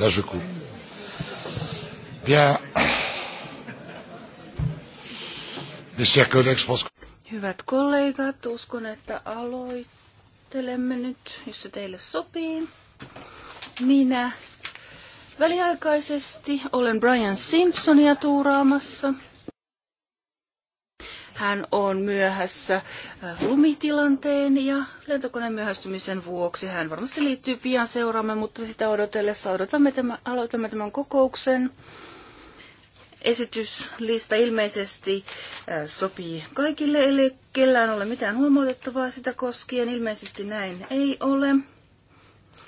Là, je coupe. Bien. Mes chers collègues, je pense que... Hyvät kollegat, uskon, että aloittelemme nyt, jos se teille sopii. Minä väliaikaisesti olen Brian Simpsonia tuuraamassa – hän on myöhässä äh, lumitilanteen ja lentokoneen myöhästymisen vuoksi. Hän varmasti liittyy pian seuraamme, mutta sitä odotellessa odotamme tämän, aloitamme tämän kokouksen. Esityslista ilmeisesti äh, sopii kaikille, eli kellään ole mitään huomautettavaa sitä koskien. Ilmeisesti näin ei ole.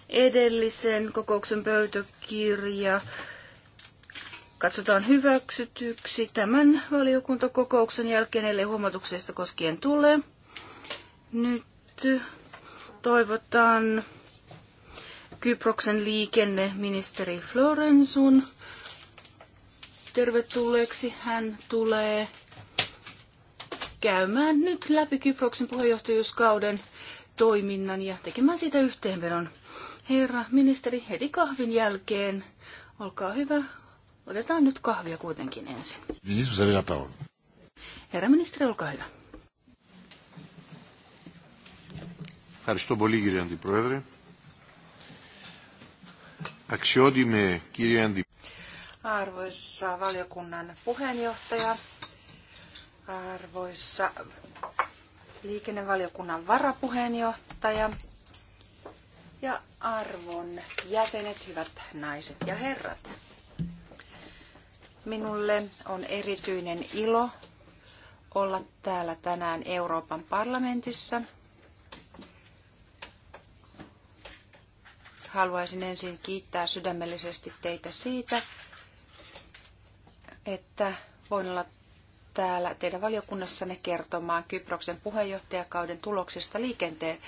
Edellisen kokouksen pöytäkirja katsotaan hyväksytyksi tämän valiokuntakokouksen jälkeen, eli huomautuksesta koskien tulee. Nyt toivotan Kyproksen liikenneministeri Florensun tervetulleeksi. Hän tulee käymään nyt läpi Kyproksen puheenjohtajuuskauden toiminnan ja tekemään siitä yhteenvedon. Herra ministeri, heti kahvin jälkeen, olkaa hyvä, Otetaan nyt kahvia kuitenkin ensin. Herra ministeri, olkaa hyvä. Ευχαριστώ πολύ κύριε Αντιπρόεδρε. Αξιότιμε κύριε Αντιπρόεδρε. Arvoisa valiokunnan puheenjohtaja, arvoisa liikennevaliokunnan varapuheenjohtaja ja arvon jäsenet, hyvät naiset ja herrat. Minulle on erityinen ilo olla täällä tänään Euroopan parlamentissa. Haluaisin ensin kiittää sydämellisesti teitä siitä, että voin olla täällä teidän valiokunnassanne kertomaan Kyproksen puheenjohtajakauden tuloksista liikenteen,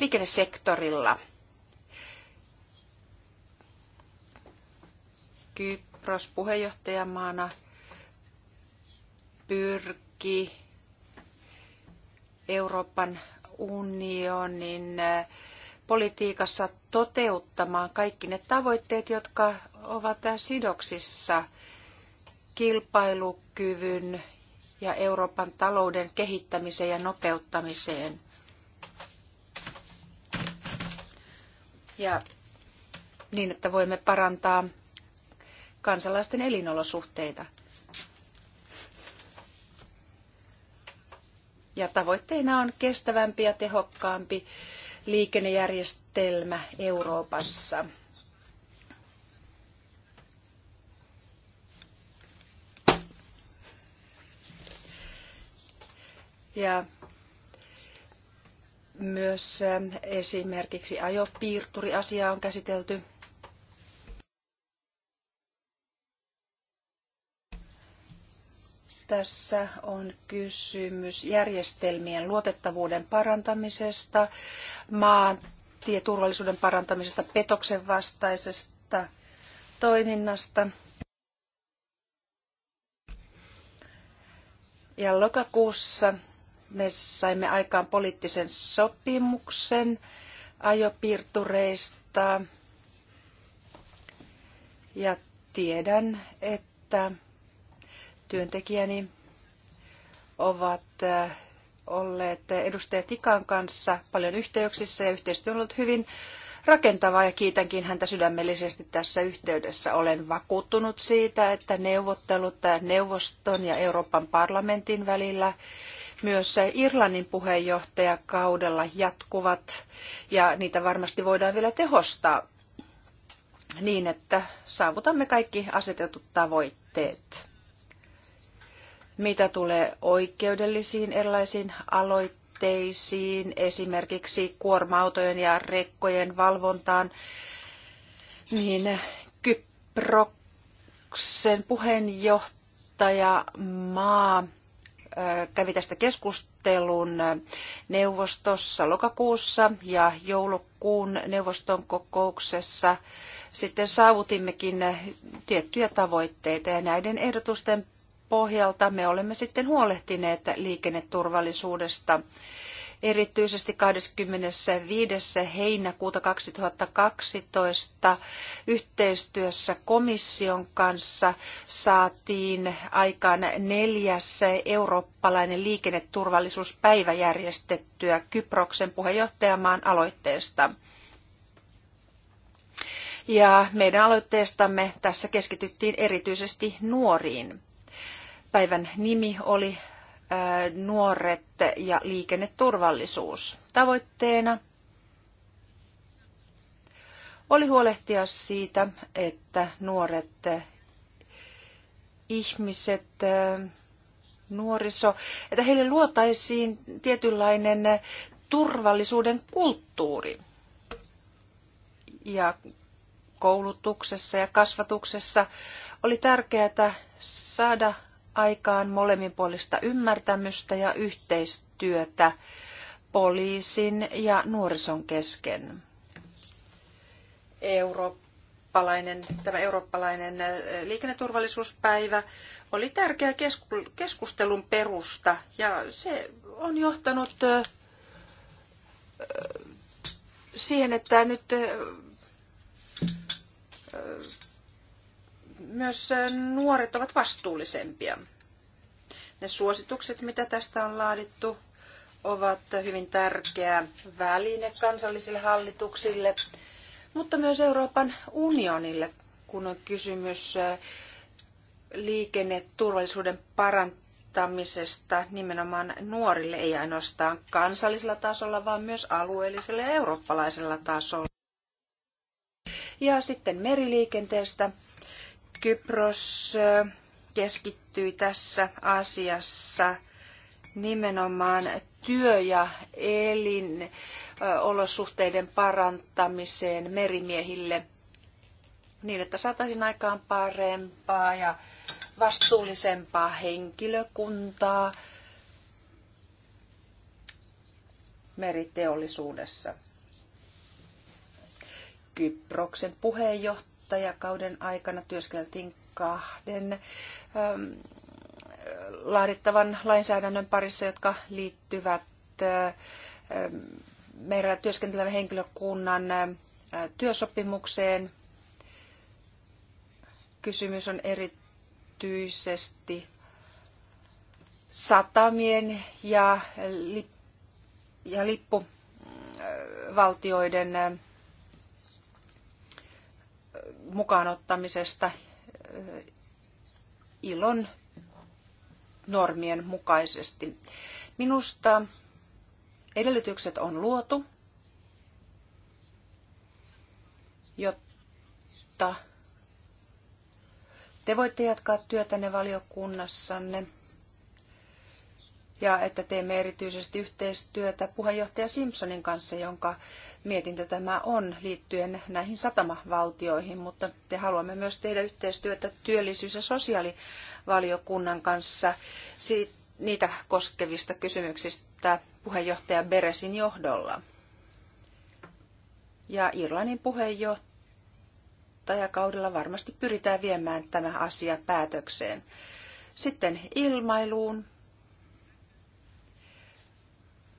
liikennesektorilla. Kyp Kypros puheenjohtajamaana pyrki Euroopan unionin äh, politiikassa toteuttamaan kaikki ne tavoitteet, jotka ovat äh, sidoksissa kilpailukyvyn ja Euroopan talouden kehittämiseen ja nopeuttamiseen. Ja niin, että voimme parantaa kansalaisten elinolosuhteita. Ja tavoitteena on kestävämpi ja tehokkaampi liikennejärjestelmä Euroopassa. Ja myös esimerkiksi ajopiirturiasiaa on käsitelty. Tässä on kysymys järjestelmien luotettavuuden parantamisesta, maantieturvallisuuden parantamisesta, petoksen vastaisesta toiminnasta. Ja lokakuussa me saimme aikaan poliittisen sopimuksen ajopiirtureista. Ja tiedän, että työntekijäni ovat äh, olleet edustaja Tikan kanssa paljon yhteyksissä ja yhteistyö on ollut hyvin rakentavaa ja kiitänkin häntä sydämellisesti tässä yhteydessä. Olen vakuuttunut siitä, että neuvottelut neuvoston ja Euroopan parlamentin välillä myös Irlannin puheenjohtajakaudella jatkuvat ja niitä varmasti voidaan vielä tehostaa niin, että saavutamme kaikki asetetut tavoitteet. Mitä tulee oikeudellisiin erilaisiin aloitteisiin, esimerkiksi kuorma-autojen ja rekkojen valvontaan, niin Kyproksen puheenjohtaja maa kävi tästä keskustelun neuvostossa lokakuussa ja joulukuun neuvoston kokouksessa sitten saavutimmekin tiettyjä tavoitteita ja näiden ehdotusten pohjalta me olemme sitten huolehtineet liikenneturvallisuudesta. Erityisesti 25. heinäkuuta 2012 yhteistyössä komission kanssa saatiin aikaan neljäs eurooppalainen liikenneturvallisuuspäivä järjestettyä Kyproksen puheenjohtajamaan aloitteesta. Ja meidän aloitteestamme tässä keskityttiin erityisesti nuoriin päivän nimi oli nuoret ja liikenneturvallisuus. Tavoitteena oli huolehtia siitä, että nuoret ihmiset, nuoriso, että heille luotaisiin tietynlainen turvallisuuden kulttuuri. Ja koulutuksessa ja kasvatuksessa oli tärkeää saada aikaan molemminpuolista ymmärtämystä ja yhteistyötä poliisin ja nuorison kesken. Eurooppalainen, tämä eurooppalainen äh, liikenneturvallisuuspäivä oli tärkeä keskustelun perusta ja se on johtanut äh, äh, siihen, että nyt myös nuoret ovat vastuullisempia. Ne suositukset, mitä tästä on laadittu, ovat hyvin tärkeä väline kansallisille hallituksille, mutta myös Euroopan unionille, kun on kysymys liikenneturvallisuuden parantamisesta nimenomaan nuorille, ei ainoastaan kansallisella tasolla, vaan myös alueellisella ja eurooppalaisella tasolla. Ja sitten meriliikenteestä. Kypros keskittyi tässä asiassa nimenomaan työ- ja elinolosuhteiden parantamiseen merimiehille niin, että saataisiin aikaan parempaa ja vastuullisempaa henkilökuntaa meriteollisuudessa. Kyproksen puheenjohtaja puheenjohtajakauden aikana työskeltiin kahden ähm, laadittavan lainsäädännön parissa, jotka liittyvät meidän työskentelevän henkilökunnan äh, työsopimukseen. Kysymys on erityisesti satamien ja, lip, ja lippuvaltioiden mukaanottamisesta ilon normien mukaisesti. Minusta edellytykset on luotu, jotta te voitte jatkaa työtänne valiokunnassanne – ja että teemme erityisesti yhteistyötä puheenjohtaja Simpsonin kanssa, jonka mietintö tämä on liittyen näihin satamavaltioihin, mutta te haluamme myös tehdä yhteistyötä työllisyys- ja sosiaalivaliokunnan kanssa niitä koskevista kysymyksistä puheenjohtaja Beresin johdolla. Ja Irlannin puheenjohtajakaudella varmasti pyritään viemään tämä asia päätökseen. Sitten ilmailuun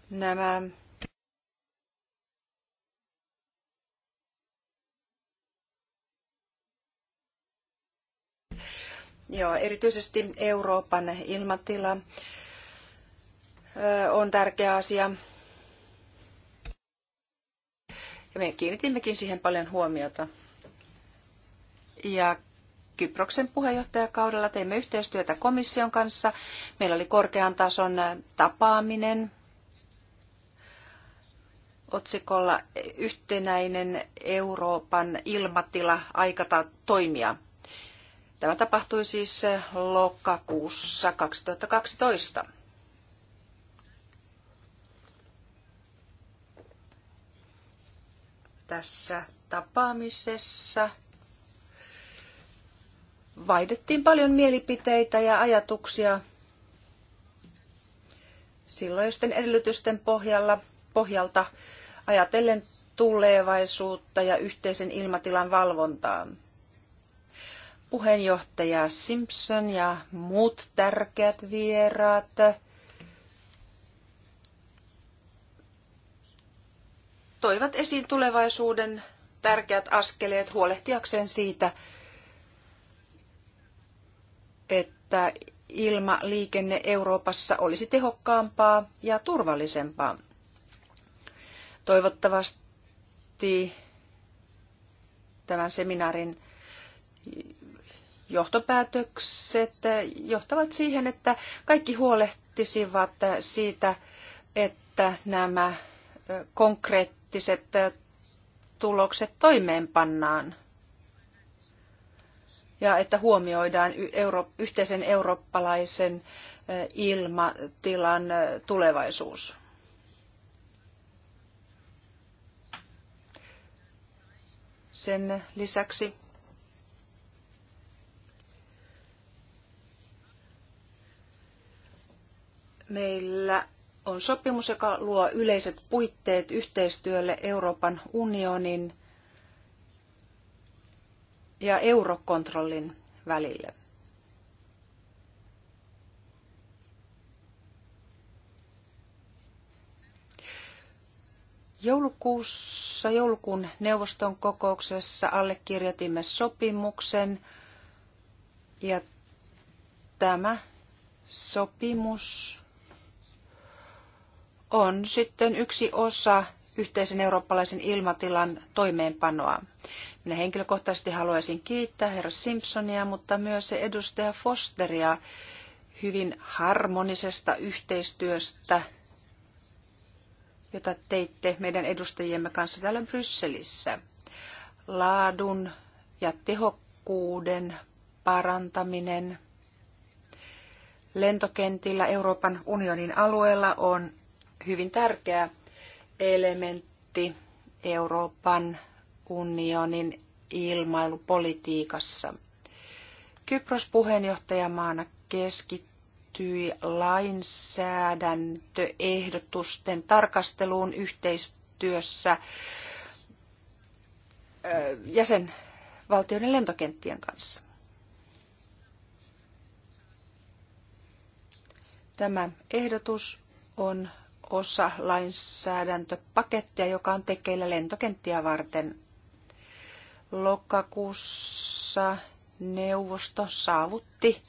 nämä Joo, erityisesti Euroopan ilmatila on tärkeä asia. Ja me kiinnitimmekin siihen paljon huomiota. Ja Kyproksen puheenjohtajakaudella teimme yhteistyötä komission kanssa. Meillä oli korkean tason tapaaminen otsikolla Yhtenäinen Euroopan ilmatila aikata toimia. Tämä tapahtui siis lokakuussa 2012. Tässä tapaamisessa vaihdettiin paljon mielipiteitä ja ajatuksia silloisten edellytysten pohjalla, pohjalta ajatellen tulevaisuutta ja yhteisen ilmatilan valvontaa. Puheenjohtaja Simpson ja muut tärkeät vieraat toivat esiin tulevaisuuden tärkeät askeleet huolehtiakseen siitä, että ilmaliikenne Euroopassa olisi tehokkaampaa ja turvallisempaa. Toivottavasti tämän seminaarin johtopäätökset johtavat siihen, että kaikki huolehtisivat siitä, että nämä konkreettiset tulokset toimeenpannaan ja että huomioidaan euro, yhteisen eurooppalaisen ilmatilan tulevaisuus. sen lisäksi. Meillä on sopimus, joka luo yleiset puitteet yhteistyölle Euroopan unionin ja eurokontrollin välille. Joulukuussa, joulukuun neuvoston kokouksessa allekirjoitimme sopimuksen ja tämä sopimus on sitten yksi osa yhteisen eurooppalaisen ilmatilan toimeenpanoa. Minä henkilökohtaisesti haluaisin kiittää herra Simpsonia, mutta myös edustaja Fosteria hyvin harmonisesta yhteistyöstä jota teitte meidän edustajiemme kanssa täällä Brysselissä. Laadun ja tehokkuuden parantaminen. Lentokentillä Euroopan unionin alueella on hyvin tärkeä elementti Euroopan unionin ilmailupolitiikassa. Kypros puheenjohtajamaana keskittyy liittyi lainsäädäntöehdotusten tarkasteluun yhteistyössä jäsenvaltioiden lentokenttien kanssa. Tämä ehdotus on osa lainsäädäntöpakettia, joka on tekeillä lentokenttiä varten. Lokakuussa neuvosto saavutti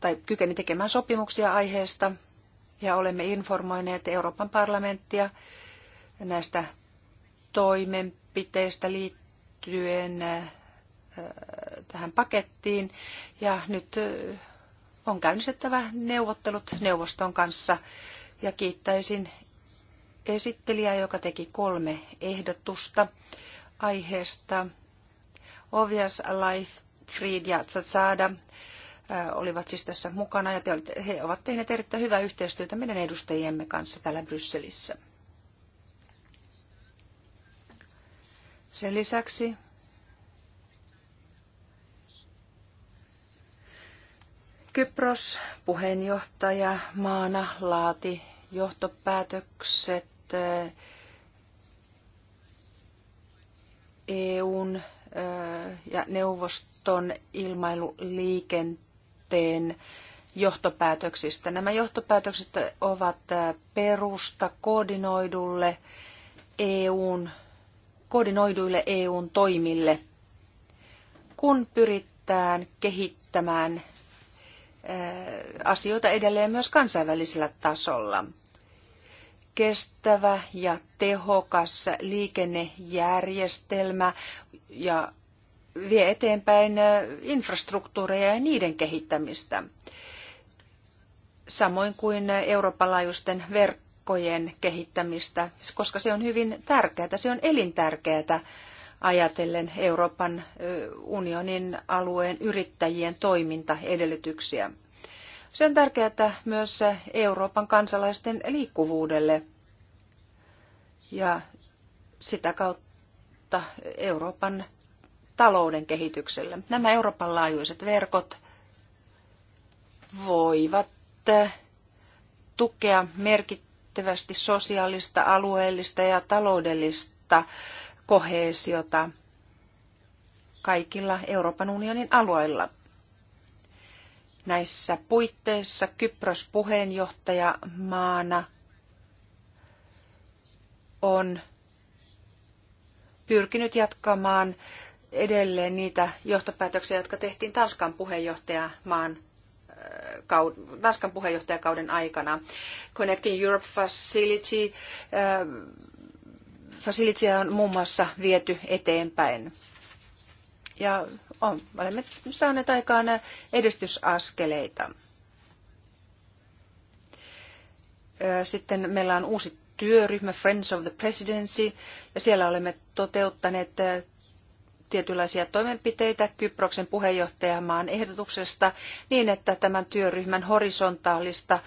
tai kykeni tekemään sopimuksia aiheesta ja olemme informoineet Euroopan parlamenttia näistä toimenpiteistä liittyen äh, tähän pakettiin. Ja nyt äh, on käynnistettävä neuvottelut neuvoston kanssa ja kiittäisin esittelijää, joka teki kolme ehdotusta aiheesta. Obvious Life, Fried ja Tsatsada olivat siis tässä mukana ja he ovat tehneet erittäin hyvää yhteistyötä meidän edustajiemme kanssa täällä Brysselissä. Sen lisäksi Kypros puheenjohtaja maana laati johtopäätökset EUn ja neuvoston ilmailuliikenteen aloitteen johtopäätöksistä. Nämä johtopäätökset ovat äh, perusta koordinoidulle EUn, koordinoiduille EUn toimille, kun pyritään kehittämään äh, asioita edelleen myös kansainvälisellä tasolla. Kestävä ja tehokas liikennejärjestelmä ja vie eteenpäin infrastruktuureja ja niiden kehittämistä, samoin kuin Euroopan laajuisten verkkojen kehittämistä, koska se on hyvin tärkeää, se on elintärkeää ajatellen Euroopan unionin alueen yrittäjien toimintaedellytyksiä. Se on tärkeää myös Euroopan kansalaisten liikkuvuudelle ja sitä kautta Euroopan talouden kehitykselle. Nämä Euroopan laajuiset verkot voivat eh, tukea merkittävästi sosiaalista, alueellista ja taloudellista koheesiota kaikilla Euroopan unionin alueilla. Näissä puitteissa Kypros puheenjohtaja maana on pyrkinyt jatkamaan edelleen niitä johtopäätöksiä, jotka tehtiin Tanskan puheenjohtajamaan äh, Tanskan puheenjohtajakauden aikana. Connecting Europe Facility, äh, Facility on muun muassa viety eteenpäin. Ja on, olemme saaneet aikaan edistysaskeleita. Äh, sitten meillä on uusi työryhmä Friends of the Presidency, ja siellä olemme toteuttaneet tietynlaisia toimenpiteitä Kyproksen puheenjohtajamaan ehdotuksesta niin, että tämän työryhmän horisontaalista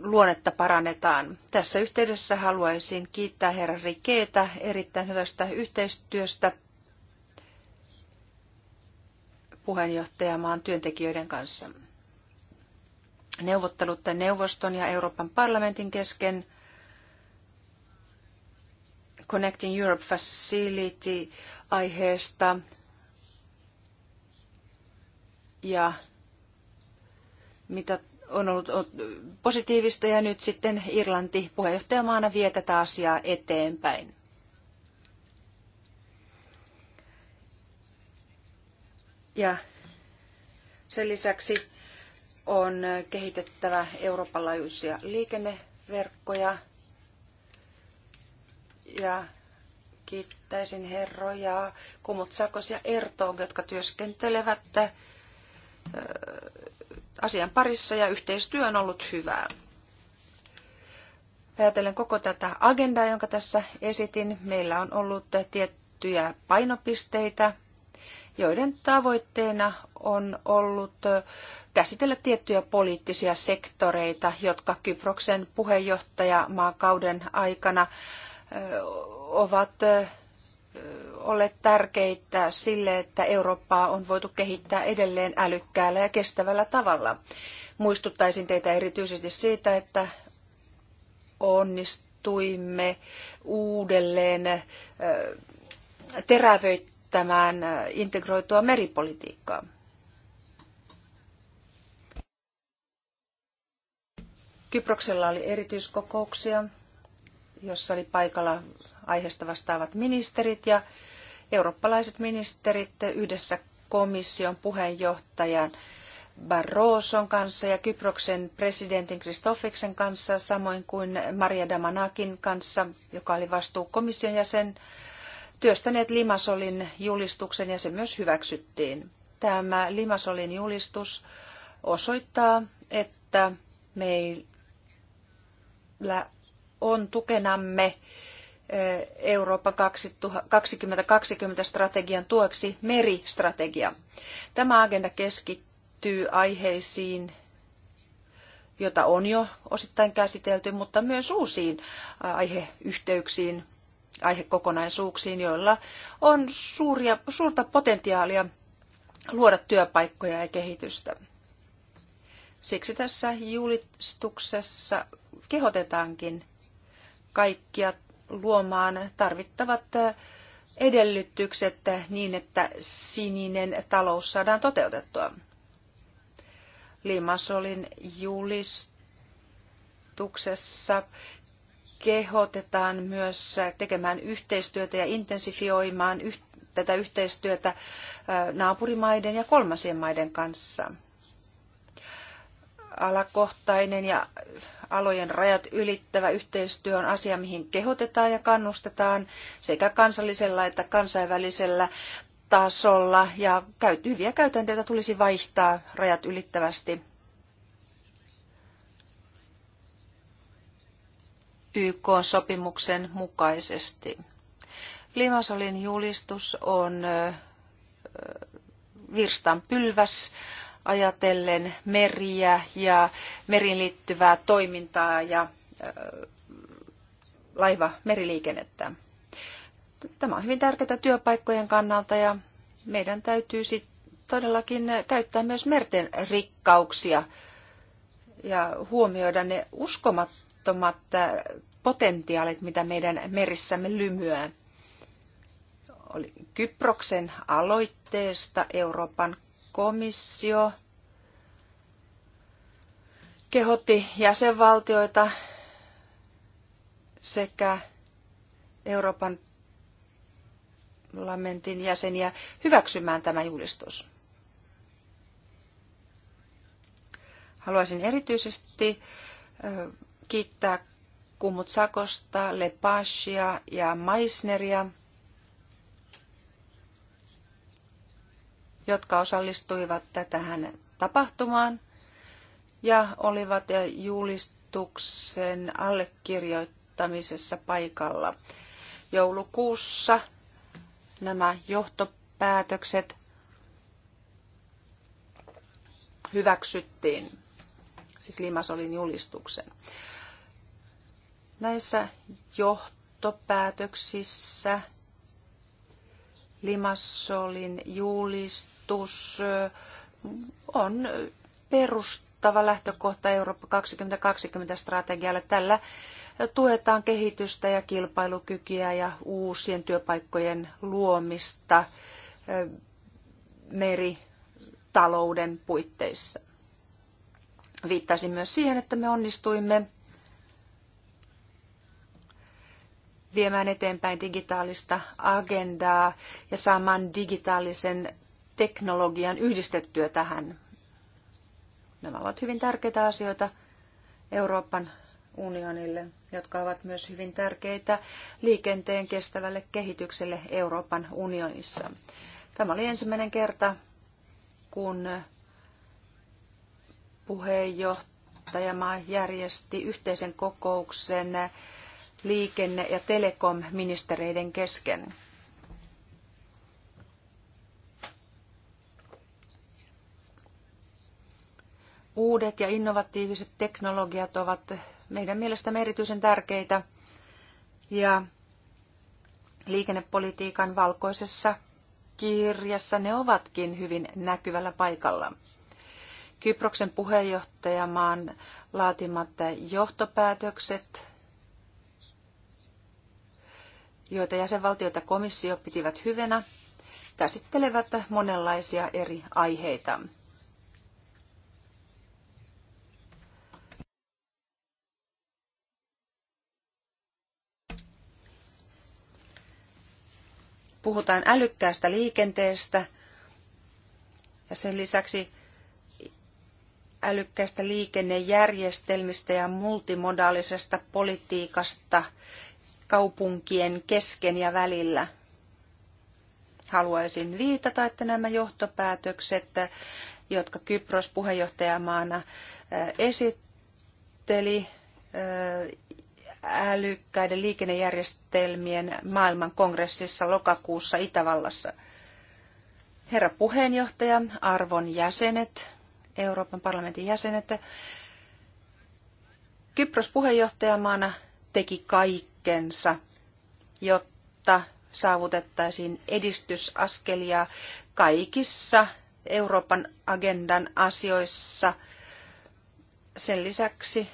luonnetta parannetaan. Tässä yhteydessä haluaisin kiittää herra Rikeetä erittäin hyvästä yhteistyöstä puheenjohtajamaan työntekijöiden kanssa. Neuvottelut neuvoston ja Euroopan parlamentin kesken Connecting Europe Facility aiheesta. Ja mitä on ollut positiivista ja nyt sitten Irlanti puheenjohtajamaana vie tätä asiaa eteenpäin. Ja sen lisäksi on kehitettävä Euroopan laajuisia liikenneverkkoja ja kiittäisin herroja Kumutsakos ja Ertoog, jotka työskentelevät asian parissa ja yhteistyö on ollut hyvää. Ajatellen koko tätä agendaa, jonka tässä esitin, meillä on ollut tiettyjä painopisteitä, joiden tavoitteena on ollut käsitellä tiettyjä poliittisia sektoreita, jotka Kyproksen puheenjohtajamaakauden aikana ovat olleet tärkeitä sille, että Eurooppaa on voitu kehittää edelleen älykkäällä ja kestävällä tavalla. Muistuttaisin teitä erityisesti siitä, että onnistuimme uudelleen terävöittämään integroitua meripolitiikkaa. Kyproksella oli erityiskokouksia jossa oli paikalla aiheesta vastaavat ministerit ja eurooppalaiset ministerit yhdessä komission puheenjohtajan Barroson kanssa ja Kyproksen presidentin Christofiksen kanssa, samoin kuin Maria Damanakin kanssa, joka oli vastuukomission jäsen, työstäneet Limasolin julistuksen ja se myös hyväksyttiin. Tämä Limasolin julistus osoittaa, että meillä on tukenamme Euroopan 2020 strategian tueksi meristrategia. Tämä agenda keskittyy aiheisiin, jota on jo osittain käsitelty, mutta myös uusiin aiheyhteyksiin, aihekokonaisuuksiin, joilla on suuria, suurta potentiaalia luoda työpaikkoja ja kehitystä. Siksi tässä julistuksessa kehotetaankin kaikkia luomaan tarvittavat eh, edellytykset niin, että sininen talous saadaan toteutettua. Limasolin julistuksessa kehotetaan myös tekemään yhteistyötä ja intensifioimaan tätä yhteistyötä eh, naapurimaiden ja kolmansien maiden kanssa. Alakohtainen ja alojen rajat ylittävä yhteistyö on asia, mihin kehotetaan ja kannustetaan sekä kansallisella että kansainvälisellä tasolla ja hyviä käytänteitä tulisi vaihtaa rajat ylittävästi. YK-sopimuksen mukaisesti. Limasolin julistus on virstan pylväs ajatellen meriä ja meriin liittyvää toimintaa ja äh, laiva meriliikennettä. Tämä on hyvin tärkeää työpaikkojen kannalta ja meidän täytyy sit todellakin käyttää myös merten rikkauksia ja huomioida ne uskomattomat äh, potentiaalit, mitä meidän merissämme lymyää. Oli Kyproksen aloitteesta Euroopan komissio kehotti jäsenvaltioita sekä Euroopan parlamentin jäseniä hyväksymään tämä julistus. Haluaisin erityisesti kiittää Kumutsakosta, Sakosta, Lepashia ja Maisneria. jotka osallistuivat tähän tapahtumaan ja olivat julistuksen allekirjoittamisessa paikalla. Joulukuussa nämä johtopäätökset hyväksyttiin, siis Limasolin julistuksen. Näissä johtopäätöksissä Limassolin julistus on perustava lähtökohta Eurooppa 2020 strategialle. Tällä tuetaan kehitystä ja kilpailukykyä ja uusien työpaikkojen luomista meritalouden puitteissa. Viittasin myös siihen, että me onnistuimme viemään eteenpäin digitaalista agendaa ja saamaan digitaalisen teknologian yhdistettyä tähän. Nämä ovat hyvin tärkeitä asioita Euroopan unionille, jotka ovat myös hyvin tärkeitä liikenteen kestävälle kehitykselle Euroopan unionissa. Tämä oli ensimmäinen kerta, kun puheenjohtajamaa järjesti yhteisen kokouksen liikenne- ja telekom-ministereiden kesken. Uudet ja innovatiiviset teknologiat ovat meidän mielestämme erityisen tärkeitä ja liikennepolitiikan valkoisessa kirjassa ne ovatkin hyvin näkyvällä paikalla. Kyproksen puheenjohtajamaan laatimat johtopäätökset joita ja komissio pitivät hyvänä, käsittelevät monenlaisia eri aiheita. Puhutaan älykkäästä liikenteestä ja sen lisäksi älykkäistä liikennejärjestelmistä ja multimodaalisesta politiikasta kaupunkien kesken ja välillä. Haluaisin viitata, että nämä johtopäätökset, jotka Kypros puheenjohtajamaana esitteli, älykkäiden liikennejärjestelmien maailmankongressissa lokakuussa Itävallassa. Herra puheenjohtaja, arvon jäsenet, Euroopan parlamentin jäsenet, Kypros puheenjohtajamaana teki kaikki kaikkensa, jotta saavutettaisiin edistysaskelia kaikissa Euroopan agendan asioissa. Sen lisäksi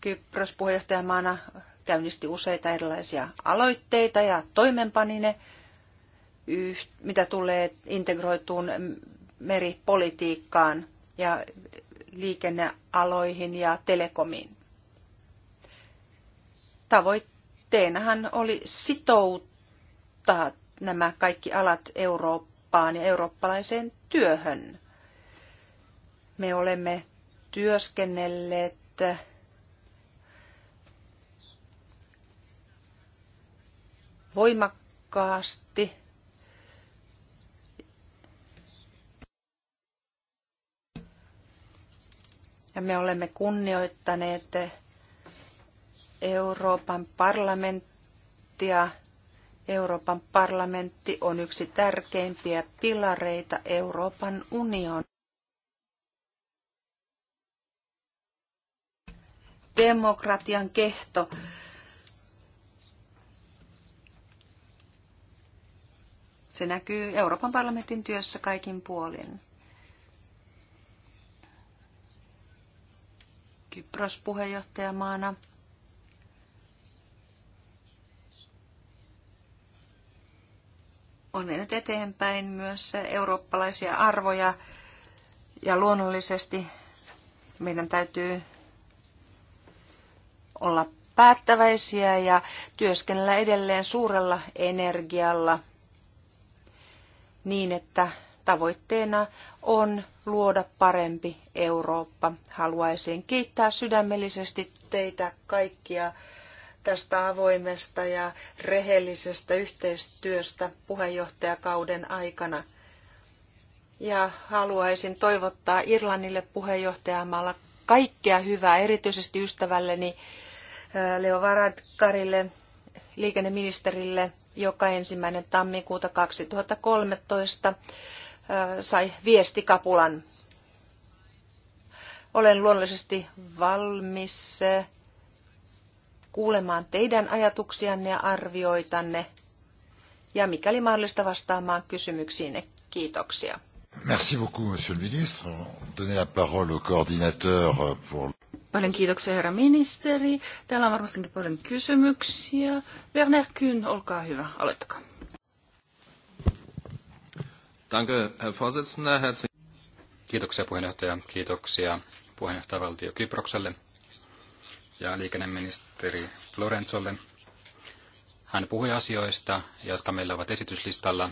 Kypros puheenjohtajamaana käynnisti useita erilaisia aloitteita ja toimenpanine, ne, mitä tulee integroituun meripolitiikkaan ja liikennealoihin ja telekomiin tavoitteenahan oli sitouttaa nämä kaikki alat Eurooppaan ja eurooppalaiseen työhön. Me olemme työskennelleet voimakkaasti ja me olemme kunnioittaneet Euroopan parlamenttia. Euroopan parlamentti on yksi tärkeimpiä pilareita Euroopan unionin Demokratian kehto. Se näkyy Euroopan parlamentin työssä kaikin puolin. Kypros puheenjohtajamaana on vienyt eteenpäin myös eurooppalaisia arvoja ja luonnollisesti meidän täytyy olla päättäväisiä ja työskennellä edelleen suurella energialla niin, että tavoitteena on luoda parempi Eurooppa. Haluaisin kiittää sydämellisesti teitä kaikkia tästä avoimesta ja rehellisestä yhteistyöstä puheenjohtajakauden aikana. Ja haluaisin toivottaa Irlannille puheenjohtajamaalla kaikkea hyvää, erityisesti ystävälleni Leo Varadkarille, liikenneministerille, joka ensimmäinen tammikuuta 2013 sai viestikapulan. Olen luonnollisesti valmis kuulemaan teidän ajatuksianne ja arvioitanne ja mikäli mahdollista vastaamaan kysymyksiinne. Kiitoksia. Merci beaucoup, monsieur le ministre. Donnez la parole au coordinateur euh, pour... Paljon kiitoksia, herra ministeri. Täällä on varmastikin paljon kysymyksiä. Werner Kyn, olkaa hyvä, aloittakaa. Danke, herr Vorsitzender. Kiitoksia puheenjohtaja. Kiitoksia valtio Kyprokselle ja liikenneministeri Florenzolle. Hän puhui asioista, jotka meillä ovat esityslistalla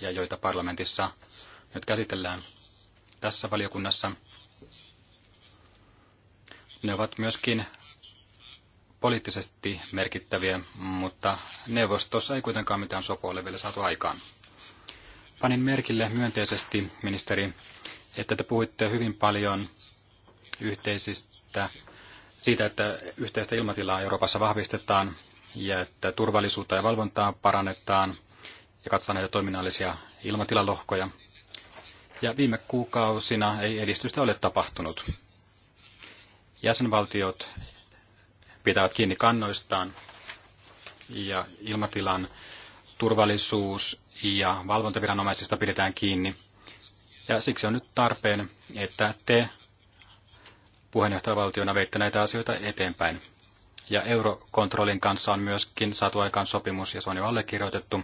ja joita parlamentissa nyt käsitellään tässä valiokunnassa. Ne ovat myöskin poliittisesti merkittäviä, mutta neuvostossa ei kuitenkaan mitään sopua ole vielä saatu aikaan. Panin merkille myönteisesti, ministeri, että te puhuitte hyvin paljon yhteisistä siitä, että yhteistä ilmatilaa Euroopassa vahvistetaan ja että turvallisuutta ja valvontaa parannetaan ja katsotaan näitä toiminnallisia ilmatilalohkoja. Ja viime kuukausina ei edistystä ole tapahtunut. Jäsenvaltiot pitävät kiinni kannoistaan ja ilmatilan turvallisuus ja valvontaviranomaisista pidetään kiinni. Ja siksi on nyt tarpeen, että te puheenjohtajavaltiona veitte näitä asioita eteenpäin. Ja Eurokontrollin kanssa on myöskin saatu aikaan sopimus ja se on jo allekirjoitettu.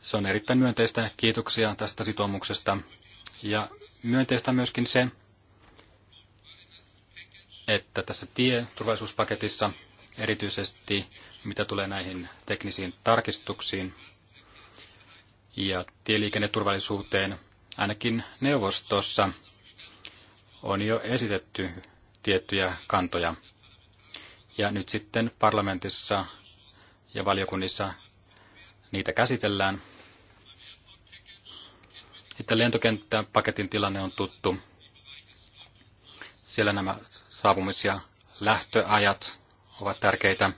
Se on erittäin myönteistä. Kiitoksia tästä sitoumuksesta. Ja myönteistä myöskin se, että tässä tieturvallisuuspaketissa erityisesti mitä tulee näihin teknisiin tarkistuksiin ja tieliikenneturvallisuuteen ainakin neuvostossa on jo esitetty tiettyjä kantoja. Ja nyt sitten parlamentissa ja valiokunnissa niitä käsitellään. Sitten lentokenttäpaketin tilanne on tuttu. Siellä nämä saapumis- ja lähtöajat ovat tärkeitä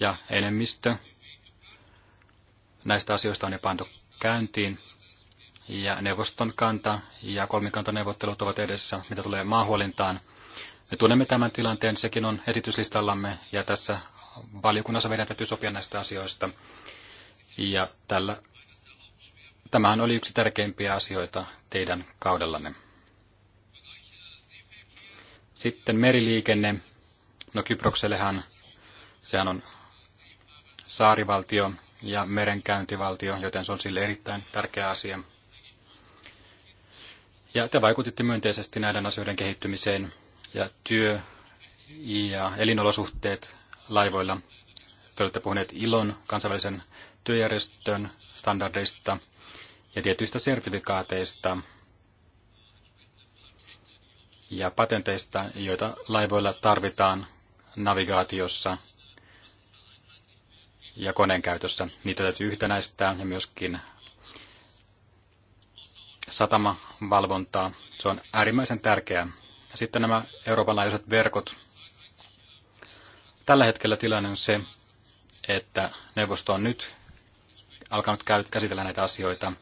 ja enemmistö näistä asioista on jo pantu käyntiin ja neuvoston kanta ja kolmikantaneuvottelut ovat edessä, mitä tulee maahuolintaan. Me tunnemme tämän tilanteen, sekin on esityslistallamme ja tässä valiokunnassa meidän täytyy sopia näistä asioista. Ja tällä, tämähän oli yksi tärkeimpiä asioita teidän kaudellanne. Sitten meriliikenne. No Kyproksellehan sehän on saarivaltio ja merenkäyntivaltio, joten se on sille erittäin tärkeä asia. Ja te vaikutitte myönteisesti näiden asioiden kehittymiseen ja työ ja elinolosuhteet laivoilla. Te olette puhuneet ILON kansainvälisen työjärjestön standardeista ja tietyistä sertifikaateista ja patenteista, joita laivoilla tarvitaan navigaatiossa ja koneen käytössä. Niitä täytyy yhtenäistää ja myöskin satamavalvontaa. Se on äärimmäisen tärkeää. Ja sitten nämä Euroopan laajuiset verkot. Tällä hetkellä tilanne on se, että neuvosto on nyt alkanut käsitellä näitä asioita.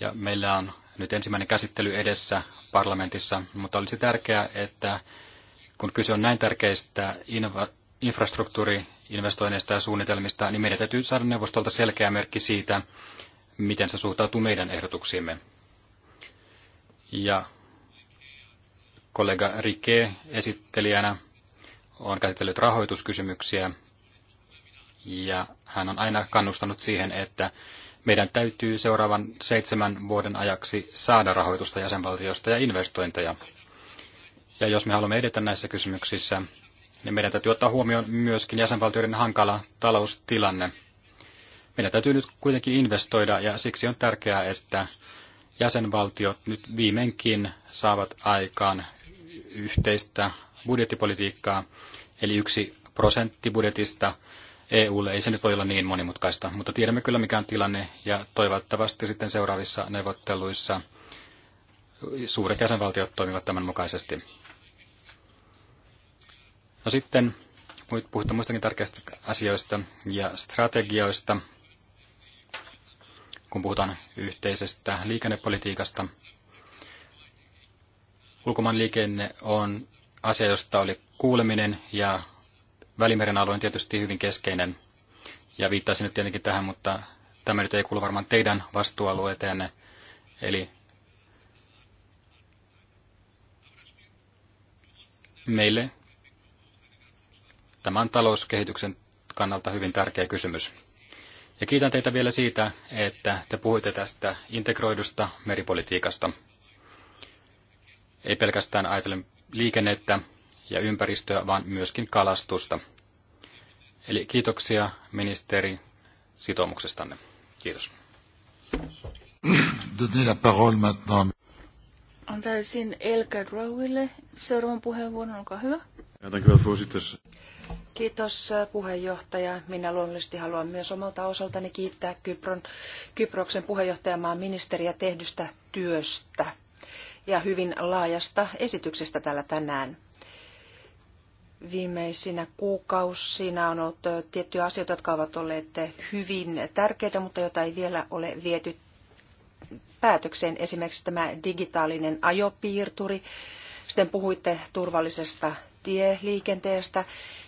Ja meillä on nyt ensimmäinen käsittely edessä parlamentissa, mutta olisi tärkeää, että kun kyse on näin tärkeistä infrastruktuuriinvestoinneista ja suunnitelmista, niin meidän täytyy saada neuvostolta selkeä merkki siitä, miten se suhtautuu meidän ehdotuksiimme. Ja kollega Rike esittelijänä on käsitellyt rahoituskysymyksiä ja hän on aina kannustanut siihen, että meidän täytyy seuraavan seitsemän vuoden ajaksi saada rahoitusta jäsenvaltiosta ja investointeja. Ja jos me haluamme edetä näissä kysymyksissä, niin meidän täytyy ottaa huomioon myöskin jäsenvaltioiden hankala taloustilanne. Meidän täytyy nyt kuitenkin investoida ja siksi on tärkeää, että jäsenvaltiot nyt viimeinkin saavat aikaan yhteistä budjettipolitiikkaa, eli yksi prosentti budjetista EUlle. Ei se nyt voi olla niin monimutkaista, mutta tiedämme kyllä mikä on tilanne ja toivottavasti sitten seuraavissa neuvotteluissa suuret jäsenvaltiot toimivat tämän mukaisesti. No sitten puhutaan muistakin tärkeistä asioista ja strategioista – kun puhutaan yhteisestä liikennepolitiikasta. ulkomaan liikenne on asia, josta oli kuuleminen ja Välimeren alue on tietysti hyvin keskeinen. Ja viittaisin nyt tietenkin tähän, mutta tämä nyt ei kuulu varmaan teidän vastuualueeteenne. Eli meille tämän talouskehityksen kannalta hyvin tärkeä kysymys. Ja kiitän teitä vielä siitä, että te puhuitte tästä integroidusta meripolitiikasta. Ei pelkästään ajatellen liikennettä ja ympäristöä, vaan myöskin kalastusta. Eli kiitoksia ministeri sitoumuksestanne. Kiitos. Antaisin Elka Rowille seuraavan puheenvuoron, olkaa hyvä. Ja, voorzitter. Kiitos puheenjohtaja. Minä luonnollisesti haluan myös omalta osaltani kiittää Kypron, Kyproksen puheenjohtajamaan ministeriä tehdystä työstä ja hyvin laajasta esityksestä täällä tänään. Viimeisinä kuukausina on ollut tiettyjä asioita, jotka ovat olleet hyvin tärkeitä, mutta joita ei vielä ole viety päätökseen. Esimerkiksi tämä digitaalinen ajopiirturi. Sitten puhuitte turvallisesta tieliikenteestä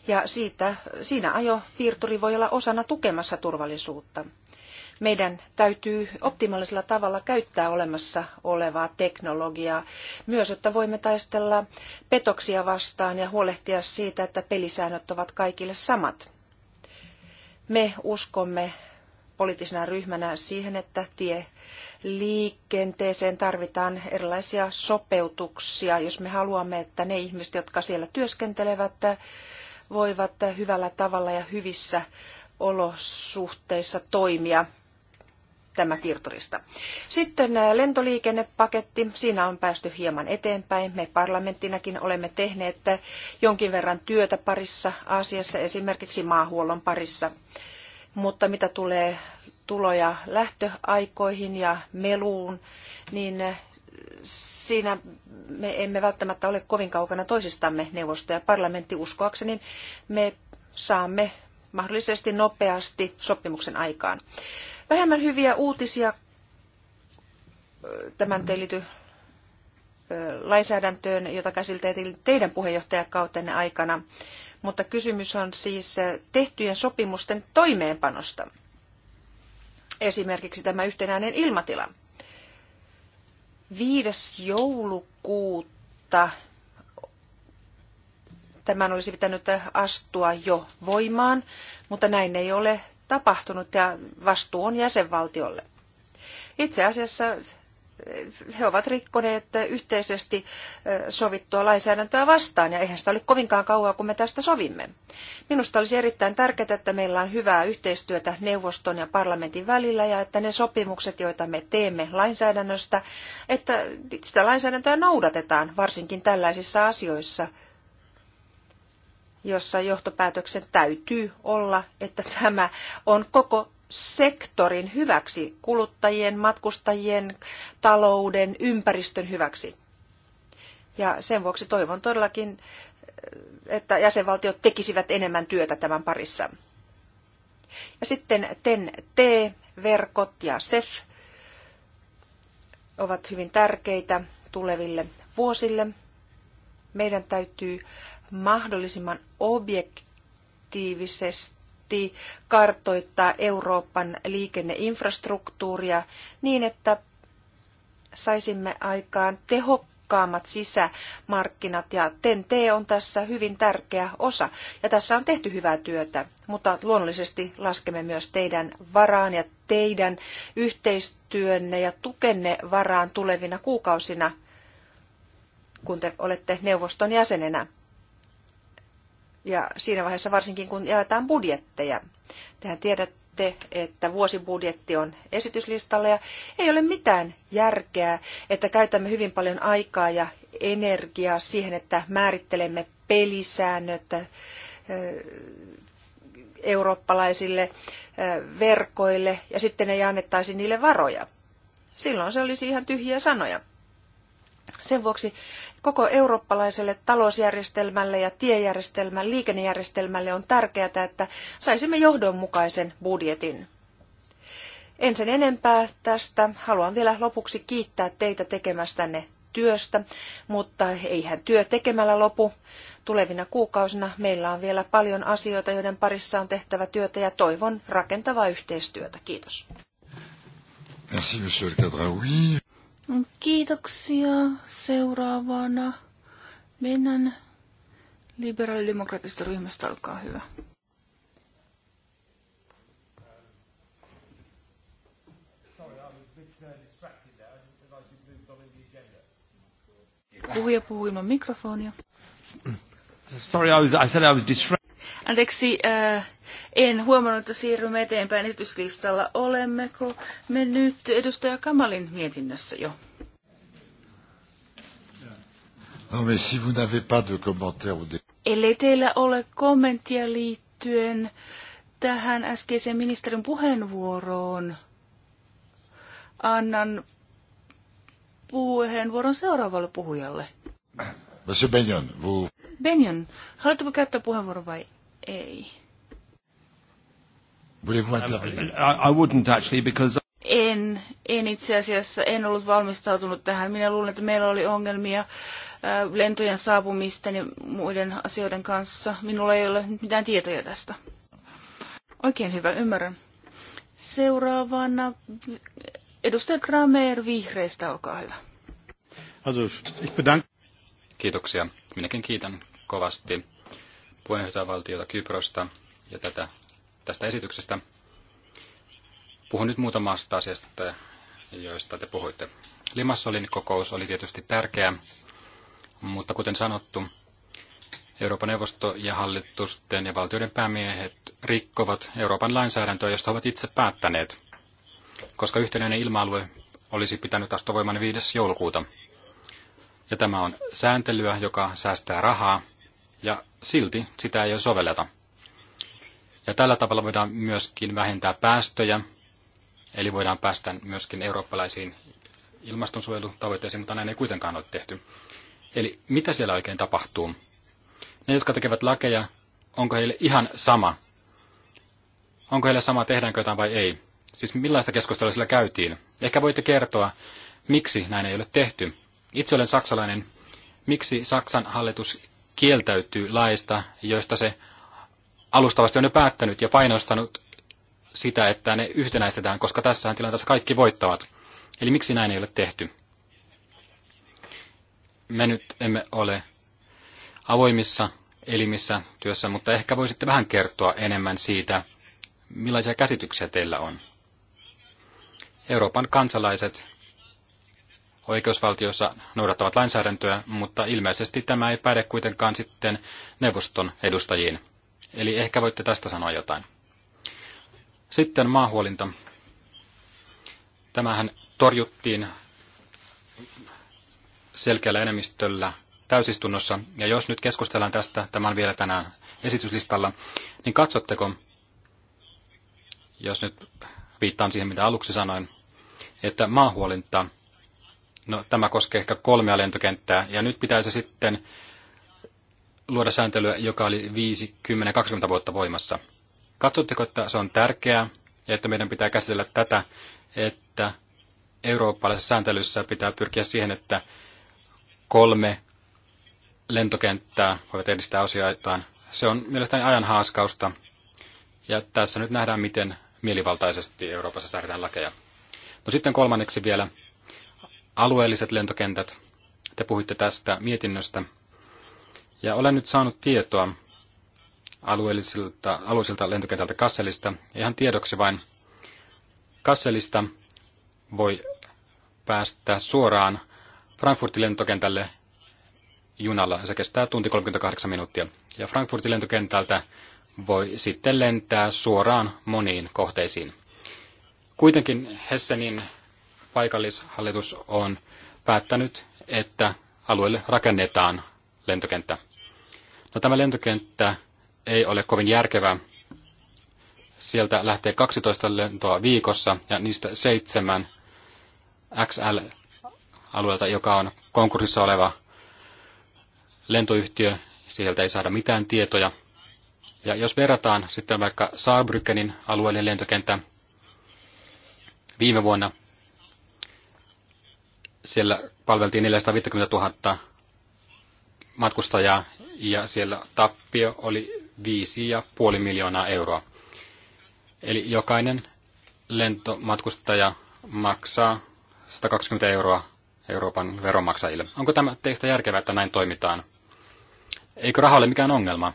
ja siitä, siinä ajopiirturi voi olla osana tukemassa turvallisuutta. Meidän täytyy optimaalisella tavalla käyttää olemassa olevaa teknologiaa myös, että voimme taistella petoksia vastaan ja huolehtia siitä, että pelisäännöt ovat kaikille samat. Me uskomme poliittisena ryhmänä siihen, että tie liikenteeseen tarvitaan erilaisia sopeutuksia, jos me haluamme, että ne ihmiset, jotka siellä työskentelevät, voivat hyvällä tavalla ja hyvissä olosuhteissa toimia tämä Kirturista. Sitten äh, lentoliikennepaketti. Siinä on päästy hieman eteenpäin. Me parlamenttinakin olemme tehneet äh, jonkin verran työtä parissa asiassa, esimerkiksi maahuollon parissa mutta mitä tulee tuloja lähtöaikoihin ja meluun, niin eh, siinä me emme välttämättä ole kovin kaukana toisistamme neuvosto ja parlamentti uskoakseni. Me saamme mahdollisesti nopeasti sopimuksen aikaan. Vähemmän hyviä uutisia eh, tämän teility eh, lainsäädäntöön, jota käsiteltiin teidän puheenjohtajakautenne aikana mutta kysymys on siis eh, tehtyjen sopimusten toimeenpanosta. Esimerkiksi tämä yhtenäinen ilmatila. 5. joulukuuta tämän olisi pitänyt astua jo voimaan, mutta näin ei ole tapahtunut ja vastuu on jäsenvaltiolle. Itse asiassa he ovat rikkoneet yhteisesti sovittua lainsäädäntöä vastaan, ja eihän sitä ole kovinkaan kauaa, kun me tästä sovimme. Minusta olisi erittäin tärkeää, että meillä on hyvää yhteistyötä neuvoston ja parlamentin välillä, ja että ne sopimukset, joita me teemme lainsäädännöstä, että sitä lainsäädäntöä noudatetaan, varsinkin tällaisissa asioissa, jossa johtopäätöksen täytyy olla, että tämä on koko sektorin hyväksi, kuluttajien, matkustajien, talouden, ympäristön hyväksi. Ja sen vuoksi toivon todellakin, että jäsenvaltiot tekisivät enemmän työtä tämän parissa. Ja sitten TEN-T-verkot ja SEF ovat hyvin tärkeitä tuleville vuosille. Meidän täytyy mahdollisimman objektiivisesti piti kartoittaa Euroopan liikenneinfrastruktuuria niin, että saisimme aikaan tehokkaammat sisämarkkinat ja TEN-T on tässä hyvin tärkeä osa ja tässä on tehty hyvää työtä, mutta luonnollisesti laskemme myös teidän varaan ja teidän yhteistyönne ja tukenne varaan tulevina kuukausina, kun te olette neuvoston jäsenenä ja siinä vaiheessa varsinkin, kun jaetaan budjetteja. Tehän tiedätte, että vuosibudjetti on esityslistalla ja ei ole mitään järkeä, että käytämme hyvin paljon aikaa ja energiaa siihen, että määrittelemme pelisäännöt eurooppalaisille verkoille ja sitten ei annettaisi niille varoja. Silloin se olisi ihan tyhjiä sanoja. Sen vuoksi Koko eurooppalaiselle talousjärjestelmälle ja tiejärjestelmän, liikennejärjestelmälle on tärkeää, että saisimme johdonmukaisen budjetin. En sen enempää tästä. Haluan vielä lopuksi kiittää teitä tekemästänne työstä, mutta eihän työ tekemällä lopu. Tulevina kuukausina meillä on vielä paljon asioita, joiden parissa on tehtävä työtä ja toivon rakentavaa yhteistyötä. Kiitos. Merci, Kiitoksia. Seuraavana mennään liberaalidemokraattisesta ryhmästä. Olkaa hyvä. Puhuja puhuu ilman mikrofonia. Sorry, I, was, I said I was distracted. Anteeksi, äh, en huomannut, että siirrymme eteenpäin esityslistalla. Olemmeko me nyt edustaja Kamalin mietinnössä jo? Non, mais si vous n'avez pas de commentaire Ellei teillä ole kommenttia liittyen tähän äskeiseen ministerin puheenvuoroon, annan puheenvuoron seuraavalle puhujalle. Monsieur Benyon, vous... Benjon, haluatteko käyttää puheenvuoron vai ei? I wouldn't actually because en, en itse asiassa, en ollut valmistautunut tähän. Minä luulen, että meillä oli ongelmia äh, lentojen saapumisten ja muiden asioiden kanssa. Minulla ei ole mitään tietoja tästä. Oikein hyvä, ymmärrän. Seuraavana edustaja Kramer vihreistä, olkaa hyvä. Kiitoksia. Minäkin kiitän kovasti puheenjohtajavaltiota Kyprosta ja tätä, tästä esityksestä. Puhun nyt muutamasta asiasta, joista te puhuitte. Limassolin kokous oli tietysti tärkeä, mutta kuten sanottu, Euroopan neuvosto ja hallitusten ja valtioiden päämiehet rikkovat Euroopan lainsäädäntöä, josta ovat itse päättäneet, koska yhtenäinen ilma-alue olisi pitänyt astovoiman 5. joulukuuta. Ja tämä on sääntelyä, joka säästää rahaa ja silti sitä ei sovelleta. Ja tällä tavalla voidaan myöskin vähentää päästöjä, eli voidaan päästä myöskin eurooppalaisiin ilmastonsuojelutavoitteisiin, mutta näin ei kuitenkaan ole tehty. Eli mitä siellä oikein tapahtuu? Ne, jotka tekevät lakeja, onko heille ihan sama? Onko heille sama, tehdäänkö jotain vai ei? Siis millaista keskustelua sillä käytiin? Ehkä voitte kertoa, miksi näin ei ole tehty. Itse olen saksalainen. Miksi Saksan hallitus kieltäytyy laista, joista se alustavasti on jo päättänyt ja painostanut sitä, että ne yhtenäistetään, koska tässä tilanteessa kaikki voittavat. Eli miksi näin ei ole tehty? Me nyt emme ole avoimissa elimissä työssä, mutta ehkä voisitte vähän kertoa enemmän siitä, millaisia käsityksiä teillä on. Euroopan kansalaiset oikeusvaltiossa noudattavat lainsäädäntöä, mutta ilmeisesti tämä ei päde kuitenkaan sitten neuvoston edustajiin. Eli ehkä voitte tästä sanoa jotain. Sitten maahuolinta. Tämähän torjuttiin selkeällä enemmistöllä täysistunnossa, ja jos nyt keskustellaan tästä, tämä on vielä tänään esityslistalla, niin katsotteko, jos nyt viittaan siihen, mitä aluksi sanoin, että maahuolinta No, tämä koskee ehkä kolmea lentokenttää. Ja nyt pitäisi sitten luoda sääntelyä, joka oli 50 20 vuotta voimassa. Katsotteko, että se on tärkeää ja että meidän pitää käsitellä tätä, että eurooppalaisessa sääntelyssä pitää pyrkiä siihen, että kolme lentokenttää voivat edistää asioitaan. Se on mielestäni ajan haaskausta. Ja tässä nyt nähdään, miten mielivaltaisesti Euroopassa säädetään lakeja. No sitten kolmanneksi vielä alueelliset lentokentät. Te puhuitte tästä mietinnöstä. Ja olen nyt saanut tietoa alueellisilta, alueellisilta lentokentältä Kasselista. Ihan tiedoksi vain. Kasselista voi päästä suoraan Frankfurtin lentokentälle junalla. se kestää tunti 38 minuuttia. Ja Frankfurtin lentokentältä voi sitten lentää suoraan moniin kohteisiin. Kuitenkin Hessenin paikallishallitus on päättänyt, että alueelle rakennetaan lentokenttä. No, tämä lentokenttä ei ole kovin järkevä. Sieltä lähtee 12 lentoa viikossa ja niistä seitsemän XL-alueelta, joka on konkurssissa oleva lentoyhtiö. Sieltä ei saada mitään tietoja. Ja jos verrataan sitten vaikka Saarbrückenin alueellinen lentokenttä, viime vuonna siellä palveltiin 450 000 matkustajaa ja siellä tappio oli 5,5 miljoonaa euroa. Eli jokainen lentomatkustaja maksaa 120 euroa Euroopan veronmaksajille. Onko tämä teistä järkevää, että näin toimitaan? Eikö raha ole mikään ongelma?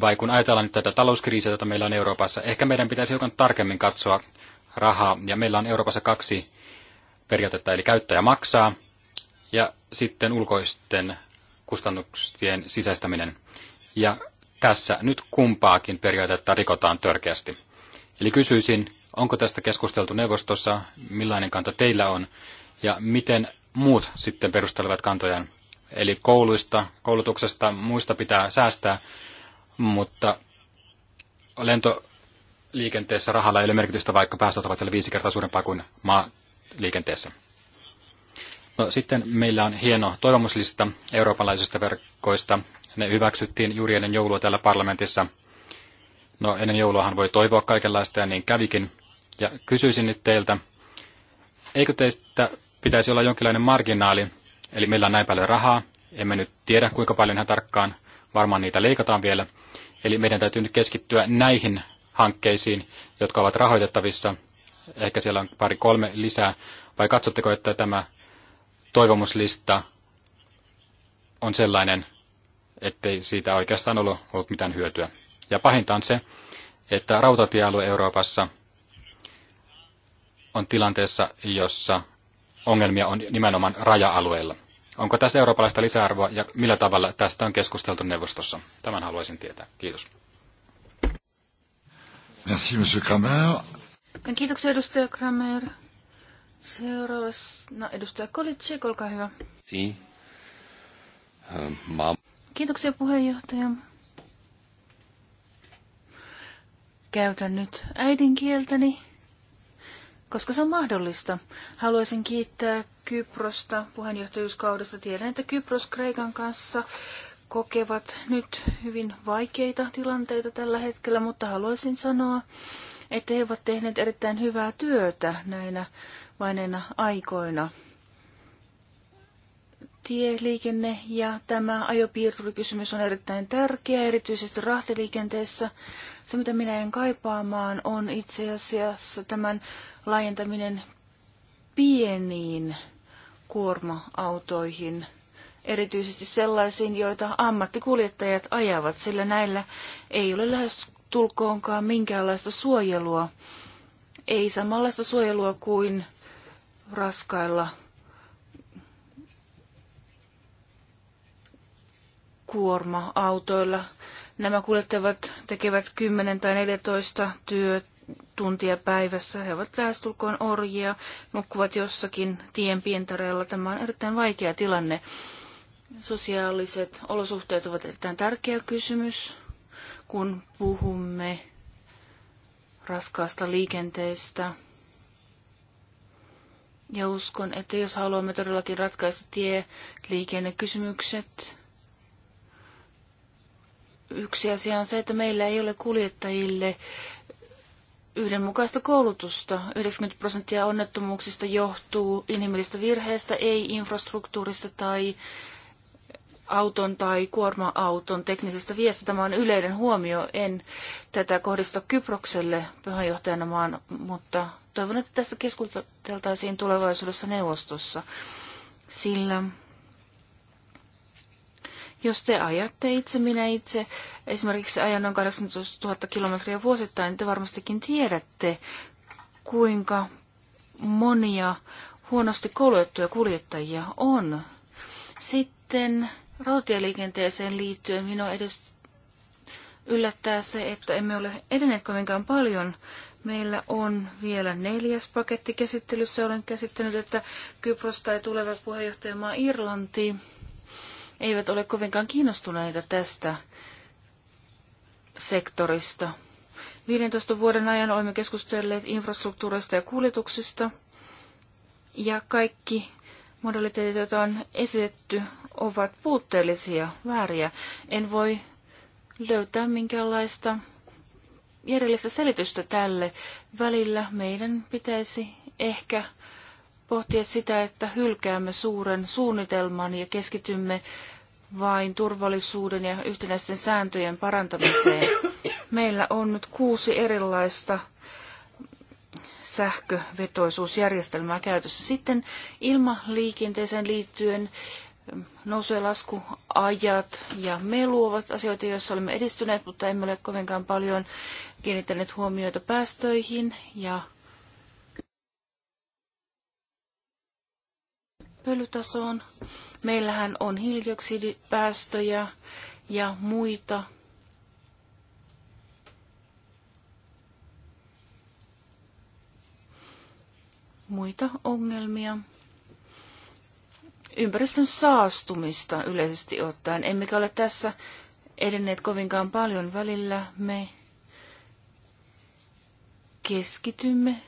Vai kun ajatellaan nyt tätä talouskriisiä, jota meillä on Euroopassa, ehkä meidän pitäisi hiukan tarkemmin katsoa rahaa. Ja meillä on Euroopassa kaksi periaatetta, eli käyttäjä maksaa ja sitten ulkoisten kustannuksien sisäistäminen. Ja tässä nyt kumpaakin periaatetta rikotaan törkeästi. Eli kysyisin, onko tästä keskusteltu neuvostossa, millainen kanta teillä on ja miten muut sitten perustelevat kantojaan. Eli kouluista, koulutuksesta, muista pitää säästää, mutta lentoliikenteessä rahalla ei ole merkitystä, vaikka päästöt ovat siellä viisi kertaa suurempaa kuin maa, liikenteessä. No, sitten meillä on hieno toivomuslista eurooppalaisista verkoista. Ne hyväksyttiin juuri ennen joulua täällä parlamentissa. No ennen jouluahan voi toivoa kaikenlaista ja niin kävikin. Ja kysyisin nyt teiltä, eikö teistä pitäisi olla jonkinlainen marginaali? Eli meillä on näin paljon rahaa, emme nyt tiedä kuinka paljon hän tarkkaan, varmaan niitä leikataan vielä. Eli meidän täytyy nyt keskittyä näihin hankkeisiin, jotka ovat rahoitettavissa Ehkä siellä on pari kolme lisää. Vai katsotteko, että tämä toivomuslista on sellainen, ettei siitä oikeastaan ollut, ollut mitään hyötyä? Ja pahinta on se, että rautatiealue Euroopassa on tilanteessa, jossa ongelmia on nimenomaan raja-alueilla. Onko tässä eurooppalaista lisäarvoa ja millä tavalla tästä on keskusteltu neuvostossa? Tämän haluaisin tietää. Kiitos. Merci, monsieur Kramer. Kiitoksia edustaja Kramer. seuraavassa no, edustaja Kolitsik, olkaa hyvä. Si. Ähm, ma. Kiitoksia puheenjohtaja. Käytän nyt äidinkieltäni, koska se on mahdollista. Haluaisin kiittää Kyprosta puheenjohtajuuskaudesta. Tiedän, että Kypros Kreikan kanssa kokevat nyt hyvin vaikeita tilanteita tällä hetkellä, mutta haluaisin sanoa, että he ovat tehneet erittäin hyvää työtä näinä vaineina aikoina. Tieliikenne ja tämä ajopiirturikysymys on erittäin tärkeä, erityisesti rahtiliikenteessä. Se, mitä minä en kaipaamaan, on itse asiassa tämän laajentaminen pieniin kuorma-autoihin, erityisesti sellaisiin, joita ammattikuljettajat ajavat, sillä näillä ei ole lähes tulkoonkaan minkäänlaista suojelua. Ei samanlaista suojelua kuin raskailla kuorma-autoilla. Nämä kuljettavat tekevät 10 tai 14 työtuntia päivässä. He ovat lähestulkoon orjia, nukkuvat jossakin tien pientareella. Tämä on erittäin vaikea tilanne. Sosiaaliset olosuhteet ovat erittäin tärkeä kysymys kun puhumme raskaasta liikenteestä. Ja uskon, että jos haluamme todellakin ratkaista tieliikennekysymykset, yksi asia on se, että meillä ei ole kuljettajille yhdenmukaista koulutusta. 90 prosenttia onnettomuuksista johtuu inhimillistä virheestä, ei infrastruktuurista tai auton tai kuorma-auton teknisestä viestistä. Tämä on yleinen huomio. En tätä kohdista Kyprokselle pyhäjohtajana maan, mutta toivon, että tästä keskusteltaisiin tulevaisuudessa neuvostossa. Sillä jos te ajatte itse, minä itse, esimerkiksi ajan noin 18 000 kilometriä vuosittain, niin te varmastikin tiedätte, kuinka monia huonosti koulutettuja kuljettajia on. Sitten rautatieliikenteeseen liittyen minua edes yllättää se, että emme ole edenneet kovinkaan paljon. Meillä on vielä neljäs paketti käsittelyssä. Olen käsittänyt, että Kypros tai tuleva puheenjohtajamaa Irlanti eivät ole kovinkaan kiinnostuneita tästä sektorista. 15 vuoden ajan olemme keskustelleet infrastruktuurista ja kuljetuksista, ja kaikki modaliteetit, joita on esitetty, ovat puutteellisia, vääriä. En voi löytää minkäänlaista järjellistä selitystä tälle. Välillä meidän pitäisi ehkä pohtia sitä, että hylkäämme suuren suunnitelman ja keskitymme vain turvallisuuden ja yhtenäisten sääntöjen parantamiseen. Meillä on nyt kuusi erilaista sähkövetoisuusjärjestelmää käytössä. Sitten ilmaliikenteeseen liittyen nousu- ja laskuajat ja melu ovat asioita, joissa olemme edistyneet, mutta emme ole kovinkaan paljon kiinnittäneet huomiota päästöihin ja pölytasoon. Meillähän on hiilidioksidipäästöjä ja muita muita ongelmia. Ympäristön saastumista yleisesti ottaen. Emmekä ole tässä edenneet kovinkaan paljon välillä. Me keskitymme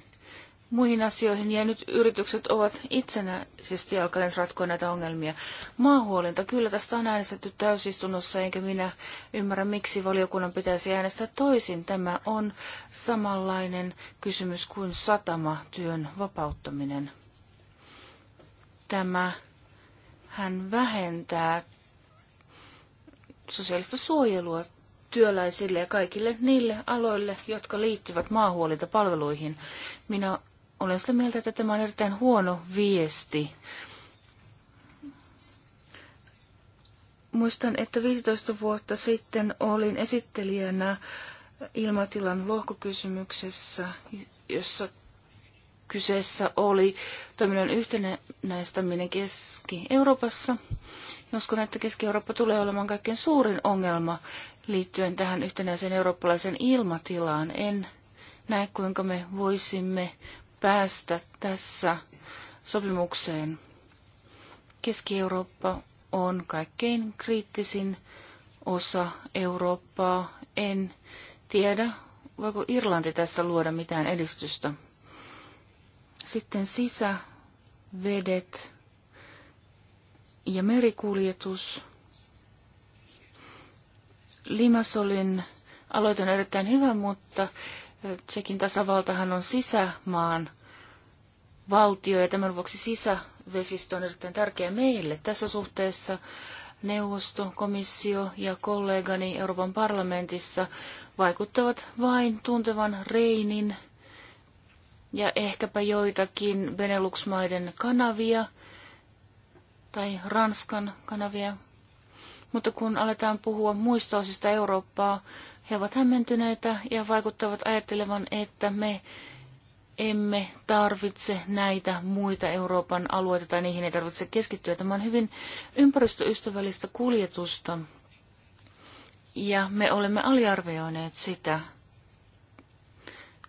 muihin asioihin ja nyt yritykset ovat itsenäisesti alkaneet ratkoa näitä ongelmia. Maahuolinta, kyllä tästä on äänestetty täysistunnossa, enkä minä ymmärrä, miksi valiokunnan pitäisi äänestää toisin. Tämä on samanlainen kysymys kuin satamatyön vapauttaminen. Tämä hän vähentää sosiaalista suojelua työläisille ja kaikille niille aloille, jotka liittyvät maahuolintapalveluihin. Minä olen sitä mieltä, että tämä on erittäin huono viesti. Muistan, että 15 vuotta sitten olin esittelijänä ilmatilan lohkokysymyksessä, jossa kyseessä oli toiminnan yhtenäistäminen Keski-Euroopassa. Uskon, että Keski-Eurooppa tulee olemaan kaikkein suurin ongelma liittyen tähän yhtenäiseen eurooppalaiseen ilmatilaan. En näe, kuinka me voisimme päästä tässä sopimukseen. Keski-Eurooppa on kaikkein kriittisin osa Eurooppaa. En tiedä, voiko Irlanti tässä luoda mitään edistystä. Sitten sisävedet ja merikuljetus. Limasolin aloite on erittäin hyvä, mutta Tsekin tasavaltahan on sisämaan valtio ja tämän vuoksi sisävesistö on erittäin tärkeä meille. Tässä suhteessa neuvosto, komissio ja kollegani Euroopan parlamentissa vaikuttavat vain tuntevan Reinin ja ehkäpä joitakin Benelux-maiden kanavia tai Ranskan kanavia. Mutta kun aletaan puhua muista osista Eurooppaa, he ovat hämmentyneitä ja vaikuttavat ajattelevan, että me emme tarvitse näitä muita Euroopan alueita tai niihin ei tarvitse keskittyä. Tämä on hyvin ympäristöystävällistä kuljetusta ja me olemme aliarvioineet sitä,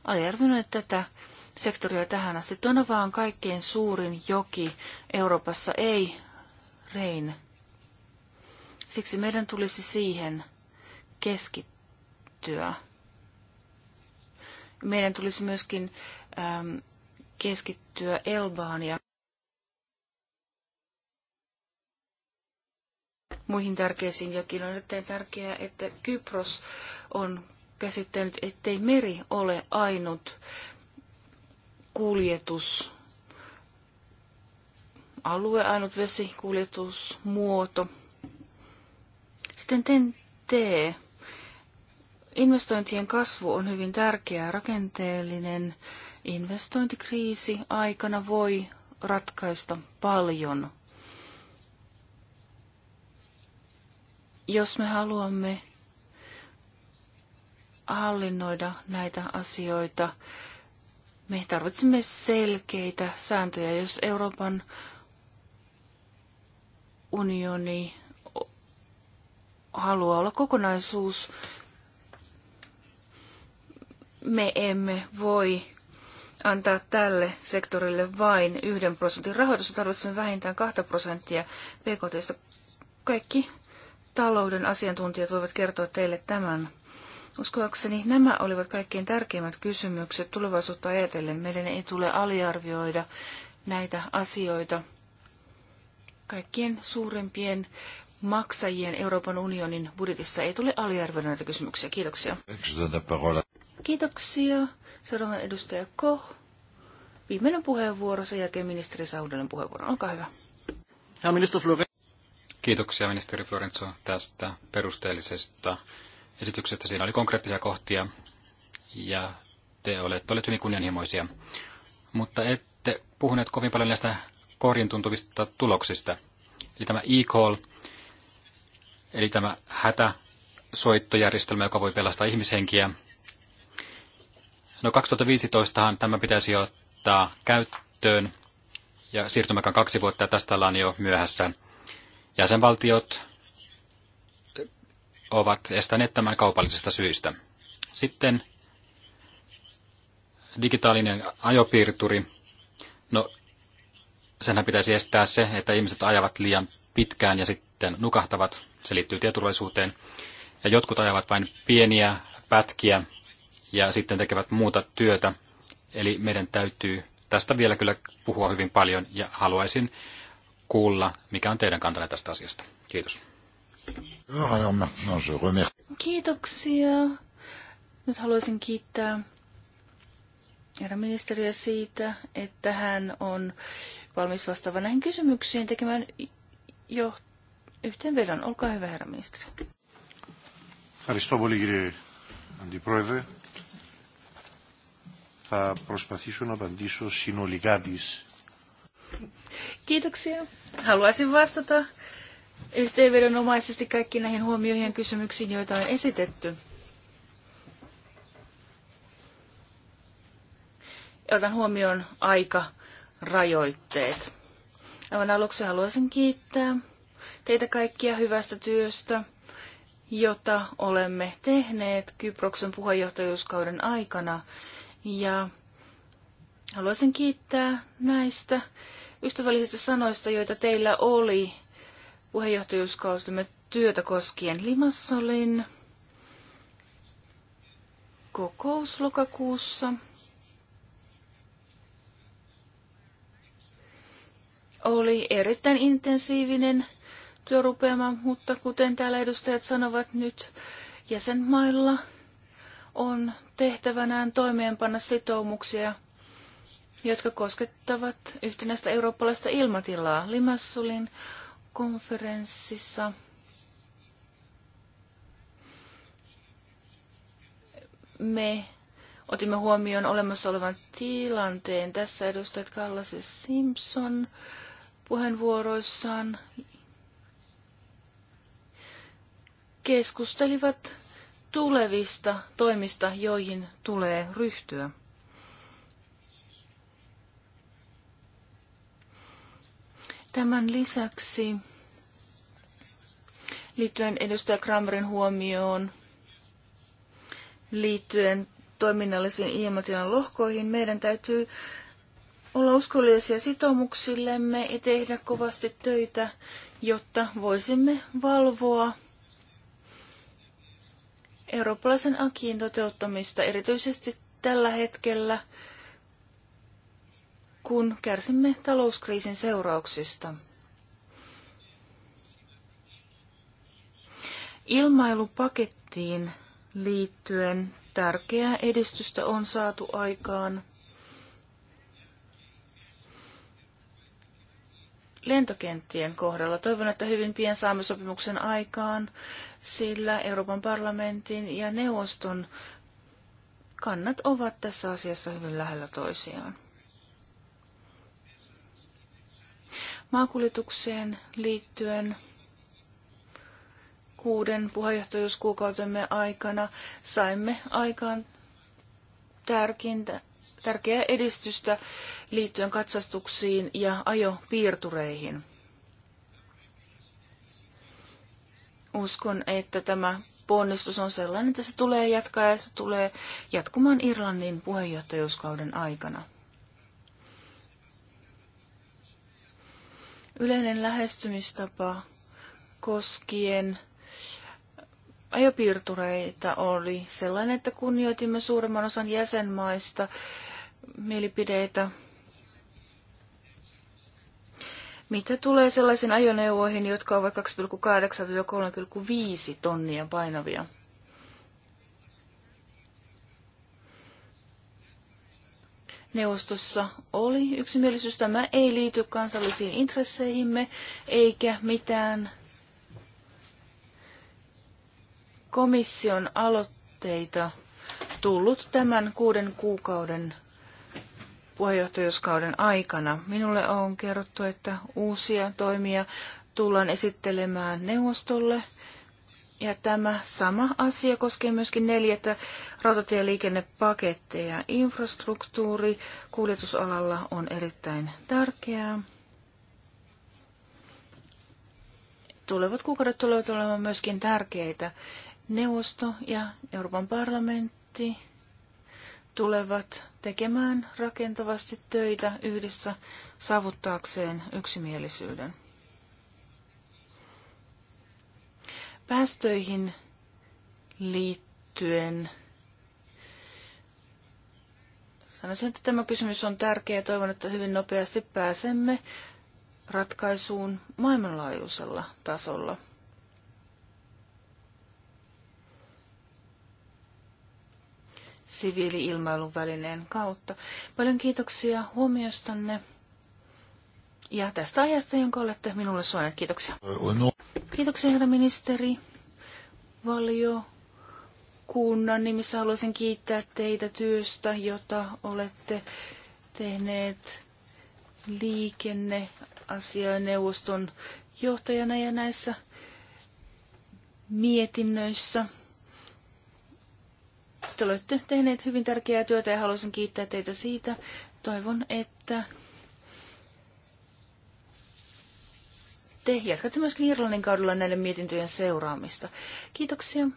aliarvioineet tätä sektoria tähän asti. Tuona on kaikkein suurin joki Euroopassa, ei Rein. Siksi meidän tulisi siihen keskittyä. Meidän tulisi myöskin Ähm, keskittyä Elbaan ja muihin tärkeisiin jokin. On erittäin tärkeää, että Kypros on käsittänyt, ettei meri ole ainut kuljetus alue, ainut vesikuljetusmuoto. Sitten TEN-T. Investointien kasvu on hyvin tärkeää, rakenteellinen investointikriisi aikana voi ratkaista paljon. Jos me haluamme hallinnoida näitä asioita, me tarvitsemme selkeitä sääntöjä. Jos Euroopan unioni haluaa olla kokonaisuus, me emme voi antaa tälle sektorille vain yhden prosentin rahoitusta, tarvitsemme vähintään kahta prosenttia PKTstä. Kaikki talouden asiantuntijat voivat kertoa teille tämän. Uskoakseni nämä olivat kaikkein tärkeimmät kysymykset tulevaisuutta ajatellen. Meidän ei tule aliarvioida näitä asioita. Kaikkien suurimpien maksajien Euroopan unionin budjetissa ei tule aliarvioida näitä kysymyksiä. Kiitoksia. Kiitoksia. Seuraavan edustaja Koh. Viimeinen puheenvuoro, sen jälkeen ministeri Saudelen puheenvuoro. Olkaa hyvä. Ja Kiitoksia ministeri Florenzo tästä perusteellisesta esityksestä. Siinä oli konkreettisia kohtia ja te olette olleet hyvin kunnianhimoisia, mutta ette puhuneet kovin paljon näistä korin tuntuvista tuloksista. Eli tämä e-call, eli tämä hätäsoittojärjestelmä, joka voi pelastaa ihmishenkiä, No 2015han tämä pitäisi ottaa käyttöön ja siirtymäkään kaksi vuotta ja tästä ollaan jo myöhässä. Jäsenvaltiot ovat estäneet tämän kaupallisista syistä. Sitten digitaalinen ajopiirturi. No, senhän pitäisi estää se, että ihmiset ajavat liian pitkään ja sitten nukahtavat. Se liittyy tieturvallisuuteen. Ja jotkut ajavat vain pieniä pätkiä ja sitten tekevät muuta työtä. Eli meidän täytyy tästä vielä kyllä puhua hyvin paljon ja haluaisin kuulla, mikä on teidän kantanne tästä asiasta. Kiitos. Kiitoksia. Nyt haluaisin kiittää herra ministeriä siitä, että hän on valmis vastaava näihin kysymyksiin tekemään jo yhteenvedon. Olkaa hyvä, herra ministeri. Ευχαριστώ πολύ κύριε Θα προσπαθήσω να απαντήσω συνολικά τις. Kiitoksia. Haluaisin vastata yhteenvedonomaisesti kaikki näihin huomioihin ja kysymyksiin, joita on esitetty. Otan huomioon aika rajoitteet. Aivan aluksi haluaisin kiittää teitä kaikkia hyvästä työstä, jota olemme tehneet Kyproksen puheenjohtajuuskauden aikana. Ja haluaisin kiittää näistä ystävällisistä sanoista, joita teillä oli puheenjohtajuuskautemme työtä koskien Limassolin kokous lokakuussa. Oli erittäin intensiivinen työrupeama, mutta kuten täällä edustajat sanovat nyt jäsenmailla – on tehtävänään toimeenpanna sitoumuksia, jotka koskettavat yhtenäistä eurooppalaista ilmatilaa. Limassolin konferenssissa me otimme huomioon olemassa olevan tilanteen. Tässä edustajat Kallas ja Simpson puheenvuoroissaan keskustelivat tulevista toimista, joihin tulee ryhtyä. Tämän lisäksi liittyen edustaja Kramerin huomioon, liittyen toiminnallisiin ilmatilan lohkoihin, meidän täytyy olla uskollisia sitoumuksillemme ja tehdä kovasti töitä, jotta voisimme valvoa eurooppalaisen akiin toteuttamista erityisesti tällä hetkellä, kun kärsimme talouskriisin seurauksista. Ilmailupakettiin liittyen tärkeää edistystä on saatu aikaan – lentokenttien kohdalla. Toivon, että hyvin pian saamme sopimuksen aikaan, sillä Euroopan parlamentin ja neuvoston kannat ovat tässä asiassa hyvin lähellä toisiaan. Maakuljetukseen liittyen kuuden puheenjohtajuuskuukautemme aikana saimme aikaan tärkeää edistystä liittyen katsastuksiin ja ajopiirtureihin. Uskon, että tämä ponnistus on sellainen, että se tulee jatkaa ja se tulee jatkumaan Irlannin puheenjohtajuuskauden aikana. Yleinen lähestymistapa koskien ajopiirtureita oli sellainen, että kunnioitimme suurimman osan jäsenmaista mielipideitä mitä tulee sellaisiin ajoneuvoihin, jotka ovat 2,8-3,5 tonnia painavia? Neuvostossa oli yksimielisyys. Tämä ei liity kansallisiin intresseihimme eikä mitään komission aloitteita tullut tämän kuuden kuukauden puheenjohtajuuskauden aikana. Minulle on kerrottu, että uusia toimia tullaan esittelemään neuvostolle. Ja tämä sama asia koskee myöskin neljättä rautatieliikennepaketteja. Infrastruktuuri kuljetusalalla on erittäin tärkeää. Tulevat kuukaudet tulevat olemaan myöskin tärkeitä. Neuvosto ja Euroopan parlamentti tulevat tekemään rakentavasti töitä yhdessä saavuttaakseen yksimielisyyden. Päästöihin liittyen sanoisin, että tämä kysymys on tärkeä ja toivon, että hyvin nopeasti pääsemme ratkaisuun maailmanlaajuisella tasolla. siviiliilmailun välineen kautta. Paljon kiitoksia huomiostanne ja tästä ajasta, jonka olette minulle suoneet. Kiitoksia. Kiitoksia, herra ministeri. Valio kunnan nimissä haluaisin kiittää teitä työstä, jota olette tehneet liikenneasianeuvoston johtajana ja näissä mietinnöissä te olette tehneet hyvin tärkeää työtä ja haluaisin kiittää teitä siitä. Toivon, että te jatkatte myöskin Irlannin kaudella näiden mietintöjen seuraamista. Kiitoksia.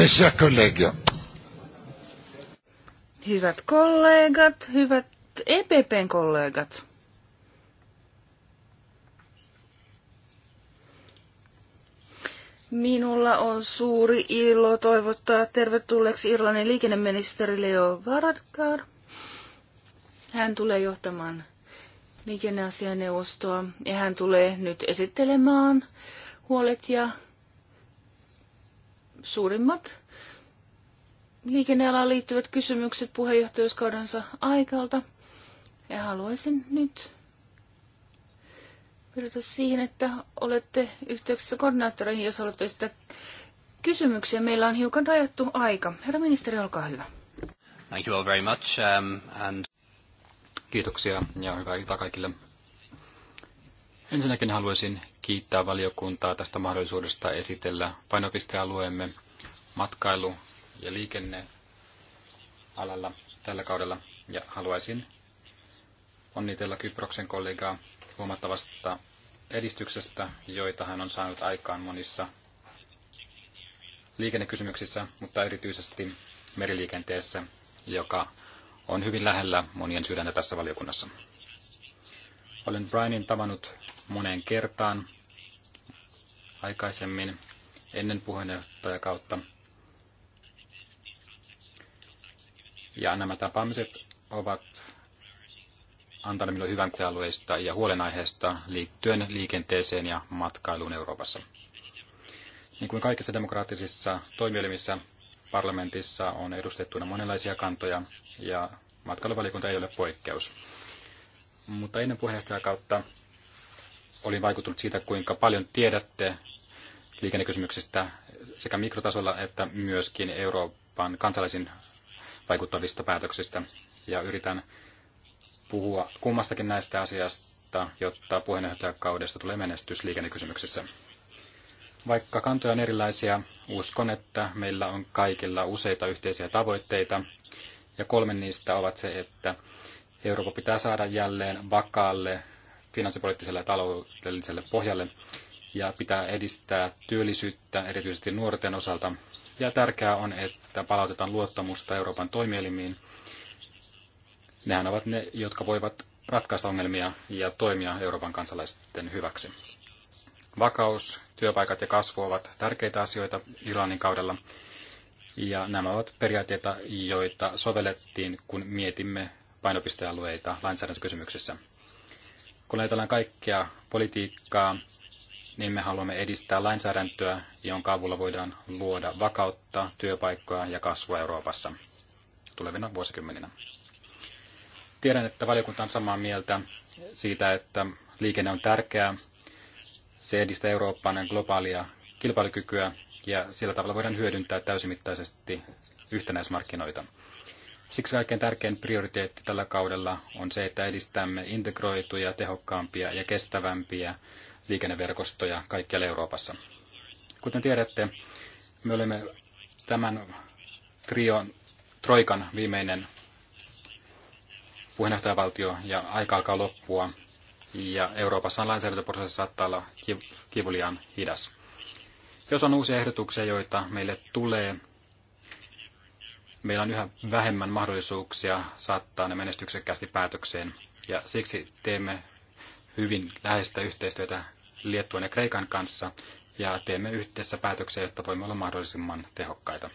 Mes chers collègues. Hyvät kollegat, hyvät EPPn kollegat. Minulla on suuri ilo toivottaa tervetulleeksi Irlannin liikenneministeri Leo Varadkar. Hän tulee johtamaan liikenneasianeuvostoa ja hän tulee nyt esittelemään huolet ja suurimmat liikennealaan liittyvät kysymykset puheenjohtajuuskaudensa aikalta. Ja haluaisin nyt vedota siihen, että olette yhteyksissä koordinaattoreihin, jos haluatte sitä kysymyksiä. Meillä on hiukan rajattu aika. Herra ministeri, olkaa hyvä. Thank you all very much. Um, and... Kiitoksia ja hyvää iltaa kaikille. Ensinnäkin haluaisin kiittää valiokuntaa tästä mahdollisuudesta esitellä painopistealueemme matkailu- ja liikennealalla tällä kaudella. Ja haluaisin onnitella Kyproksen kollegaa huomattavasta edistyksestä, joita hän on saanut aikaan monissa liikennekysymyksissä, mutta erityisesti meriliikenteessä, joka on hyvin lähellä monien sydäntä tässä valiokunnassa. Olen Brianin tavannut moneen kertaan aikaisemmin ennen kautta. Ja nämä tapaamiset ovat antaneet minulle hyvän alueista ja huolenaiheesta liittyen liikenteeseen ja matkailuun Euroopassa. Niin kuin kaikissa demokraattisissa toimielimissä, parlamentissa on edustettuna monenlaisia kantoja ja matkailuvalikunta ei ole poikkeus. Mutta ennen puheenjohtajakautta olin vaikuttunut siitä, kuinka paljon tiedätte liikennekysymyksistä sekä mikrotasolla että myöskin Euroopan kansalaisin vaikuttavista päätöksistä. Ja yritän puhua kummastakin näistä asiasta, jotta puheenjohtajakaudesta tulee menestys liikennekysymyksissä. Vaikka kantoja on erilaisia, uskon, että meillä on kaikilla useita yhteisiä tavoitteita, ja kolme niistä ovat se, että Eurooppa pitää saada jälleen vakaalle finanssipoliittiselle ja taloudelliselle pohjalle ja pitää edistää työllisyyttä erityisesti nuorten osalta. Ja tärkeää on, että palautetaan luottamusta Euroopan toimielimiin. Nehän ovat ne, jotka voivat ratkaista ongelmia ja toimia Euroopan kansalaisten hyväksi. Vakaus, työpaikat ja kasvu ovat tärkeitä asioita Irlannin kaudella. Ja nämä ovat periaatteita, joita sovellettiin, kun mietimme painopistealueita lainsäädäntökysymyksissä. Kun ajatellaan kaikkea politiikkaa, niin me haluamme edistää lainsäädäntöä, jonka avulla voidaan luoda vakautta, työpaikkoja ja kasvua Euroopassa tulevina vuosikymmeninä. Tiedän, että valiokunta on samaa mieltä siitä, että liikenne on tärkeää. Se edistää Euroopan globaalia kilpailukykyä ja sillä tavalla voidaan hyödyntää täysimittaisesti yhtenäismarkkinoita. Siksi kaikkein tärkein prioriteetti tällä kaudella on se, että edistämme integroituja, tehokkaampia ja kestävämpiä liikenneverkostoja kaikkialla Euroopassa. Kuten tiedätte, me olemme tämän trion, Troikan viimeinen puheenjohtajavaltio ja aika alkaa loppua. Ja Euroopassa lainsäädäntöprosessi saattaa olla kivuliaan hidas. Jos on uusia ehdotuksia, joita meille tulee, meillä on yhä vähemmän mahdollisuuksia saattaa ne menestyksekkäästi päätökseen. Ja siksi teemme hyvin läheistä yhteistyötä Liettuan ja Kreikan kanssa ja teemme yhdessä päätöksiä, jotta voimme olla mahdollisimman tehokkaita.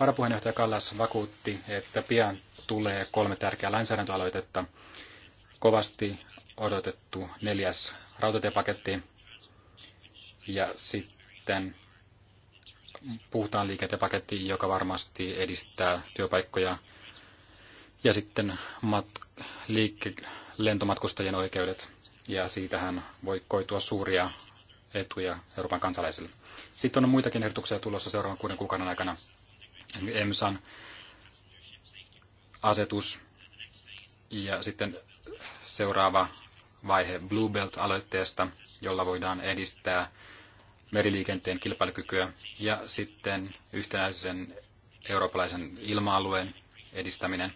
Varapuheenjohtaja Kallas vakuutti, että pian tulee kolme tärkeää lainsäädäntöaloitetta. Kovasti odotettu neljäs rautatiepaketti ja sitten puhutaan liikentepaketti, joka varmasti edistää työpaikkoja. Ja sitten mat- liikke- lentomatkustajien oikeudet. Ja siitähän voi koitua suuria etuja Euroopan kansalaisille. Sitten on muitakin ehdotuksia tulossa seuraavan kuuden kuukauden aikana. EMSAn asetus ja sitten seuraava vaihe Blue Belt-aloitteesta, jolla voidaan edistää meriliikenteen kilpailukykyä ja sitten yhtenäisen eurooppalaisen ilma-alueen edistäminen.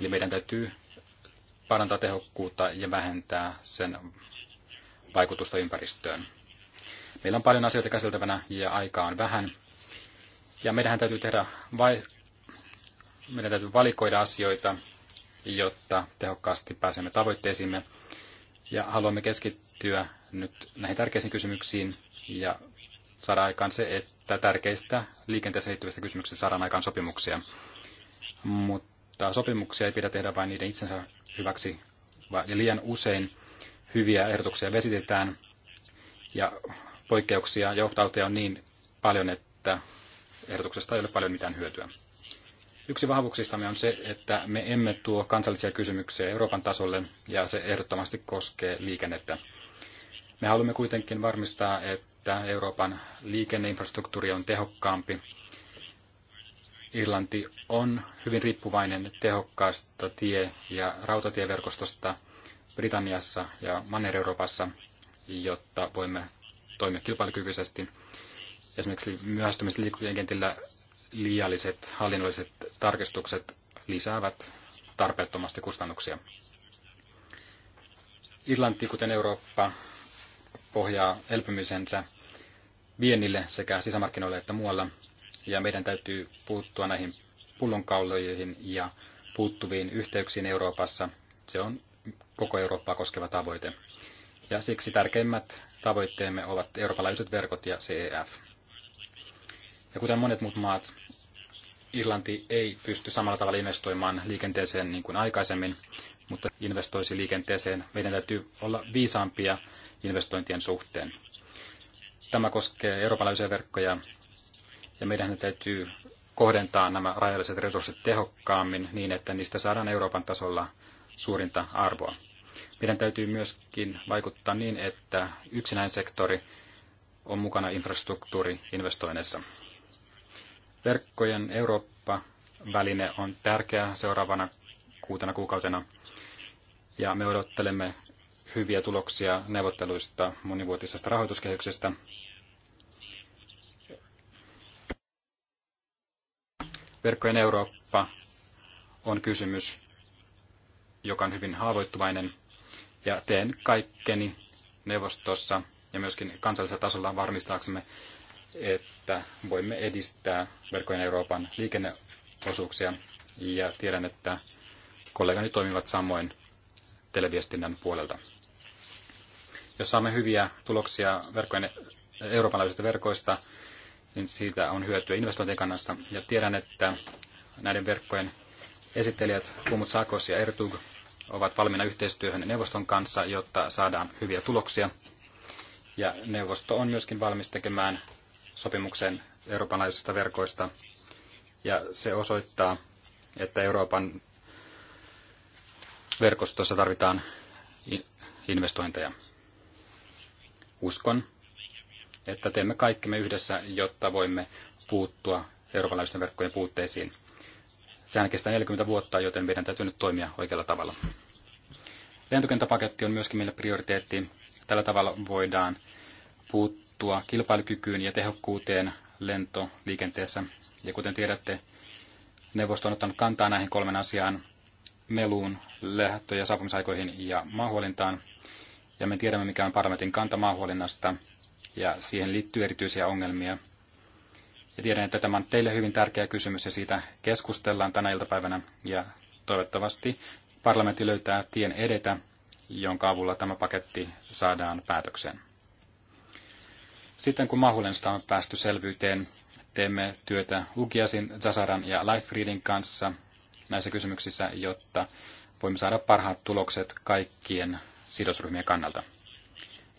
Eli meidän täytyy parantaa tehokkuutta ja vähentää sen vaikutusta ympäristöön. Meillä on paljon asioita käsiteltävänä ja aikaa on vähän. Ja meidän täytyy tehdä vai... meidän täytyy valikoida asioita, jotta tehokkaasti pääsemme tavoitteisiimme. Ja haluamme keskittyä nyt näihin tärkeisiin kysymyksiin ja saada aikaan se, että tärkeistä liikenteeseen liittyvistä kysymyksistä saadaan aikaan sopimuksia. Mutta sopimuksia ei pidä tehdä vain niiden itsensä hyväksi, ja liian usein hyviä ehdotuksia vesitetään, ja poikkeuksia ja opt on niin paljon, että ehdotuksesta ei ole paljon mitään hyötyä. Yksi vahvuuksistamme on se, että me emme tuo kansallisia kysymyksiä Euroopan tasolle, ja se ehdottomasti koskee liikennettä. Me haluamme kuitenkin varmistaa, että Euroopan liikenneinfrastruktuuri on tehokkaampi. Irlanti on hyvin riippuvainen tehokkaasta tie- ja rautatieverkostosta Britanniassa ja Manner-Euroopassa, jotta voimme toimia kilpailukykyisesti. Esimerkiksi myöhästymiset liikennekentillä liialliset hallinnolliset tarkistukset lisäävät tarpeettomasti kustannuksia. Irlanti, kuten Eurooppa, pohjaa elpymisensä vienille sekä sisämarkkinoille että muualla. Ja meidän täytyy puuttua näihin pullonkauloihin ja puuttuviin yhteyksiin Euroopassa. Se on koko Eurooppaa koskeva tavoite. Ja siksi tärkeimmät tavoitteemme ovat eurooppalaiset verkot ja CEF. Ja kuten monet muut maat, Irlanti ei pysty samalla tavalla investoimaan liikenteeseen niin kuin aikaisemmin, mutta investoisi liikenteeseen. Meidän täytyy olla viisaampia investointien suhteen. Tämä koskee eurooppalaisia verkkoja ja meidän täytyy kohdentaa nämä rajalliset resurssit tehokkaammin niin, että niistä saadaan Euroopan tasolla suurinta arvoa. Meidän täytyy myöskin vaikuttaa niin, että yksinäinen sektori on mukana infrastruktuuriinvestoinneissa. Verkkojen Eurooppa-väline on tärkeä seuraavana kuutena kuukautena, ja me odottelemme hyviä tuloksia neuvotteluista monivuotisesta rahoituskehyksestä. Verkkojen Eurooppa on kysymys, joka on hyvin haavoittuvainen, ja teen kaikkeni neuvostossa ja myöskin kansallisella tasolla varmistaaksemme, että voimme edistää Verkkojen Euroopan liikenneosuuksia, ja tiedän, että kollegani toimivat samoin televiestinnän puolelta. Jos saamme hyviä tuloksia verkkojen, Euroopan laajuisista verkoista, niin siitä on hyötyä investointien kannasta. Ja tiedän, että näiden verkkojen esittelijät Kumut Sakos ja Ertug ovat valmiina yhteistyöhön neuvoston kanssa, jotta saadaan hyviä tuloksia. Ja neuvosto on myöskin valmis tekemään sopimuksen eurooppalaisista verkoista. Ja se osoittaa, että Euroopan verkostossa tarvitaan investointeja. Uskon, että teemme kaikkemme yhdessä, jotta voimme puuttua eurooppalaisten verkkojen puutteisiin. Sehän kestää 40 vuotta, joten meidän täytyy nyt toimia oikealla tavalla. Lentokenttäpaketti on myöskin meille prioriteetti. Tällä tavalla voidaan puuttua kilpailukykyyn ja tehokkuuteen lentoliikenteessä. Ja kuten tiedätte, neuvosto on ottanut kantaa näihin kolmen asiaan, meluun, lähtö- ja saapumisaikoihin ja maahuolintaan ja me tiedämme, mikä on parlamentin kanta maahuolinnasta, ja siihen liittyy erityisiä ongelmia. Ja tiedän, että tämä on teille hyvin tärkeä kysymys, ja siitä keskustellaan tänä iltapäivänä, ja toivottavasti parlamentti löytää tien edetä, jonka avulla tämä paketti saadaan päätökseen. Sitten kun maahuolinnasta on päästy selvyyteen, teemme työtä Ugiasin, Zasaran ja Lifefreedin kanssa näissä kysymyksissä, jotta voimme saada parhaat tulokset kaikkien sidosryhmien kannalta.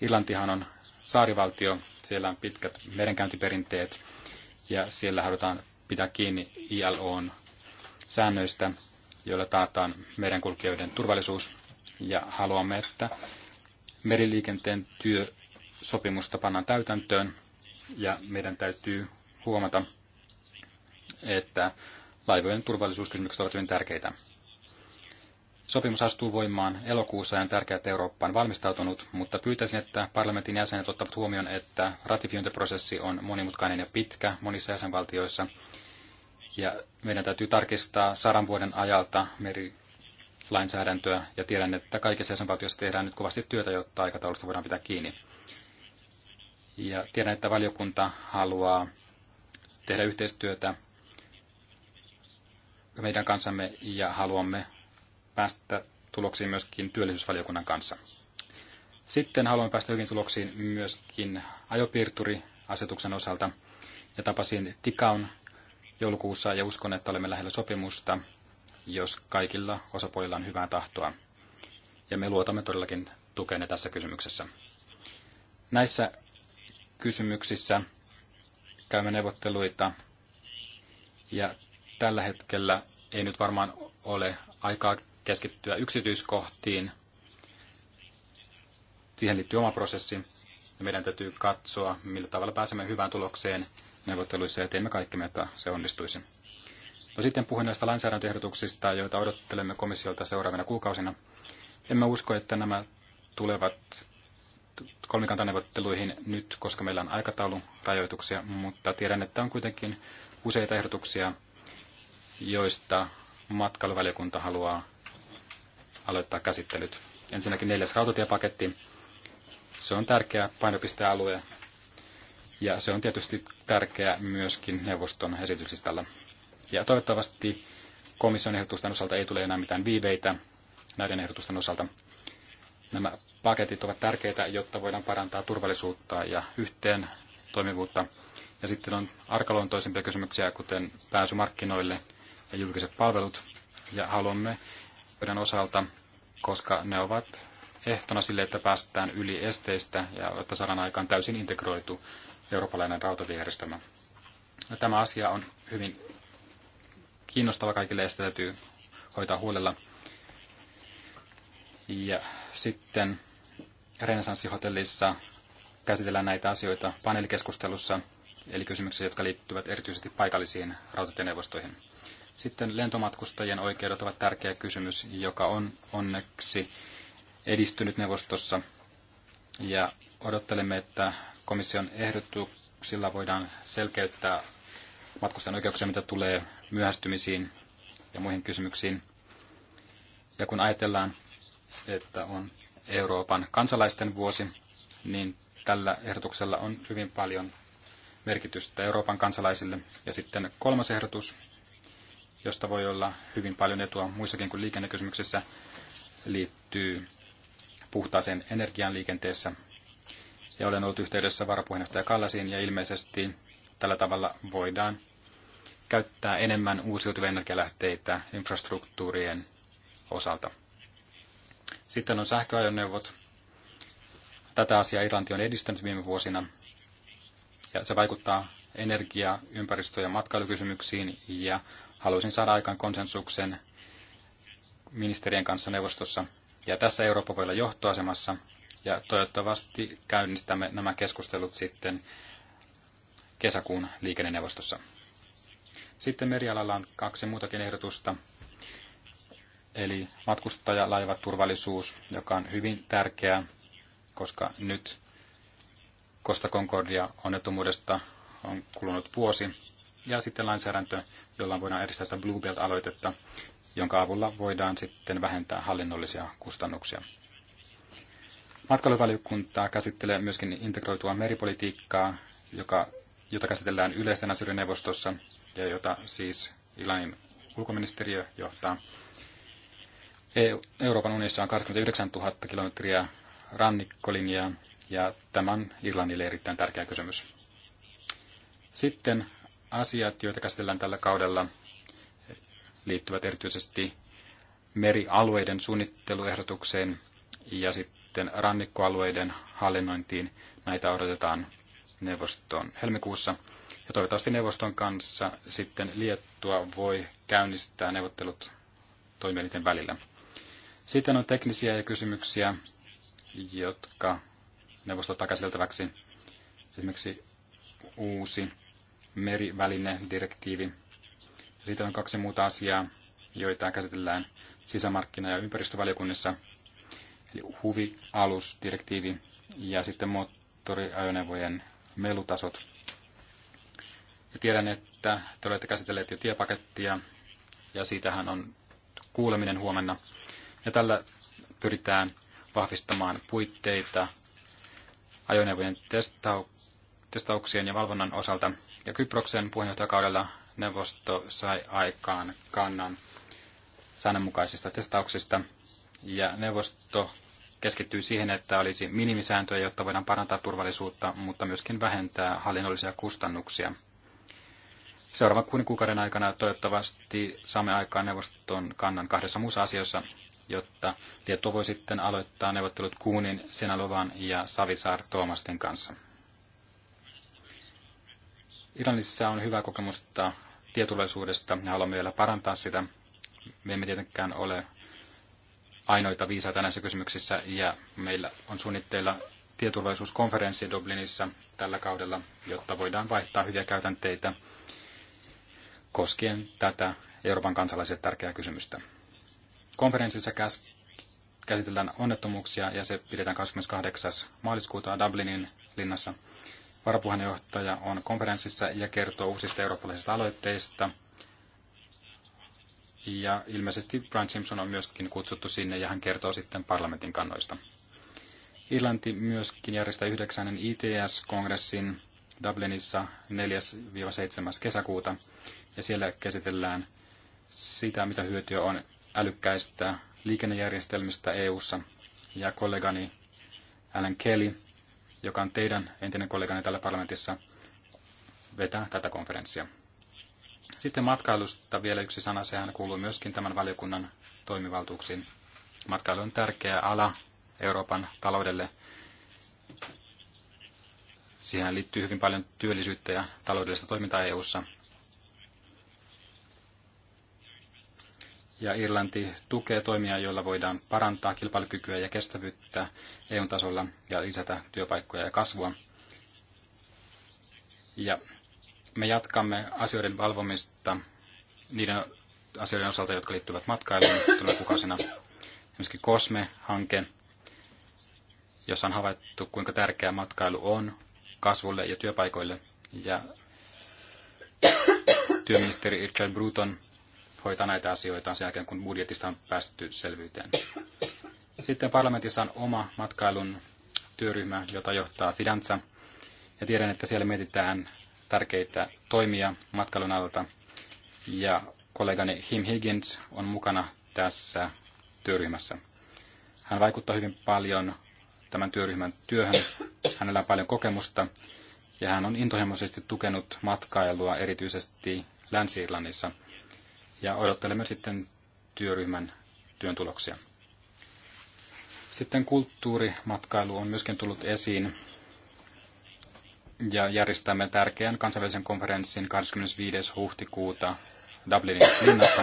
Irlantihan on saarivaltio, siellä on pitkät merenkäyntiperinteet ja siellä halutaan pitää kiinni ILOn säännöistä, joilla taataan merenkulkijoiden turvallisuus ja haluamme, että meriliikenteen työsopimusta pannaan täytäntöön ja meidän täytyy huomata, että laivojen turvallisuuskysymykset ovat hyvin tärkeitä. Sopimus astuu voimaan elokuussa ja on tärkeää, että Eurooppa on valmistautunut, mutta pyytäisin, että parlamentin jäsenet ottavat huomioon, että ratifiointiprosessi on monimutkainen ja pitkä monissa jäsenvaltioissa. Ja meidän täytyy tarkistaa sadan vuoden ajalta merilainsäädäntöä ja tiedän, että kaikissa jäsenvaltioissa tehdään nyt kovasti työtä, jotta aikataulusta voidaan pitää kiinni. Ja tiedän, että valiokunta haluaa tehdä yhteistyötä meidän kanssamme ja haluamme päästä tuloksiin myöskin työllisyysvaliokunnan kanssa. Sitten haluan päästä hyvin tuloksiin myöskin ajopiirturiasetuksen osalta. Ja tapasin Tikaun joulukuussa ja uskon, että olemme lähellä sopimusta, jos kaikilla osapuolilla on hyvää tahtoa. Ja me luotamme todellakin tukenne tässä kysymyksessä. Näissä kysymyksissä käymme neuvotteluita ja tällä hetkellä ei nyt varmaan ole aikaa keskittyä yksityiskohtiin. Siihen liittyy oma prosessi ja meidän täytyy katsoa, millä tavalla pääsemme hyvään tulokseen neuvotteluissa ja teemme kaikki että se onnistuisi. No sitten puhun näistä lainsäädäntöehdotuksista, joita odottelemme komissiolta seuraavina kuukausina. Emme usko, että nämä tulevat kolmikantaneuvotteluihin nyt, koska meillä on aikataulurajoituksia, mutta tiedän, että on kuitenkin useita ehdotuksia, joista matkailuvaliokunta haluaa aloittaa käsittelyt. Ensinnäkin neljäs rautatiepaketti. Se on tärkeä painopistealue ja se on tietysti tärkeä myöskin neuvoston esityslistalla. Ja toivottavasti komission ehdotusten osalta ei tule enää mitään viiveitä näiden ehdotusten osalta. Nämä paketit ovat tärkeitä, jotta voidaan parantaa turvallisuutta ja yhteen toimivuutta. Ja sitten on arkaluontoisempia kysymyksiä, kuten pääsy markkinoille ja julkiset palvelut. Ja haluamme meidän osalta koska ne ovat ehtona sille, että päästään yli esteistä ja että saadaan aikaan täysin integroitu eurooppalainen rautatiejärjestelmä. Ja tämä asia on hyvin kiinnostava kaikille ja sitä täytyy hoitaa huolella. Ja sitten renesanssihotellissa käsitellään näitä asioita paneelikeskustelussa, eli kysymyksiä, jotka liittyvät erityisesti paikallisiin rautatieneuvostoihin. Sitten lentomatkustajien oikeudet ovat tärkeä kysymys, joka on onneksi edistynyt neuvostossa. Ja odottelemme, että komission ehdotuksilla voidaan selkeyttää matkustajan oikeuksia, mitä tulee myöhästymisiin ja muihin kysymyksiin. Ja kun ajatellaan, että on Euroopan kansalaisten vuosi, niin tällä ehdotuksella on hyvin paljon merkitystä Euroopan kansalaisille. Ja sitten kolmas ehdotus, josta voi olla hyvin paljon etua muissakin kuin liikennekysymyksissä, liittyy puhtaaseen energian liikenteessä. Ja olen ollut yhteydessä varapuheenjohtaja Kallasiin ja ilmeisesti tällä tavalla voidaan käyttää enemmän uusiutuvia energialähteitä infrastruktuurien osalta. Sitten on sähköajoneuvot. Tätä asiaa Irlanti on edistänyt viime vuosina ja se vaikuttaa energia-, ympäristö- ja matkailukysymyksiin ja haluaisin saada aikaan konsensuksen ministerien kanssa neuvostossa. Ja tässä Eurooppa voi olla johtoasemassa ja toivottavasti käynnistämme nämä keskustelut sitten kesäkuun liikenneneuvostossa. Sitten merialalla on kaksi muutakin ehdotusta, eli matkustajalaivaturvallisuus, joka on hyvin tärkeää, koska nyt Costa Concordia onnettomuudesta on kulunut vuosi, ja sitten lainsäädäntö, jolla voidaan edistää tätä Blue Belt-aloitetta, jonka avulla voidaan sitten vähentää hallinnollisia kustannuksia. Matkailuvaliokunta käsittelee myöskin integroitua meripolitiikkaa, joka, jota käsitellään yleisten asioiden neuvostossa ja jota siis Ilanin ulkoministeriö johtaa. E- Euroopan unionissa on 29 000 kilometriä rannikkolinjaa ja tämä on Irlannille erittäin tärkeä kysymys. Sitten asiat, joita käsitellään tällä kaudella, liittyvät erityisesti merialueiden suunnitteluehdotukseen ja sitten rannikkoalueiden hallinnointiin. Näitä odotetaan neuvoston helmikuussa. Ja toivottavasti neuvoston kanssa sitten Liettua voi käynnistää neuvottelut toimielinten välillä. Sitten on teknisiä kysymyksiä, jotka neuvosto ottaa käsiteltäväksi. Esimerkiksi uusi merivälinedirektiivi. Sitten on kaksi muuta asiaa, joita käsitellään sisämarkkina- ja ympäristövaliokunnissa, eli huvialusdirektiivi ja sitten moottoriajoneuvojen melutasot. Ja tiedän, että te olette käsitelleet jo tiepakettia, ja siitähän on kuuleminen huomenna. Ja tällä pyritään vahvistamaan puitteita ajoneuvojen testaukseen testauksien ja valvonnan osalta. Ja Kyproksen puheenjohtajakaudella neuvosto sai aikaan kannan säännönmukaisista testauksista. Ja neuvosto keskittyy siihen, että olisi minimisääntöjä, jotta voidaan parantaa turvallisuutta, mutta myöskin vähentää hallinnollisia kustannuksia. Seuraavan kuuden kuukauden aikana toivottavasti saamme aikaan neuvoston kannan kahdessa muussa asiassa, jotta Liettua voi sitten aloittaa neuvottelut Kuunin, Senalovan ja Savisaar Toomasten kanssa. Iranissa on hyvä kokemusta tietulaisuudesta ja haluamme vielä parantaa sitä. Me emme tietenkään ole ainoita viisaita näissä kysymyksissä ja meillä on suunnitteilla tietulaisuuskonferenssi Dublinissa tällä kaudella, jotta voidaan vaihtaa hyviä käytänteitä koskien tätä Euroopan kansalaisille tärkeää kysymystä. Konferenssissa käs- käsitellään onnettomuuksia ja se pidetään 28. maaliskuuta Dublinin linnassa varapuheenjohtaja on konferenssissa ja kertoo uusista eurooppalaisista aloitteista. Ja ilmeisesti Brian Simpson on myöskin kutsuttu sinne ja hän kertoo sitten parlamentin kannoista. Irlanti myöskin järjestää yhdeksännen ITS-kongressin Dublinissa 4-7. kesäkuuta ja siellä käsitellään sitä, mitä hyötyä on älykkäistä liikennejärjestelmistä EU:ssa ja kollegani Alan Kelly joka on teidän entinen kolleganne täällä parlamentissa, vetää tätä konferenssia. Sitten matkailusta vielä yksi sana, sehän kuuluu myöskin tämän valiokunnan toimivaltuuksiin. Matkailu on tärkeä ala Euroopan taloudelle. Siihen liittyy hyvin paljon työllisyyttä ja taloudellista toimintaa EU:ssa. ja Irlanti tukee toimia, joilla voidaan parantaa kilpailukykyä ja kestävyyttä EU-tasolla ja lisätä työpaikkoja ja kasvua. Ja me jatkamme asioiden valvomista niiden asioiden osalta, jotka liittyvät matkailuun tulevina kuukausina. Esimerkiksi COSME-hanke, jossa on havaittu, kuinka tärkeä matkailu on kasvulle ja työpaikoille. Ja työministeri Richard Bruton hoitaa näitä asioita sen jälkeen, kun budjetista on päästy selvyyteen. Sitten parlamentissa on oma matkailun työryhmä, jota johtaa Fidanza. Ja tiedän, että siellä mietitään tärkeitä toimia matkailun alalta. Ja kollegani Him Higgins on mukana tässä työryhmässä. Hän vaikuttaa hyvin paljon tämän työryhmän työhön. Hänellä on paljon kokemusta ja hän on intohimoisesti tukenut matkailua erityisesti Länsi-Irlannissa – ja odottelemme sitten työryhmän työn tuloksia. Sitten kulttuurimatkailu on myöskin tullut esiin ja järjestämme tärkeän kansainvälisen konferenssin 25. huhtikuuta Dublinin linnassa.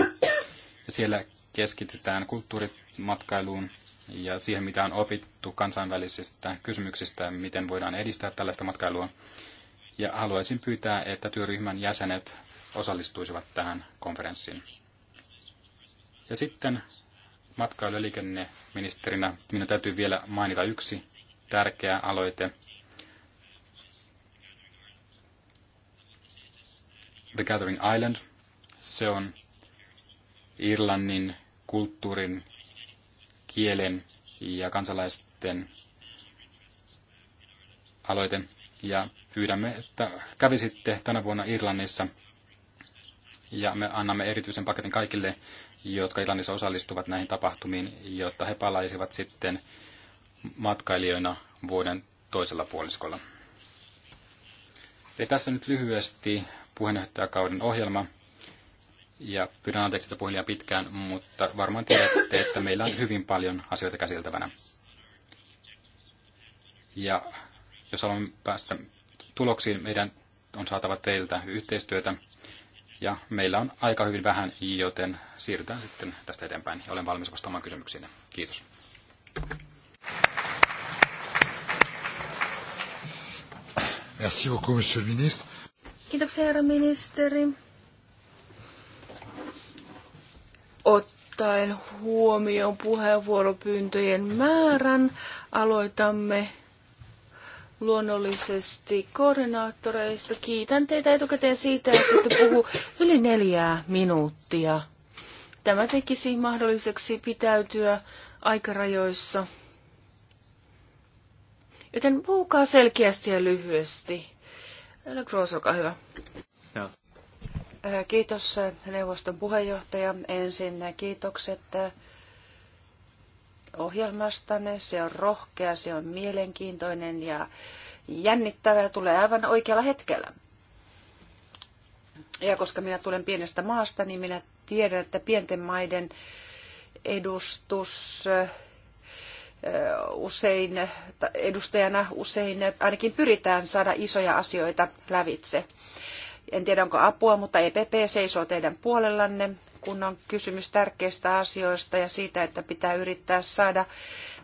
Ja siellä keskitytään kulttuurimatkailuun ja siihen, mitä on opittu kansainvälisistä kysymyksistä, miten voidaan edistää tällaista matkailua. Ja haluaisin pyytää, että työryhmän jäsenet osallistuisivat tähän konferenssiin. Ja sitten matkailu- ja liikenneministerinä minun täytyy vielä mainita yksi tärkeä aloite. The Gathering Island. Se on Irlannin kulttuurin, kielen ja kansalaisten aloite. Ja pyydämme, että kävisitte tänä vuonna Irlannissa ja me annamme erityisen paketin kaikille, jotka Irlannissa osallistuvat näihin tapahtumiin, jotta he palaisivat sitten matkailijoina vuoden toisella puoliskolla. Eli tässä nyt lyhyesti puheenjohtajakauden ohjelma. Ja pyydän anteeksi, että puhelia pitkään, mutta varmaan tiedätte, että meillä on hyvin paljon asioita käsiteltävänä. Ja jos haluamme päästä tuloksiin, meidän on saatava teiltä yhteistyötä. Ja meillä on aika hyvin vähän, joten siirrytään sitten tästä eteenpäin. Olen valmis vastaamaan kysymyksiin. Kiitos. Merci beaucoup, monsieur le ministre. Kiitoksia, herra ministeri. Ottaen huomioon puheenvuoropyyntöjen määrän, aloitamme luonnollisesti koordinaattoreista. Kiitän teitä etukäteen siitä, että te puhu yli neljää minuuttia. Tämä tekisi mahdolliseksi pitäytyä aikarajoissa. Joten puhukaa selkeästi ja lyhyesti. Älä Kroos, olkaa hyvä. No. Kiitos äh, neuvoston puheenjohtaja. Ensin kiitokset äh, ohjelmastanne. Se on rohkea, se on mielenkiintoinen ja jännittävä ja tulee aivan oikealla hetkellä. Ja koska minä tulen pienestä maasta, niin minä tiedän, että pienten maiden edustus usein, edustajana usein ainakin pyritään saada isoja asioita lävitse. En tiedä, onko apua, mutta EPP seisoo teidän puolellanne, kun on kysymys tärkeistä asioista ja siitä, että pitää yrittää saada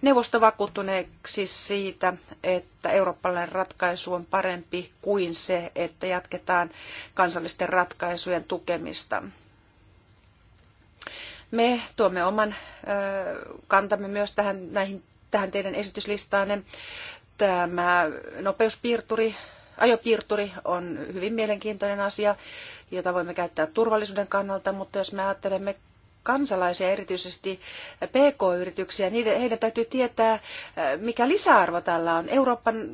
neuvosto vakuuttuneeksi siitä, että eurooppalainen ratkaisu on parempi kuin se, että jatketaan kansallisten ratkaisujen tukemista. Me tuomme oman kantamme myös tähän, näihin, tähän teidän esityslistaanne. Tämä nopeuspiirturi ajopiirturi on hyvin mielenkiintoinen asia, jota voimme käyttää turvallisuuden kannalta, mutta jos me ajattelemme kansalaisia, erityisesti PK-yrityksiä, niiden, heidän täytyy tietää, eh, mikä lisäarvo tällä on. Euroopan,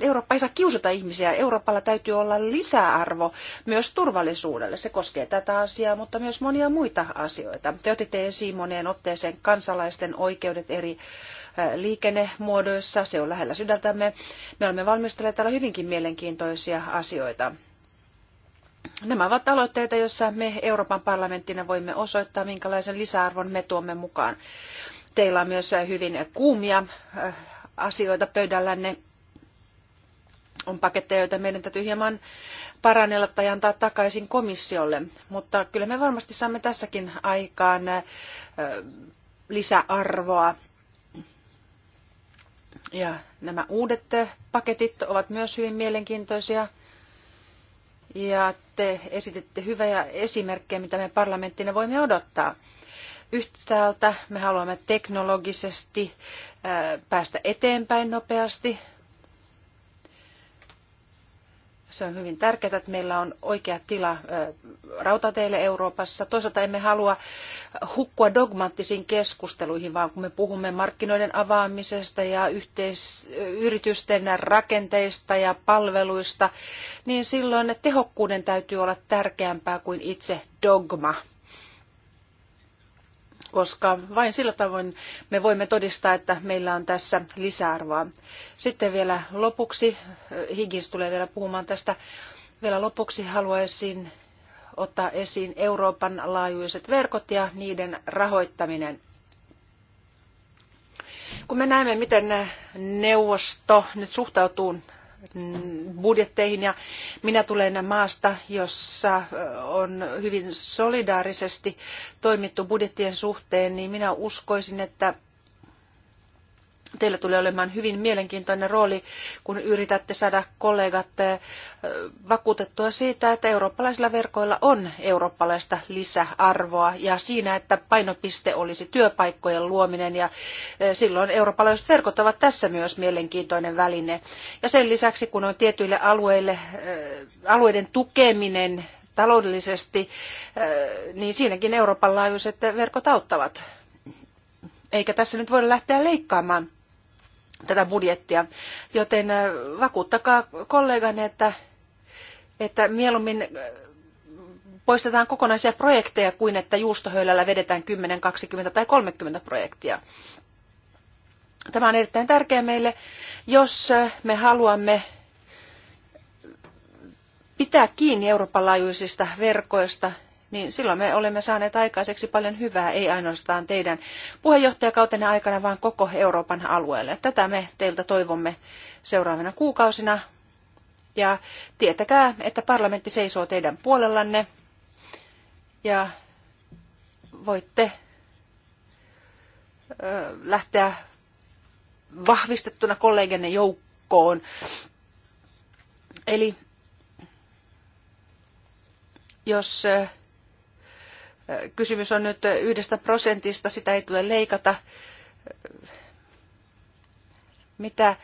Eurooppa ei saa kiusata ihmisiä. Euroopalla täytyy olla lisäarvo myös turvallisuudelle. Se koskee tätä asiaa, mutta myös monia muita asioita. Te otitte esiin moneen otteeseen kansalaisten oikeudet eri liikennemuodoissa. Se on lähellä sydäntämme, Me olemme valmistelleet täällä hyvinkin mielenkiintoisia asioita. Nämä ovat aloitteita, joissa me Euroopan parlamenttina voimme osoittaa, minkälaisen lisäarvon me tuomme mukaan. Teillä on myös hyvin kuumia asioita pöydällänne. On paketteja, joita meidän täytyy hieman parannella tai antaa takaisin komissiolle. Mutta kyllä me varmasti saamme tässäkin aikaan lisäarvoa ja nämä uudet paketit ovat myös hyvin mielenkiintoisia. Ja te esititte hyviä esimerkkejä, mitä me parlamenttina voimme odottaa. Yhtäältä me haluamme teknologisesti päästä eteenpäin nopeasti, se on hyvin tärkeää, että meillä on oikea tila rautateille Euroopassa. Toisaalta emme halua hukkua dogmaattisiin keskusteluihin, vaan kun me puhumme markkinoiden avaamisesta ja yhteis- yritysten rakenteista ja palveluista, niin silloin tehokkuuden täytyy olla tärkeämpää kuin itse dogma koska vain sillä tavoin me voimme todistaa, että meillä on tässä lisäarvoa. Sitten vielä lopuksi, eh, Higgins tulee vielä puhumaan tästä, vielä lopuksi haluaisin ottaa esiin Euroopan laajuiset verkot ja niiden rahoittaminen. Kun me näemme, miten neuvosto nyt suhtautuu budjetteihin ja minä tulen maasta, jossa on hyvin solidaarisesti toimittu budjettien suhteen, niin minä uskoisin, että Teillä tulee olemaan hyvin mielenkiintoinen rooli, kun yritätte saada kollegat eh, vakuutettua siitä, että eurooppalaisilla verkoilla on eurooppalaista lisäarvoa ja siinä, että painopiste olisi työpaikkojen luominen ja eh, silloin eurooppalaiset verkot ovat tässä myös mielenkiintoinen väline. Ja sen lisäksi, kun on tietyille alueille, eh, alueiden tukeminen taloudellisesti, niin siinäkin Euroopan laajuiset verkot auttavat. Eikä tässä nyt voida lähteä leikkaamaan tätä budjettia. Joten äh, vakuuttakaa kolleganne, että, että mieluummin äh, poistetaan kokonaisia projekteja kuin että juustohöylällä vedetään 10, 20 tai 30 projektia. Tämä on erittäin tärkeää meille, jos äh, me haluamme pitää kiinni Euroopan laajuisista verkoista niin silloin me olemme saaneet aikaiseksi paljon hyvää, ei ainoastaan teidän puheenjohtajakautenne aikana, vaan koko Euroopan alueelle. Tätä me teiltä toivomme seuraavina kuukausina. Ja tietäkää, että parlamentti seisoo teidän puolellanne ja voitte lähteä vahvistettuna kollegenne joukkoon. Eli jos Kysymys on nyt yhdestä prosentista, sitä ei tule leikata. Mitä,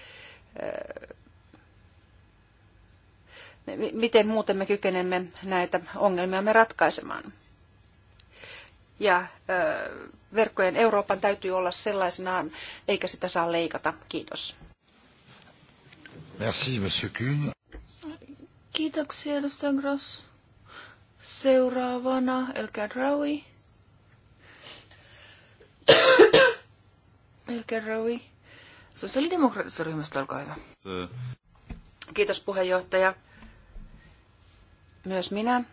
miten muuten me kykenemme näitä ongelmia me ratkaisemaan? Ja verkkojen Euroopan täytyy olla sellaisenaan, eikä sitä saa leikata. Kiitos. Merci, Monsieur Kuhn. Kiitoksia, edustaja Gross. Seuraavana El Raui. El Raui. Sosiaalidemokraattisesta ryhmästä, olkaa hyvä. Kiitos puheenjohtaja. Myös minä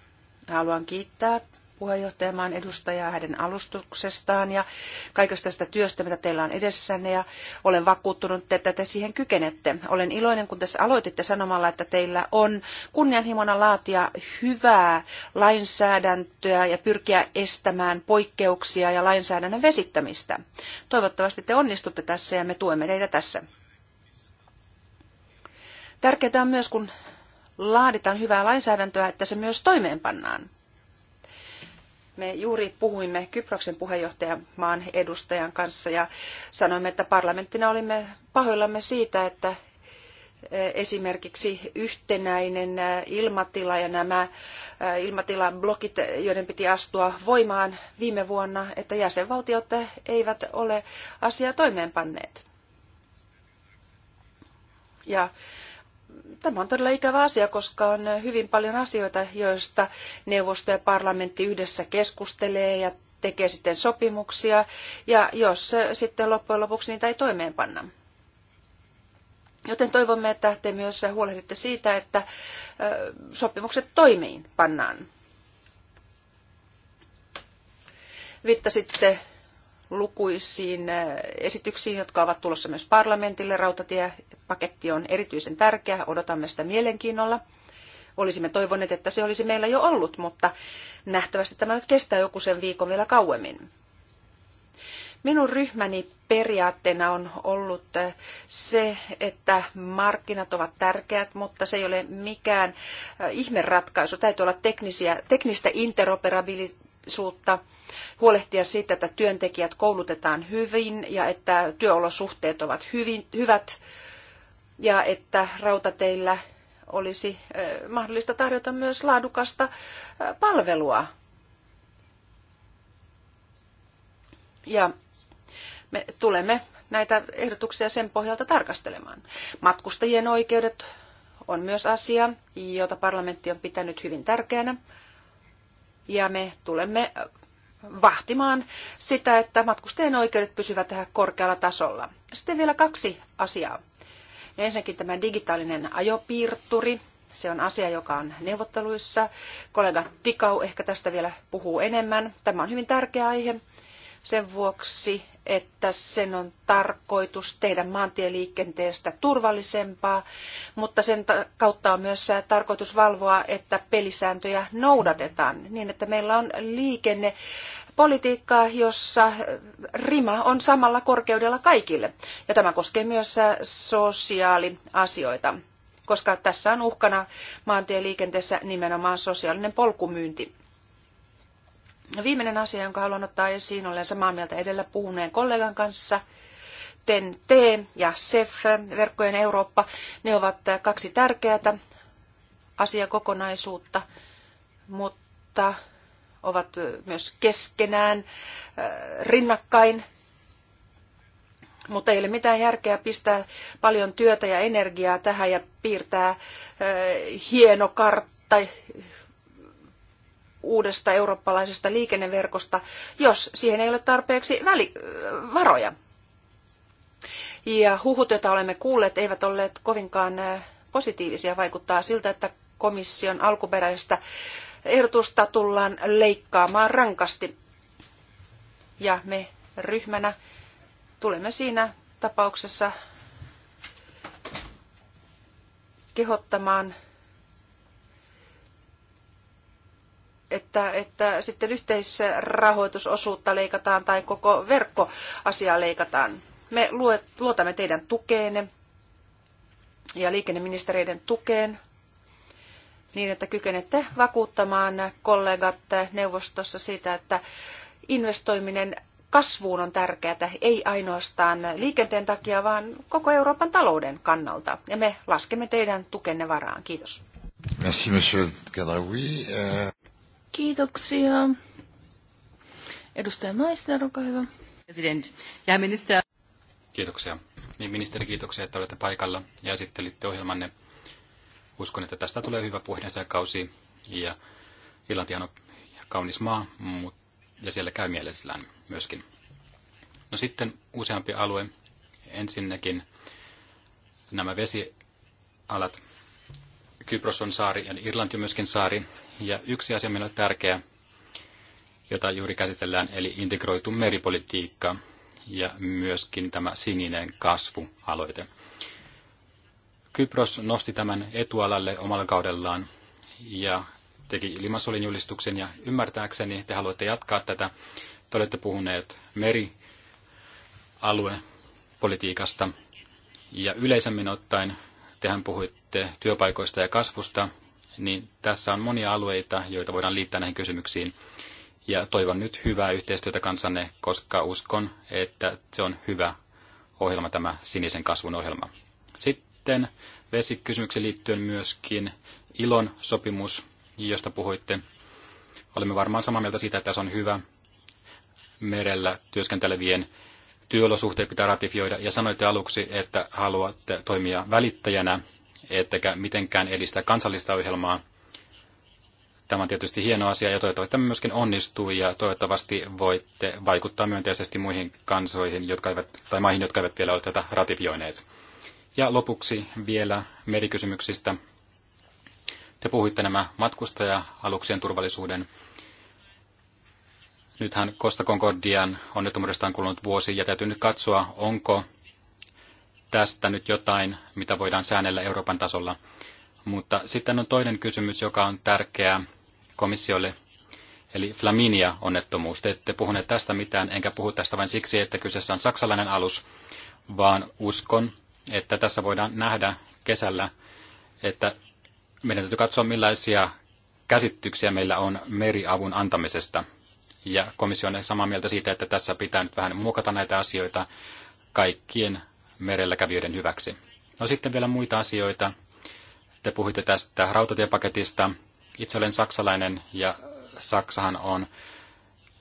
haluan kiittää puheenjohtajamaan edustajaa hänen alustuksestaan ja kaikesta tästä työstä, mitä teillä on edessänne. Ja olen vakuuttunut, että te siihen kykenette. Olen iloinen, kun tässä aloititte sanomalla, että teillä on kunnianhimona laatia hyvää lainsäädäntöä ja pyrkiä estämään poikkeuksia ja lainsäädännön vesittämistä. Toivottavasti te onnistutte tässä ja me tuemme teitä tässä. Tärkeää on myös, kun laaditaan hyvää lainsäädäntöä, että se myös toimeenpannaan. Me juuri puhuimme Kyproksen puheenjohtajamaan edustajan kanssa ja sanoimme, että parlamenttina olimme pahoillamme siitä, että e, esimerkiksi yhtenäinen e, ilmatila ja nämä e, ilmatilablokit, joiden piti astua voimaan viime vuonna, että jäsenvaltiot eivät ole asiaa toimeenpanneet. Ja tämä on todella ikävä asia, koska on hyvin paljon asioita, joista neuvosto ja parlamentti yhdessä keskustelee ja tekee sitten sopimuksia, ja jos sitten loppujen lopuksi niitä ei toimeenpanna. Joten toivomme, että te myös huolehditte siitä, että sopimukset toimiin pannaan. Viittasitte lukuisiin äh, esityksiin, jotka ovat tulossa myös parlamentille. Rautatiepaketti on erityisen tärkeä, odotamme sitä mielenkiinnolla. Olisimme toivoneet, että se olisi meillä jo ollut, mutta nähtävästi tämä nyt kestää joku sen viikon vielä kauemmin. Minun ryhmäni periaatteena on ollut äh, se, että markkinat ovat tärkeät, mutta se ei ole mikään äh, ihmeratkaisu. Täytyy olla teknisiä, teknistä interoperabiliteettia velvollisuutta huolehtia siitä, että työntekijät koulutetaan hyvin ja että työolosuhteet ovat hyvin, hyvät ja että rautateillä olisi mahdollista tarjota myös laadukasta palvelua. Ja me tulemme näitä ehdotuksia sen pohjalta tarkastelemaan. Matkustajien oikeudet on myös asia, jota parlamentti on pitänyt hyvin tärkeänä ja me tulemme vahtimaan sitä, että matkustajien oikeudet pysyvät tähän korkealla tasolla. Sitten vielä kaksi asiaa. Ensinnäkin tämä digitaalinen ajopiirturi. Se on asia, joka on neuvotteluissa. Kollega Tikau ehkä tästä vielä puhuu enemmän. Tämä on hyvin tärkeä aihe. Sen vuoksi, että sen on tarkoitus tehdä maantieliikenteestä turvallisempaa, mutta sen kautta on myös tarkoitus valvoa, että pelisääntöjä noudatetaan niin, että meillä on liikenne politiikkaa, jossa rima on samalla korkeudella kaikille. Ja tämä koskee myös sosiaaliasioita, koska tässä on uhkana maantieliikenteessä nimenomaan sosiaalinen polkumyynti. Viimeinen asia, jonka haluan ottaa esiin, olen samaa mieltä edellä puhuneen kollegan kanssa. TEN-T ja SEF, verkkojen Eurooppa, ne ovat kaksi tärkeää asiakokonaisuutta, mutta ovat myös keskenään rinnakkain. Mutta ei ole mitään järkeä pistää paljon työtä ja energiaa tähän ja piirtää hieno kartta uudesta eurooppalaisesta liikenneverkosta, jos siihen ei ole tarpeeksi välivaroja. varoja. Ja huhut, joita olemme kuulleet, eivät olleet kovinkaan äh, positiivisia. Vaikuttaa siltä, että komission alkuperäistä ehdotusta tullaan leikkaamaan rankasti. Ja me ryhmänä tulemme siinä tapauksessa kehottamaan että, että sitten yhteisrahoitusosuutta leikataan tai koko verkkoasiaa leikataan. Me luotamme teidän tukeenne ja liikenneministeriöiden tukeen niin, että kykenette vakuuttamaan kollegat neuvostossa siitä, että investoiminen kasvuun on tärkeää, ei ainoastaan liikenteen takia, vaan koko Euroopan talouden kannalta. Ja me laskemme teidän tukenne varaan. Kiitos. Merci, monsieur Kiitoksia. Edustaja Maisner, olkaa hyvä. President ja minister. Kiitoksia. Niin, ministeri, kiitoksia, että olette paikalla ja esittelitte ohjelmanne. Uskon, että tästä tulee hyvä puheenjohtajakausi ja Irlanti on kaunis maa, mutta ja siellä käy mielellään myöskin. No sitten useampi alue. Ensinnäkin nämä vesialat. Kypros on saari, eli Irlanti on myöskin saari. Ja yksi asia meillä on tärkeä, jota juuri käsitellään, eli integroitu meripolitiikka ja myöskin tämä sininen kasvualoite. Kypros nosti tämän etualalle omalla kaudellaan ja teki Limassolin julistuksen ja ymmärtääkseni te haluatte jatkaa tätä. Te olette puhuneet merialuepolitiikasta ja yleisemmin ottaen Tehän puhuitte työpaikoista ja kasvusta, niin tässä on monia alueita, joita voidaan liittää näihin kysymyksiin. Ja toivon nyt hyvää yhteistyötä kanssanne, koska uskon, että se on hyvä ohjelma, tämä sinisen kasvun ohjelma. Sitten vesikysymykseen liittyen myöskin ilon sopimus, josta puhuitte. Olemme varmaan samaa mieltä siitä, että se on hyvä merellä työskentelevien työolosuhteet pitää ratifioida ja sanoitte aluksi, että haluatte toimia välittäjänä, ettekä mitenkään edistää kansallista ohjelmaa. Tämä on tietysti hieno asia ja toivottavasti tämä myöskin onnistuu ja toivottavasti voitte vaikuttaa myönteisesti muihin kansoihin jotka eivät, tai maihin, jotka eivät vielä ole tätä ratifioineet. Ja lopuksi vielä merikysymyksistä. Te puhuitte nämä matkustaja-aluksien turvallisuuden Nythän Costa Concordian onnettomuudesta on kulunut vuosi ja täytyy nyt katsoa, onko tästä nyt jotain, mitä voidaan säännellä Euroopan tasolla. Mutta sitten on toinen kysymys, joka on tärkeä komissiolle, eli Flaminia-onnettomuus. Te ette puhuneet tästä mitään, enkä puhu tästä vain siksi, että kyseessä on saksalainen alus, vaan uskon, että tässä voidaan nähdä kesällä, että meidän täytyy katsoa, millaisia käsityksiä meillä on meriavun antamisesta – ja komissio on samaa mieltä siitä, että tässä pitää nyt vähän muokata näitä asioita kaikkien merellä kävijöiden hyväksi. No sitten vielä muita asioita. Te puhuitte tästä rautatiepaketista. Itse olen saksalainen ja Saksahan on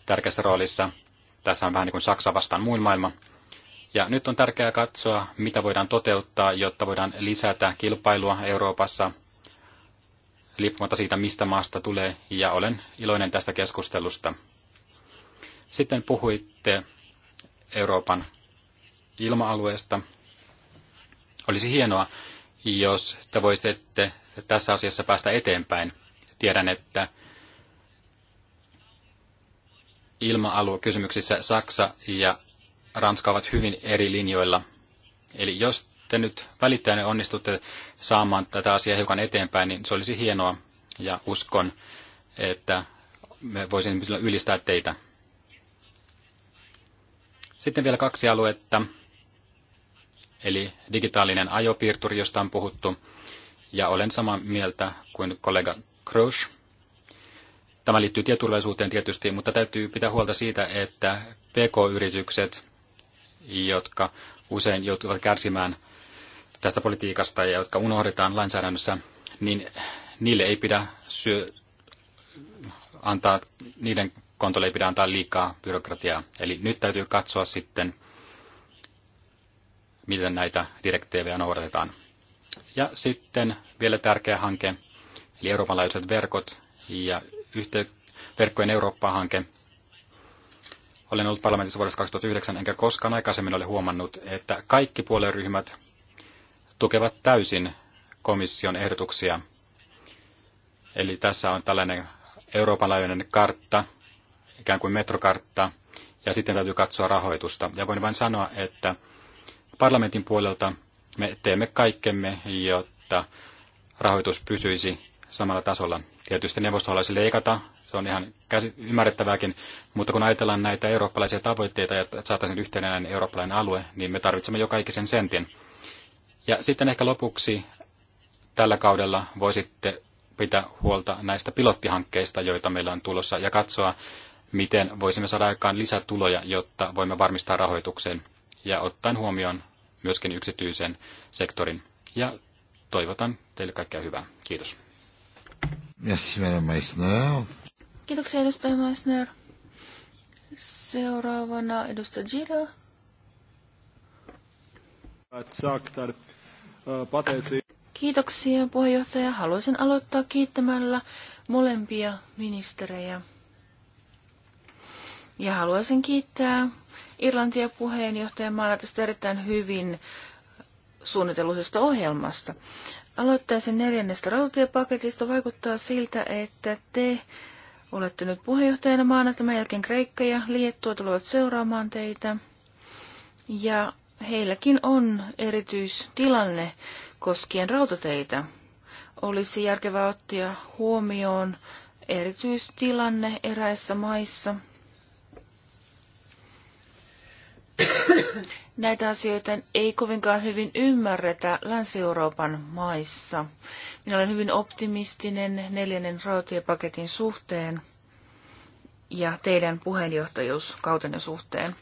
tärkeässä roolissa. Tässä on vähän niin kuin Saksa vastaan muun maailma. Ja nyt on tärkeää katsoa, mitä voidaan toteuttaa, jotta voidaan lisätä kilpailua Euroopassa liippumatta siitä, mistä maasta tulee, ja olen iloinen tästä keskustelusta. Sitten puhuitte Euroopan ilma-alueesta. Olisi hienoa, jos te voisitte tässä asiassa päästä eteenpäin. Tiedän, että ilma kysymyksissä Saksa ja Ranska ovat hyvin eri linjoilla. Eli jos te nyt välittäjänne onnistutte saamaan tätä asiaa hiukan eteenpäin, niin se olisi hienoa ja uskon, että me voisimme ylistää teitä sitten vielä kaksi aluetta, eli digitaalinen ajopiirturi, josta on puhuttu, ja olen samaa mieltä kuin kollega Krosh. Tämä liittyy tieturvallisuuteen tietysti, mutta täytyy pitää huolta siitä, että PK-yritykset, jotka usein joutuvat kärsimään tästä politiikasta ja jotka unohdetaan lainsäädännössä, niin niille ei pidä syö, antaa niiden kontolle ei pidä antaa liikaa byrokratiaa. Eli nyt täytyy katsoa sitten, miten näitä direktiivejä noudatetaan. Ja sitten vielä tärkeä hanke, eli Euroopan laajuiset verkot ja yhtey- verkkojen Eurooppa-hanke. Olen ollut parlamentissa vuodesta 2009, enkä koskaan aikaisemmin ole huomannut, että kaikki puolueryhmät tukevat täysin komission ehdotuksia. Eli tässä on tällainen Euroopan laajuinen kartta ikään kuin metrokartta, ja sitten täytyy katsoa rahoitusta. Ja voin vain sanoa, että parlamentin puolelta me teemme kaikkemme, jotta rahoitus pysyisi samalla tasolla. Tietysti neuvostolaisille leikata, se on ihan käsi- ymmärrettävääkin, mutta kun ajatellaan näitä eurooppalaisia tavoitteita ja saataisiin yhtenäinen eurooppalainen alue, niin me tarvitsemme joka ikisen sentin. Ja sitten ehkä lopuksi tällä kaudella voisitte pitää huolta näistä pilottihankkeista, joita meillä on tulossa, ja katsoa, miten voisimme saada aikaan lisätuloja, jotta voimme varmistaa rahoituksen ja ottaen huomioon myöskin yksityisen sektorin. Ja toivotan teille kaikkea hyvää. Kiitos. Kiitoksia edustaja Meissner. Seuraavana edustaja Gira. Kiitoksia puheenjohtaja. Haluaisin aloittaa kiittämällä molempia ministerejä ja haluaisin kiittää Irlantia maana tästä erittäin hyvin suunnitellusta ohjelmasta. Aloittaisin neljännestä rautatiepaketista. Vaikuttaa siltä, että te olette nyt puheenjohtajana maana. Tämän jälkeen Kreikka ja Liettua tulevat seuraamaan teitä. Ja heilläkin on erityistilanne koskien rautateitä. Olisi järkevää ottaa huomioon erityistilanne eräissä maissa – Näitä asioita ei kovinkaan hyvin ymmärretä Länsi-Euroopan maissa. Minä olen hyvin optimistinen neljännen rautiepaketin suhteen ja teidän puheenjohtajuuskautenne suhteen.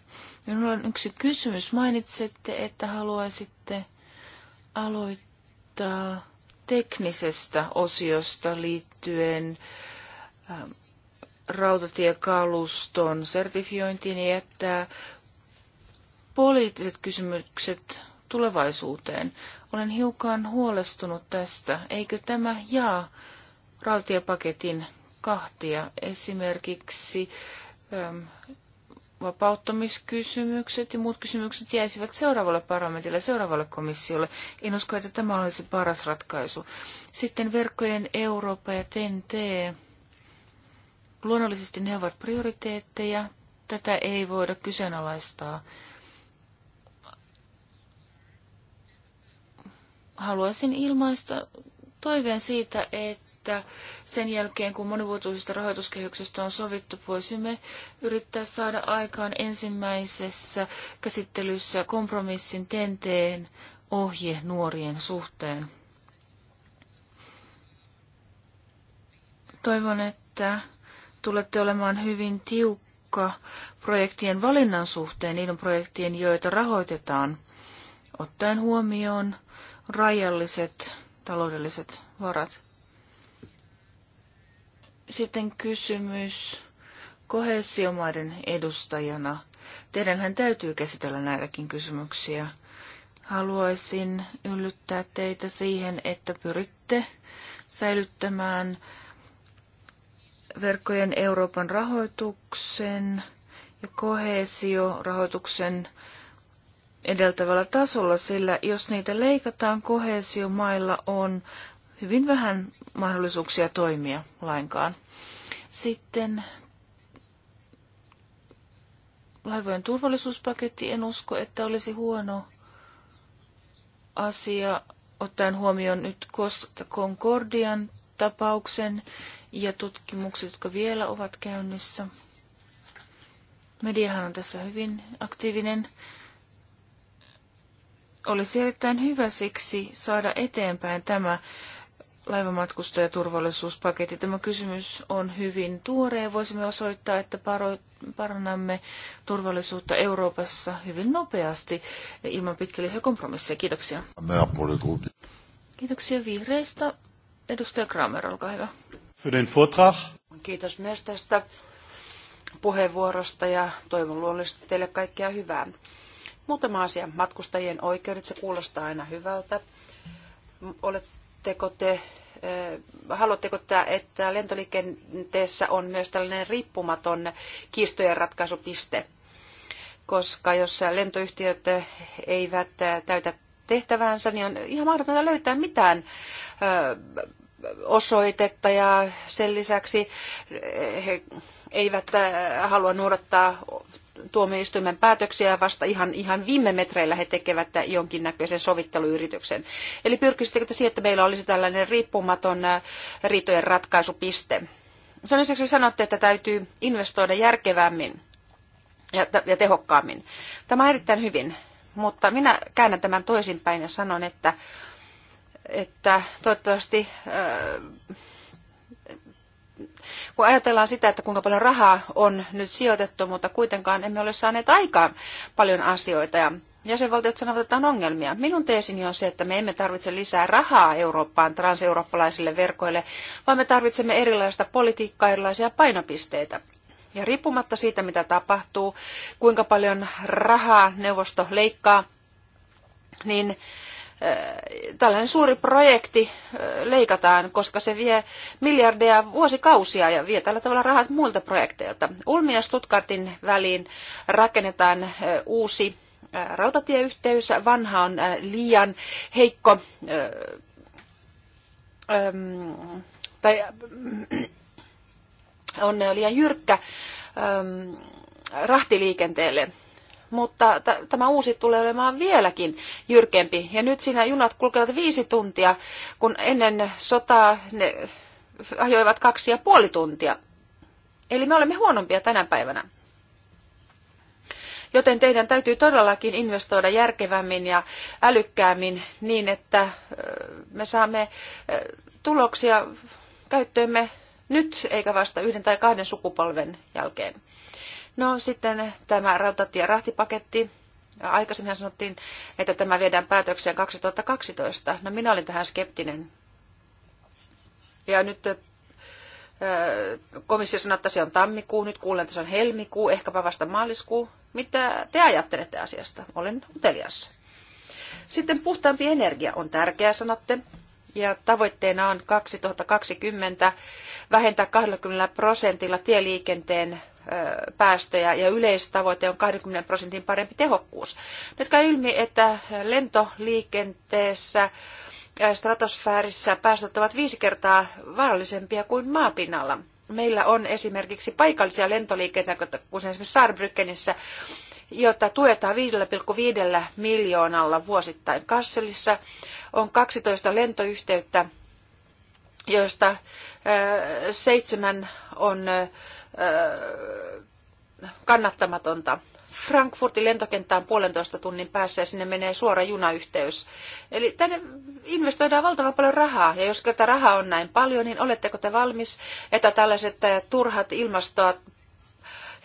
Minulla on yksi kysymys. Mainitsette, että haluaisitte aloittaa teknisestä osiosta liittyen ähm, rautatiekaluston sertifiointiin ja jättää poliittiset kysymykset tulevaisuuteen. Olen hiukan huolestunut tästä. Eikö tämä jaa rautiepaketin kahtia? Esimerkiksi äm, vapauttamiskysymykset ja muut kysymykset jäisivät seuraavalle parlamentille ja seuraavalle komissiolle. En usko, että tämä olisi paras ratkaisu. Sitten verkkojen Eurooppa ja TNT. Luonnollisesti ne ovat prioriteetteja. Tätä ei voida kyseenalaistaa. haluaisin ilmaista toiveen siitä, että sen jälkeen, kun monivuotuisesta rahoituskehyksestä on sovittu, voisimme yrittää saada aikaan ensimmäisessä käsittelyssä kompromissin tenteen ohje nuorien suhteen. Toivon, että tulette olemaan hyvin tiukka projektien valinnan suhteen, niiden projektien, joita rahoitetaan, ottaen huomioon – rajalliset taloudelliset varat. Sitten kysymys kohesiomaiden edustajana. Teidänhän täytyy käsitellä näitäkin kysymyksiä. Haluaisin yllyttää teitä siihen, että pyritte säilyttämään verkkojen Euroopan rahoituksen ja kohesiorahoituksen edeltävällä tasolla, sillä jos niitä leikataan, kohesiomailla on hyvin vähän mahdollisuuksia toimia lainkaan. Sitten laivojen turvallisuuspaketti, en usko, että olisi huono asia, ottaen huomioon nyt Costa Concordian tapauksen ja tutkimukset, jotka vielä ovat käynnissä. Mediahan on tässä hyvin aktiivinen olisi erittäin hyvä siksi saada eteenpäin tämä laivamatkustajaturvallisuuspaketti. Tämä kysymys on hyvin tuore voisimme osoittaa, että parannamme turvallisuutta Euroopassa hyvin nopeasti ilman pitkällisiä kompromisseja. Kiitoksia. Kiitoksia vihreistä. Edustaja Kramer, olkaa hyvä. Kiitos myös tästä puheenvuorosta ja toivon luonnollisesti teille kaikkea hyvää. Muutama asia. Matkustajien oikeudet, se kuulostaa aina hyvältä. Oletteko te, eh, haluatteko te, että lentoliikenteessä on myös tällainen riippumaton kiistojen ratkaisupiste? Koska jos lentoyhtiöt eivät täytä tehtäväänsä, niin on ihan mahdotonta löytää mitään eh, osoitetta ja sen lisäksi eh, he eivät halua noudattaa tuomioistuimen päätöksiä vasta ihan, ihan viime metreillä he tekevät jonkinnäköisen sovitteluyrityksen. Eli pyrkisittekö te siihen, että meillä olisi tällainen riippumaton äh, riitojen ratkaisupiste? Sen lisäksi sanotte, että täytyy investoida järkevämmin ja, ja tehokkaammin. Tämä on erittäin hyvin, mutta minä käännän tämän toisinpäin ja sanon, että, että toivottavasti äh, kun ajatellaan sitä, että kuinka paljon rahaa on nyt sijoitettu, mutta kuitenkaan emme ole saaneet aikaan paljon asioita ja jäsenvaltiot sanovat, että on ongelmia. Minun teesini on se, että me emme tarvitse lisää rahaa Eurooppaan transeurooppalaisille verkoille, vaan me tarvitsemme erilaista politiikkaa, erilaisia painopisteitä. Ja riippumatta siitä, mitä tapahtuu, kuinka paljon rahaa neuvosto leikkaa, niin tällainen suuri projekti leikataan, koska se vie miljardeja vuosikausia ja vie tällä tavalla rahat muilta projekteilta. Ulmi ja Stuttgartin väliin rakennetaan uusi rautatieyhteys. Vanha on liian heikko tai on liian jyrkkä rahtiliikenteelle mutta tämä uusi tulee olemaan vieläkin jyrkempi. Ja nyt siinä junat kulkevat viisi tuntia, kun ennen sotaa ne ajoivat kaksi ja puoli tuntia. Eli me olemme huonompia tänä päivänä. Joten teidän täytyy todellakin investoida järkevämmin ja älykkäämmin niin, että me saamme tuloksia käyttöömme nyt eikä vasta yhden tai kahden sukupolven jälkeen. No sitten tämä rautatie rahtipaketti. Aikaisemmin sanottiin, että tämä viedään päätökseen 2012. No minä olin tähän skeptinen. Ja nyt komissio sanoi, että se on tammikuu, nyt kuulen, että se on helmikuu, ehkäpä vasta maaliskuu. Mitä te ajattelette asiasta? Olen uteliassa. Sitten puhtaampi energia on tärkeä, sanotte. Ja tavoitteena on 2020 vähentää 20 prosentilla tieliikenteen päästöjä ja yleistavoite on 20 prosentin parempi tehokkuus. Nyt käy ilmi, että lentoliikenteessä stratosfäärissä päästöt ovat viisi kertaa vaarallisempia kuin maapinnalla. Meillä on esimerkiksi paikallisia lentoliikkeitä, kuten esimerkiksi Saarbrückenissä, jota tuetaan 5,5 miljoonalla vuosittain. Kasselissa on 12 lentoyhteyttä, joista seitsemän on kannattamatonta. Frankfurtin lentokenttä on puolentoista tunnin päässä ja sinne menee suora junayhteys. Eli tänne investoidaan valtavan paljon rahaa ja jos tätä rahaa on näin paljon, niin oletteko te valmis, että tällaiset turhat ilmastoa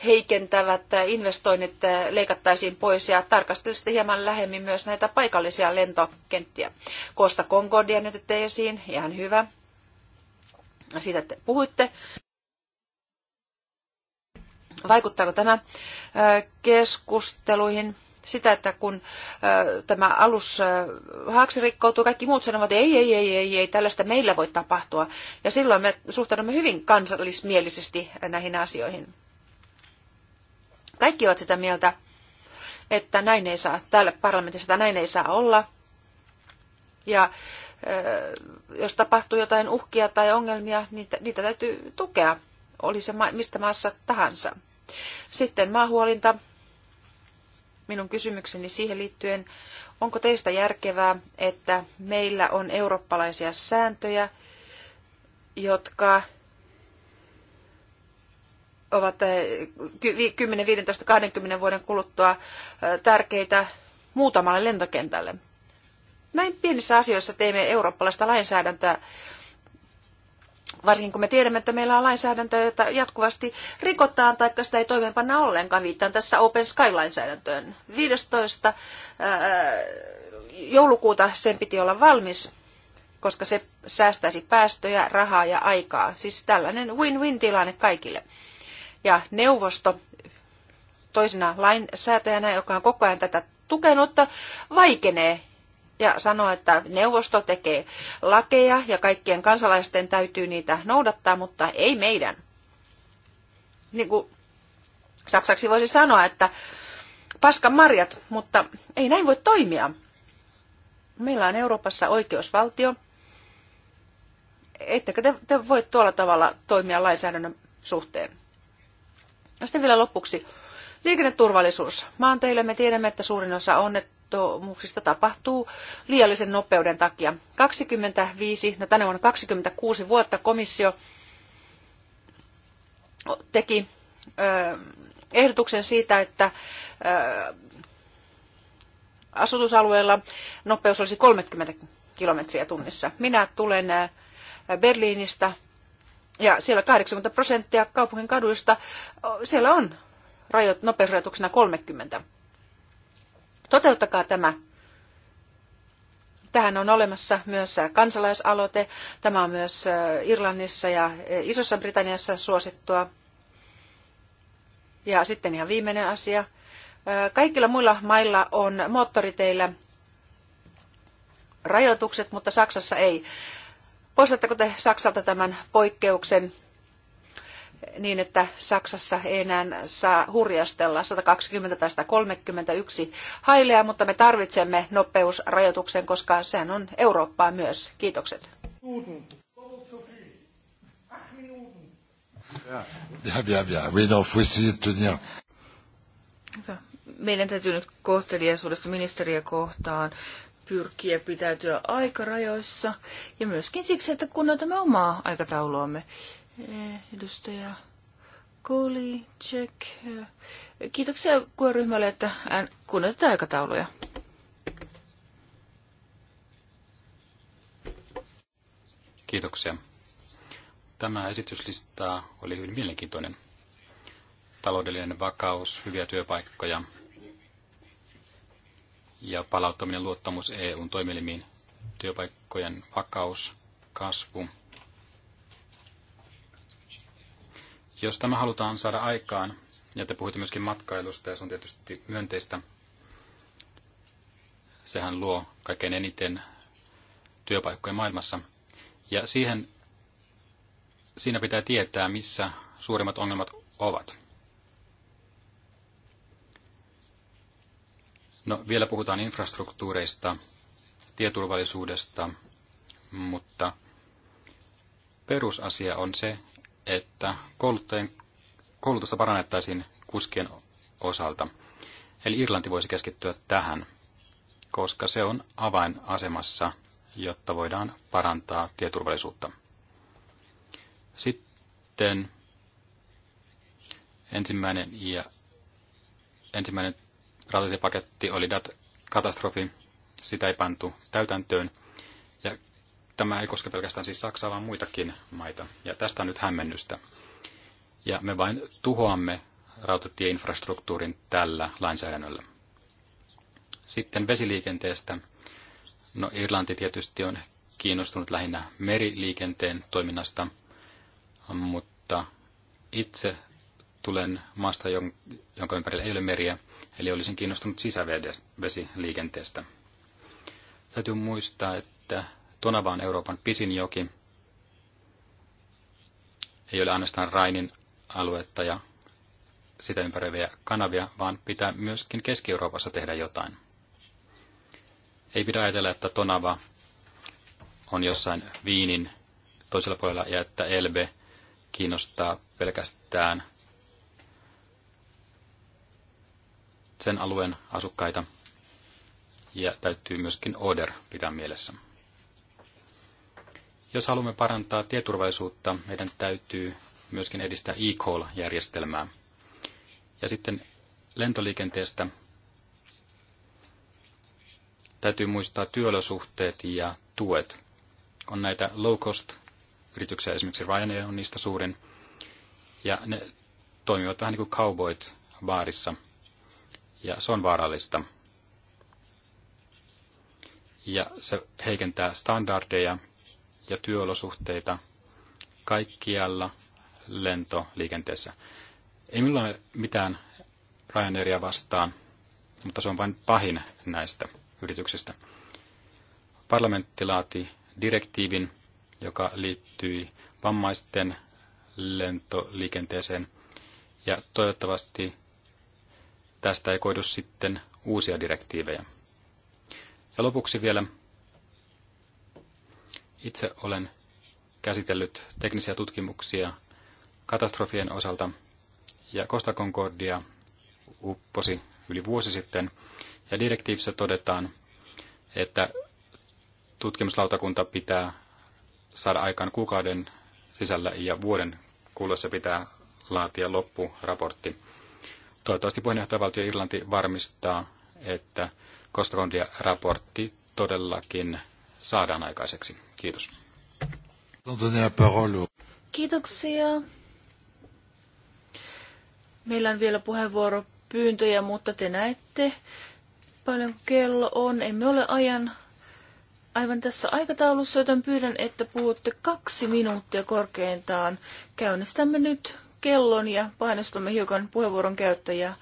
heikentävät investoinnit leikattaisiin pois ja tarkastelisitte hieman lähemmin myös näitä paikallisia lentokenttiä. Kosta Concordia nyt esiin, ihan hyvä. Siitä te puhuitte. Vaikuttaako tämä keskusteluihin? Sitä, että kun tämä alus haaksi rikkoutuu, kaikki muut sanovat, että ei, ei, ei, ei, ei, tällaista meillä voi tapahtua. Ja silloin me suhtaudumme hyvin kansallismielisesti näihin asioihin. Kaikki ovat sitä mieltä, että näin ei saa, täällä parlamentissa että näin ei saa olla. Ja jos tapahtuu jotain uhkia tai ongelmia, niitä, niitä täytyy tukea oli se mistä maassa tahansa. Sitten maahuolinta. Minun kysymykseni siihen liittyen, onko teistä järkevää, että meillä on eurooppalaisia sääntöjä, jotka ovat 10, 15, 20 vuoden kuluttua eh, tärkeitä muutamalle lentokentälle. Näin pienissä asioissa teemme eurooppalaista lainsäädäntöä, Varsinkin kun me tiedämme, että meillä on lainsäädäntöä, jota jatkuvasti rikotaan, taikka sitä ei toimeenpanna ollenkaan. Viittaan tässä Open Sky-lainsäädäntöön. 15. Äh, joulukuuta sen piti olla valmis, koska se säästäisi päästöjä, rahaa ja aikaa. Siis tällainen win-win-tilanne kaikille. Ja neuvosto toisena lainsäätäjänä, joka on koko ajan tätä tukenut, vaikenee ja sanoa, että neuvosto tekee lakeja ja kaikkien kansalaisten täytyy niitä noudattaa, mutta ei meidän. Niin kuin saksaksi voisi sanoa, että paskan marjat, mutta ei näin voi toimia. Meillä on Euroopassa oikeusvaltio. Ettekö te, te voi tuolla tavalla toimia lainsäädännön suhteen? Ja sitten vielä lopuksi. Liikenneturvallisuus. Maanteille me tiedämme, että suurin osa onnet, onnettomuuksista tapahtuu liiallisen nopeuden takia. 25, no tänä vuonna 26 vuotta komissio teki ehdotuksen siitä, että asutusalueella nopeus olisi 30 kilometriä tunnissa. Minä tulen Berliinistä ja siellä 80 prosenttia kaupungin kaduista, siellä on rajoit, nopeusrajoituksena 30. Toteuttakaa tämä. Tähän on olemassa myös kansalaisaloite. Tämä on myös Irlannissa ja Isossa Britanniassa suosittua. Ja sitten ihan viimeinen asia. Kaikilla muilla mailla on moottoriteillä rajoitukset, mutta Saksassa ei. Poistatteko te Saksalta tämän poikkeuksen niin, että Saksassa ei enää saa hurjastella 120 tai 131 hailea, mutta me tarvitsemme nopeusrajoituksen, koska sehän on Eurooppaa myös. Kiitokset. Meidän täytyy nyt kohteliaisuudesta ministeriä kohtaan pyrkiä pitäytyä aikarajoissa ja myöskin siksi, että kunnioitamme omaa aikatauluamme. Edustaja Koli, check. Kiitoksia kuoryhmälle, että kuunnetetaan aikatauluja. Kiitoksia. Tämä esityslista oli hyvin mielenkiintoinen. Taloudellinen vakaus, hyviä työpaikkoja ja palauttaminen luottamus EUn toimielimiin, työpaikkojen vakaus, kasvu, Jos tämä halutaan saada aikaan, ja te puhuitte myöskin matkailusta, ja se on tietysti myönteistä, sehän luo kaikkein eniten työpaikkoja maailmassa. Ja siihen, siinä pitää tietää, missä suurimmat ongelmat ovat. No, vielä puhutaan infrastruktuureista, tieturvallisuudesta, mutta perusasia on se, että kouluttajien koulutusta parannettaisiin kuskien osalta. Eli Irlanti voisi keskittyä tähän, koska se on avainasemassa, jotta voidaan parantaa tieturvallisuutta. Sitten ensimmäinen, ja ensimmäinen rautatiepaketti oli dat katastrofi. Sitä ei pantu täytäntöön – tämä ei koske pelkästään siis Saksaa, vaan muitakin maita. Ja tästä on nyt hämmennystä. Ja me vain tuhoamme rautatieinfrastruktuurin tällä lainsäädännöllä. Sitten vesiliikenteestä. No Irlanti tietysti on kiinnostunut lähinnä meriliikenteen toiminnasta, mutta itse tulen maasta, jonka ympärillä ei ole meriä, eli olisin kiinnostunut sisävesiliikenteestä. Täytyy muistaa, että Tonava on Euroopan pisin joki. Ei ole ainoastaan Rainin aluetta ja sitä ympäröiviä kanavia, vaan pitää myöskin Keski-Euroopassa tehdä jotain. Ei pidä ajatella, että Tonava on jossain Viinin toisella puolella ja että Elbe kiinnostaa pelkästään sen alueen asukkaita. Ja täytyy myöskin Oder pitää mielessä. Jos haluamme parantaa tieturvallisuutta, meidän täytyy myöskin edistää e-call-järjestelmää. Ja sitten lentoliikenteestä täytyy muistaa työolosuhteet ja tuet. On näitä low-cost-yrityksiä, esimerkiksi Ryanair on niistä suurin, ja ne toimivat vähän niin kuin cowboyt baarissa, ja se on vaarallista. Ja se heikentää standardeja ja työolosuhteita kaikkialla lentoliikenteessä. Ei minulla ole mitään Ryanairia vastaan, mutta se on vain pahin näistä yrityksistä. Parlamentti laati direktiivin, joka liittyi vammaisten lentoliikenteeseen, ja toivottavasti tästä ei koidu sitten uusia direktiivejä. Ja lopuksi vielä itse olen käsitellyt teknisiä tutkimuksia katastrofien osalta ja Costa Concordia upposi yli vuosi sitten ja direktiivissä todetaan, että tutkimuslautakunta pitää saada aikaan kuukauden sisällä ja vuoden kuluessa pitää laatia loppuraportti. Toivottavasti puheenjohtajavaltio Irlanti varmistaa, että Costa Concordia raportti todellakin saadaan aikaiseksi. Kiitos. Kiitoksia. Meillä on vielä puheenvuoropyyntöjä, mutta te näette paljon kello on. Emme ole ajan aivan tässä aikataulussa, joten pyydän, että puhutte kaksi minuuttia korkeintaan. Käynnistämme nyt kellon ja painostamme hiukan puheenvuoron käyttäjää.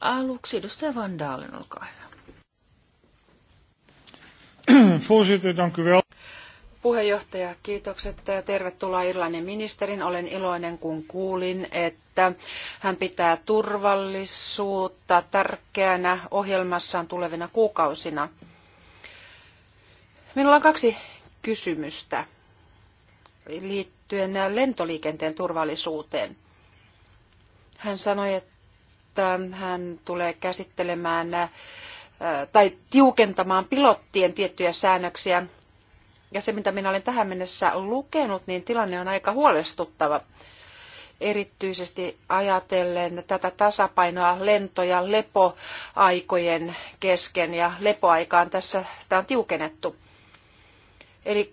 Aluksi edustaja Vandaalin, olkaa hyvä. Voorzitter, dank u wel. Puheenjohtaja, kiitokset ja tervetuloa Irlannin ministerin. Olen iloinen, kun kuulin, että hän pitää turvallisuutta tärkeänä ohjelmassaan tulevina kuukausina. Minulla on kaksi kysymystä liittyen lentoliikenteen turvallisuuteen. Hän sanoi, että hän tulee käsittelemään tai tiukentamaan pilottien tiettyjä säännöksiä ja se, mitä minä olen tähän mennessä lukenut, niin tilanne on aika huolestuttava. Erityisesti ajatellen tätä tasapainoa lento- ja lepoaikojen kesken ja lepoaikaan tässä sitä on tiukennettu. Eli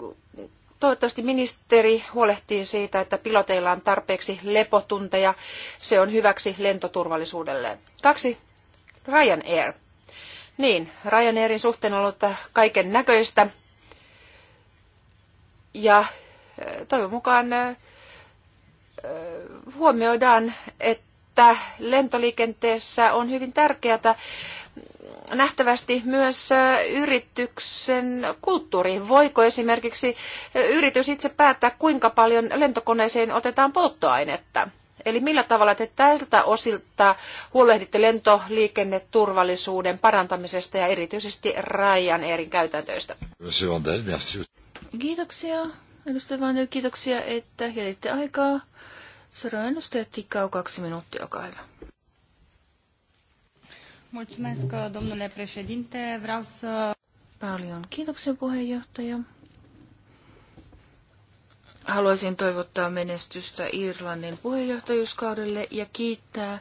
toivottavasti ministeri huolehtii siitä, että piloteilla on tarpeeksi lepotunteja. Se on hyväksi lentoturvallisuudelle. Kaksi. Ryanair. Niin, Ryanairin suhteen on ollut kaiken näköistä ja eh, toivon mukaan eh, huomioidaan, että lentoliikenteessä on hyvin tärkeää nähtävästi myös eh, yrityksen kulttuuri. Voiko esimerkiksi yritys itse päättää, kuinka paljon lentokoneeseen otetaan polttoainetta? Eli millä tavalla te tältä osilta huolehditte lentoliikenneturvallisuuden parantamisesta ja erityisesti Rajan erin käytäntöistä? Kiitoksia, edustaja Vanel, kiitoksia, että jätitte aikaa. Seuraava ennustaja Tikkaa kaksi minuuttia, olkaa hyvä. Mulțumesc, domnule președinte. Vreau să... Paljon kiitoksia, puheenjohtaja. Haluaisin toivottaa menestystä Irlannin puheenjohtajuuskaudelle ja kiittää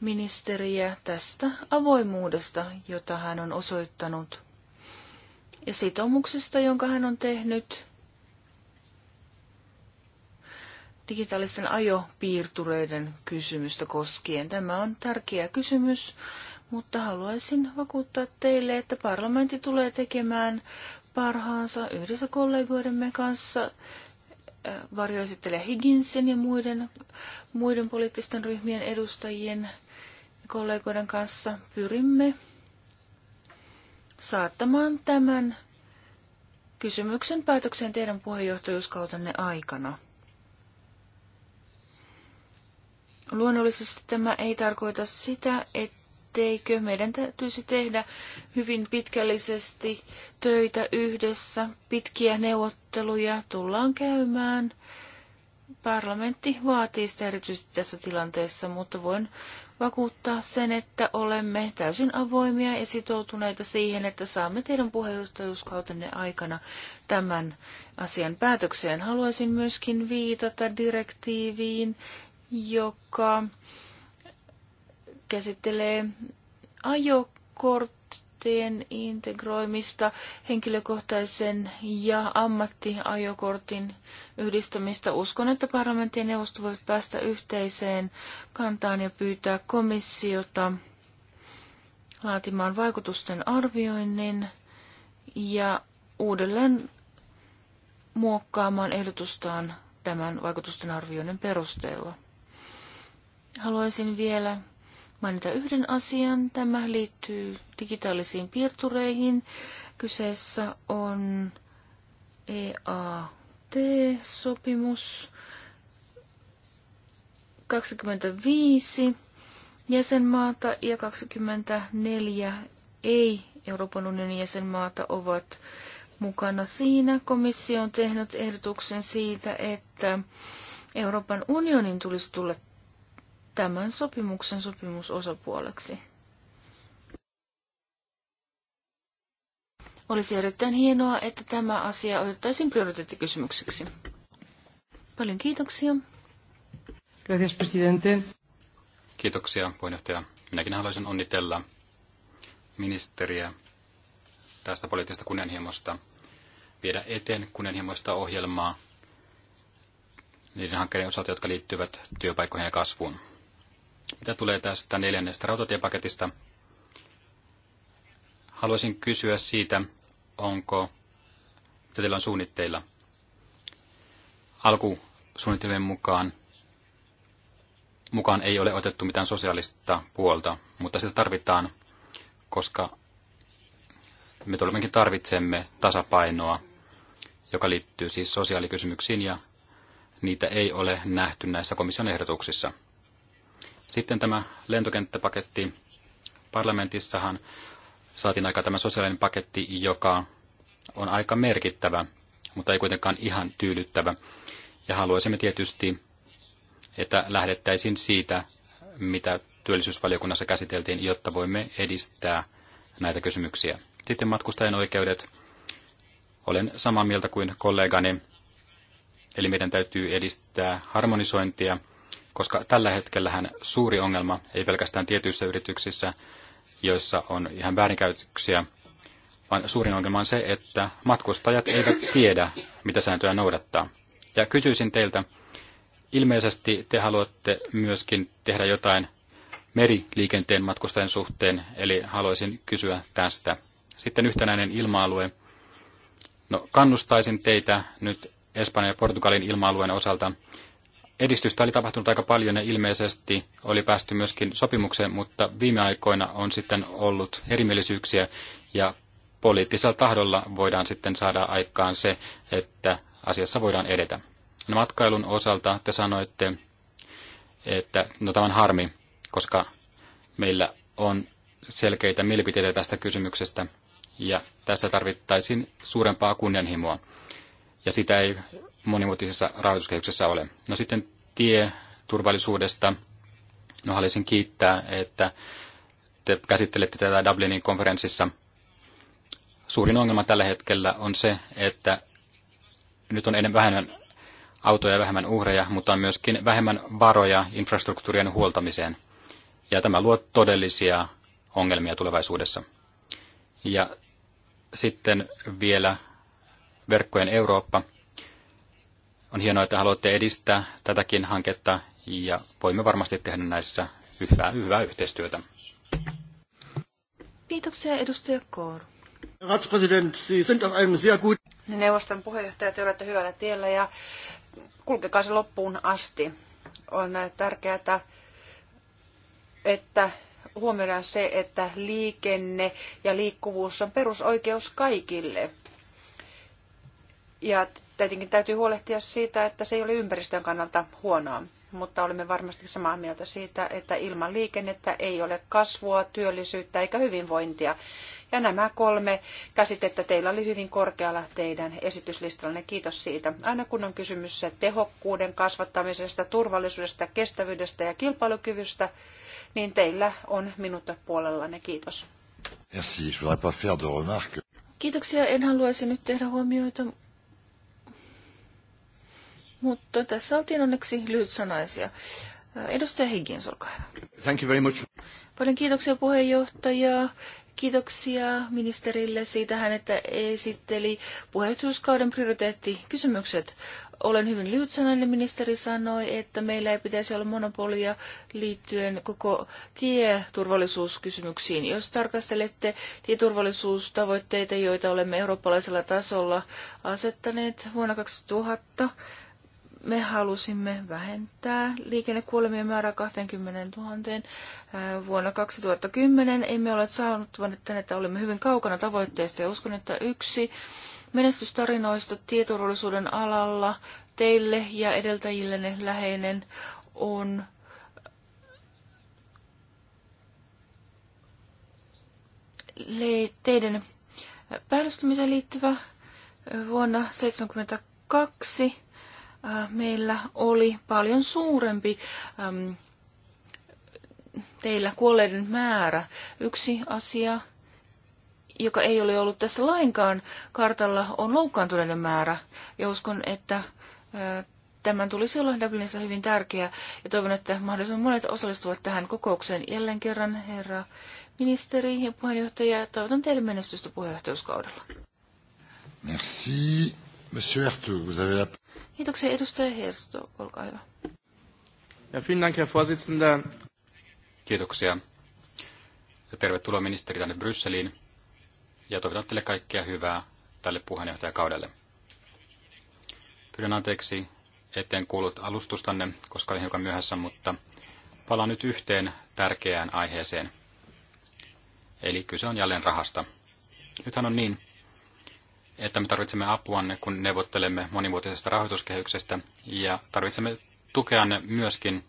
ministeriä tästä avoimuudesta, jota hän on osoittanut ja sitoumuksesta, jonka hän on tehnyt digitaalisten ajopiirtureiden kysymystä koskien. Tämä on tärkeä kysymys, mutta haluaisin vakuuttaa teille, että parlamentti tulee tekemään parhaansa yhdessä kollegoidemme kanssa äh, varjoesittelijä Higginsin ja muiden, muiden poliittisten ryhmien edustajien ja kollegoiden kanssa pyrimme saattamaan tämän kysymyksen päätökseen teidän puheenjohtajuuskautenne aikana. Luonnollisesti tämä ei tarkoita sitä, etteikö meidän täytyisi tehdä hyvin pitkällisesti töitä yhdessä. Pitkiä neuvotteluja tullaan käymään. Parlamentti vaatii sitä erityisesti tässä tilanteessa, mutta voin vakuuttaa sen, että olemme täysin avoimia ja sitoutuneita siihen, että saamme teidän puheenjohtajuuskautenne aikana tämän asian päätökseen. Haluaisin myöskin viitata direktiiviin, joka käsittelee ajokorttia ajokorttien integroimista, henkilökohtaisen ja ammattiajokortin yhdistämistä. Uskon, että parlamentin neuvosto voi päästä yhteiseen kantaan ja pyytää komissiota laatimaan vaikutusten arvioinnin ja uudelleen muokkaamaan ehdotustaan tämän vaikutusten arvioinnin perusteella. Haluaisin vielä mainita yhden asian. Tämä liittyy digitaalisiin piirtureihin. Kyseessä on EAT-sopimus 25 jäsenmaata ja 24 ei Euroopan unionin jäsenmaata ovat mukana siinä. Komissio on tehnyt ehdotuksen siitä, että Euroopan unionin tulisi tulla tämän sopimuksen sopimusosapuoleksi. Olisi erittäin hienoa, että tämä asia otettaisiin prioriteettikysymykseksi. Paljon kiitoksia. Gracias, presidente. Kiitoksia, puheenjohtaja. Minäkin haluaisin onnitella ministeriä tästä poliittisesta kunnianhimosta viedä eteen kunnianhimoista ohjelmaa niiden hankkeiden osalta, jotka liittyvät työpaikkoihin ja kasvuun. Mitä tulee tästä neljännestä rautatiepaketista? Haluaisin kysyä siitä, onko, mitä teillä on suunnitteilla? Alkusuunnitelmien mukaan, mukaan ei ole otettu mitään sosiaalista puolta, mutta sitä tarvitaan, koska me todellakin tarvitsemme tasapainoa, joka liittyy siis sosiaalikysymyksiin ja niitä ei ole nähty näissä komission ehdotuksissa. Sitten tämä lentokenttäpaketti. Parlamentissahan saatiin aika tämä sosiaalinen paketti, joka on aika merkittävä, mutta ei kuitenkaan ihan tyydyttävä. Ja haluaisimme tietysti, että lähdettäisiin siitä, mitä työllisyysvaliokunnassa käsiteltiin, jotta voimme edistää näitä kysymyksiä. Sitten matkustajan oikeudet. Olen samaa mieltä kuin kollegani, eli meidän täytyy edistää harmonisointia – koska tällä hetkellähän suuri ongelma, ei pelkästään tietyissä yrityksissä, joissa on ihan väärinkäytöksiä, vaan suurin ongelma on se, että matkustajat eivät tiedä, mitä sääntöjä noudattaa. Ja kysyisin teiltä, ilmeisesti te haluatte myöskin tehdä jotain meriliikenteen matkustajien suhteen, eli haluaisin kysyä tästä. Sitten yhtenäinen ilma-alue. No, kannustaisin teitä nyt Espanjan ja Portugalin ilma-alueen osalta edistystä oli tapahtunut aika paljon ja ilmeisesti oli päästy myöskin sopimukseen, mutta viime aikoina on sitten ollut erimielisyyksiä ja poliittisella tahdolla voidaan sitten saada aikaan se, että asiassa voidaan edetä. No, matkailun osalta te sanoitte, että no tämä on harmi, koska meillä on selkeitä mielipiteitä tästä kysymyksestä ja tässä tarvittaisiin suurempaa kunnianhimoa. Ja sitä ei monimuotoisessa rahoituskehyksessä ole. No sitten tieturvallisuudesta. No haluaisin kiittää, että te käsittelette tätä Dublinin konferenssissa. Suurin ongelma tällä hetkellä on se, että nyt on enemmän vähemmän autoja ja vähemmän uhreja, mutta on myöskin vähemmän varoja infrastruktuurien huoltamiseen. Ja tämä luo todellisia ongelmia tulevaisuudessa. Ja sitten vielä verkkojen Eurooppa. On hienoa, että haluatte edistää tätäkin hanketta ja voimme varmasti tehdä näissä hyvää, hyvää yhteistyötä. Kiitoksia edustaja Koor. Neuvoston puheenjohtaja, te olette hyvällä tiellä ja kulkekaa se loppuun asti. On tärkeää, että huomioidaan se, että liikenne ja liikkuvuus on perusoikeus kaikille. Ja tietenkin täytyy huolehtia siitä, että se ei ole ympäristön kannalta huonoa, mutta olemme varmasti samaa mieltä siitä, että ilman liikennettä ei ole kasvua, työllisyyttä eikä hyvinvointia. Ja nämä kolme käsitettä teillä oli hyvin korkealla teidän esityslistallanne. Kiitos siitä. Aina kun on kysymys tehokkuuden kasvattamisesta, turvallisuudesta, kestävyydestä ja kilpailukyvystä, niin teillä on minut puolellanne. Kiitos. Merci. Je pas faire de Kiitoksia. En haluaisi nyt tehdä huomioita mutta tässä oltiin onneksi lyhytsanaisia. Edustaja Higgins, olkaa hyvä. Thank you very much. Paljon kiitoksia puheenjohtaja. Kiitoksia ministerille siitä, hän, että esitteli puheenjohtajuuskauden prioriteettikysymykset. Olen hyvin lyhytsanainen. Ministeri sanoi, että meillä ei pitäisi olla monopolia liittyen koko tieturvallisuuskysymyksiin. Jos tarkastelette tieturvallisuustavoitteita, joita olemme eurooppalaisella tasolla asettaneet vuonna 2000, me halusimme vähentää liikennekuolemien määrää 20 000 äh, vuonna 2010. Emme ole saanut tänne, että olimme hyvin kaukana tavoitteesta ja uskon, että yksi menestystarinoista tietoturvallisuuden alalla teille ja edeltäjillenne läheinen on teidän päällystymiseen liittyvä vuonna 1972 Äh, meillä oli paljon suurempi teillä kuolleiden määrä. Yksi asia, joka ei ole ollut tässä lainkaan kartalla, on loukkaantuneiden määrä. Ja uskon, että äh, tämän tulisi olla Dublinissa hyvin tärkeä. Ja toivon, että mahdollisimman monet osallistuvat tähän kokoukseen jälleen kerran, herra ministeri ja puheenjohtaja. Toivotan teille menestystä puheenjohtajuuskaudella. Merci. Monsieur Ertug, vous avez la... Kiitoksia edustaja Hersto, olkaa hyvä. Ja Finland, Herr Vorsitzender. Kiitoksia. Ja tervetuloa ministeri tänne Brysseliin. Ja toivotan teille kaikkea hyvää tälle puheenjohtajakaudelle. Pyydän anteeksi, etten kuullut alustustanne, koska olin hiukan myöhässä, mutta palaan nyt yhteen tärkeään aiheeseen. Eli kyse on jälleen rahasta. Nythän on niin, että me tarvitsemme apuanne, kun neuvottelemme monivuotisesta rahoituskehyksestä, ja tarvitsemme tukeanne myöskin,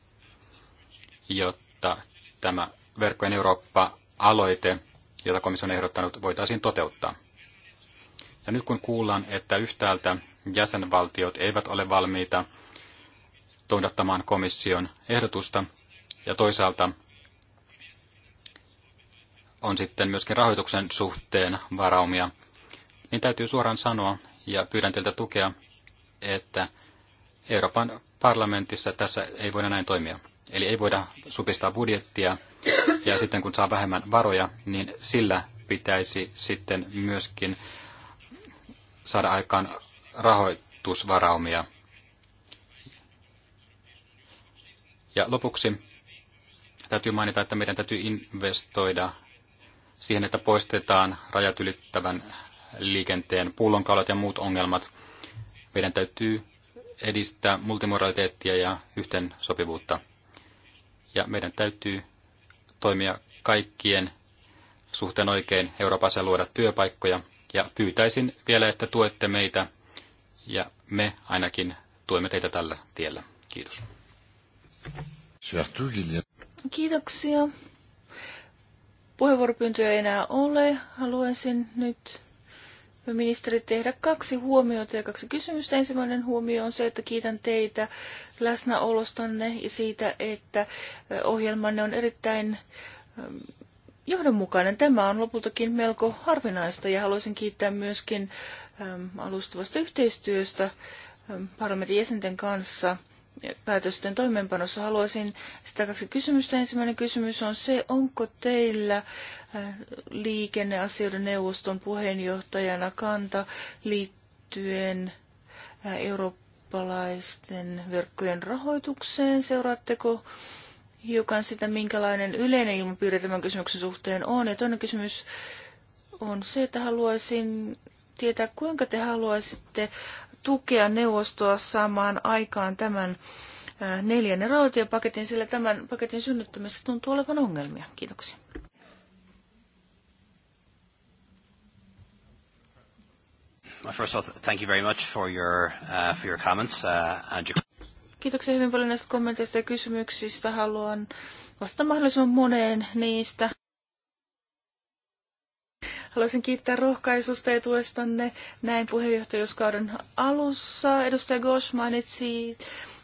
jotta tämä Verkkojen Eurooppa-aloite, jota komissio on ehdottanut, voitaisiin toteuttaa. Ja nyt kun kuullaan, että yhtäältä jäsenvaltiot eivät ole valmiita noudattamaan komission ehdotusta, ja toisaalta on sitten myöskin rahoituksen suhteen varaumia, niin täytyy suoraan sanoa, ja pyydän teiltä tukea, että Euroopan parlamentissa tässä ei voida näin toimia. Eli ei voida supistaa budjettia, ja sitten kun saa vähemmän varoja, niin sillä pitäisi sitten myöskin saada aikaan rahoitusvaraumia. Ja lopuksi täytyy mainita, että meidän täytyy investoida siihen, että poistetaan rajat ylittävän liikenteen pullonkaulat ja muut ongelmat. Meidän täytyy edistää multimoraliteettia ja yhteen sopivuutta. Ja meidän täytyy toimia kaikkien suhteen oikein Euroopassa luoda työpaikkoja. Ja pyytäisin vielä, että tuette meitä ja me ainakin tuemme teitä tällä tiellä. Kiitos. Kiitoksia. Puheenvuoropyyntöjä ei enää ole. Haluaisin nyt ministeri tehdä kaksi huomiota ja kaksi kysymystä. Ensimmäinen huomio on se, että kiitän teitä läsnäolostanne ja siitä, että ohjelmanne on erittäin johdonmukainen. Tämä on lopultakin melko harvinaista ja haluaisin kiittää myöskin alustavasta yhteistyöstä parlamentin jäsenten kanssa – päätösten toimeenpanossa. Haluaisin sitä kaksi kysymystä. Ensimmäinen kysymys on se, onko teillä äh, liikenneasioiden neuvoston puheenjohtajana kanta liittyen äh, eurooppalaisten verkkojen rahoitukseen? Seuraatteko hiukan sitä, minkälainen yleinen ilmapiiri tämän kysymyksen suhteen on? Ja toinen kysymys on se, että haluaisin tietää, kuinka te haluaisitte tukea neuvostoa saamaan aikaan tämän neljännen rautiopaketin, sillä tämän paketin synnyttämisessä tuntuu olevan ongelmia. Kiitoksia. First of all, thank you very much for your, uh, for your comments uh, and your... Kiitoksia hyvin paljon näistä kommenteista ja kysymyksistä. Haluan vastata mahdollisimman moneen niistä. Haluaisin kiittää rohkaisusta ja tuestanne näin puheenjohtajuuskauden alussa. Edustaja Gosh mainitsi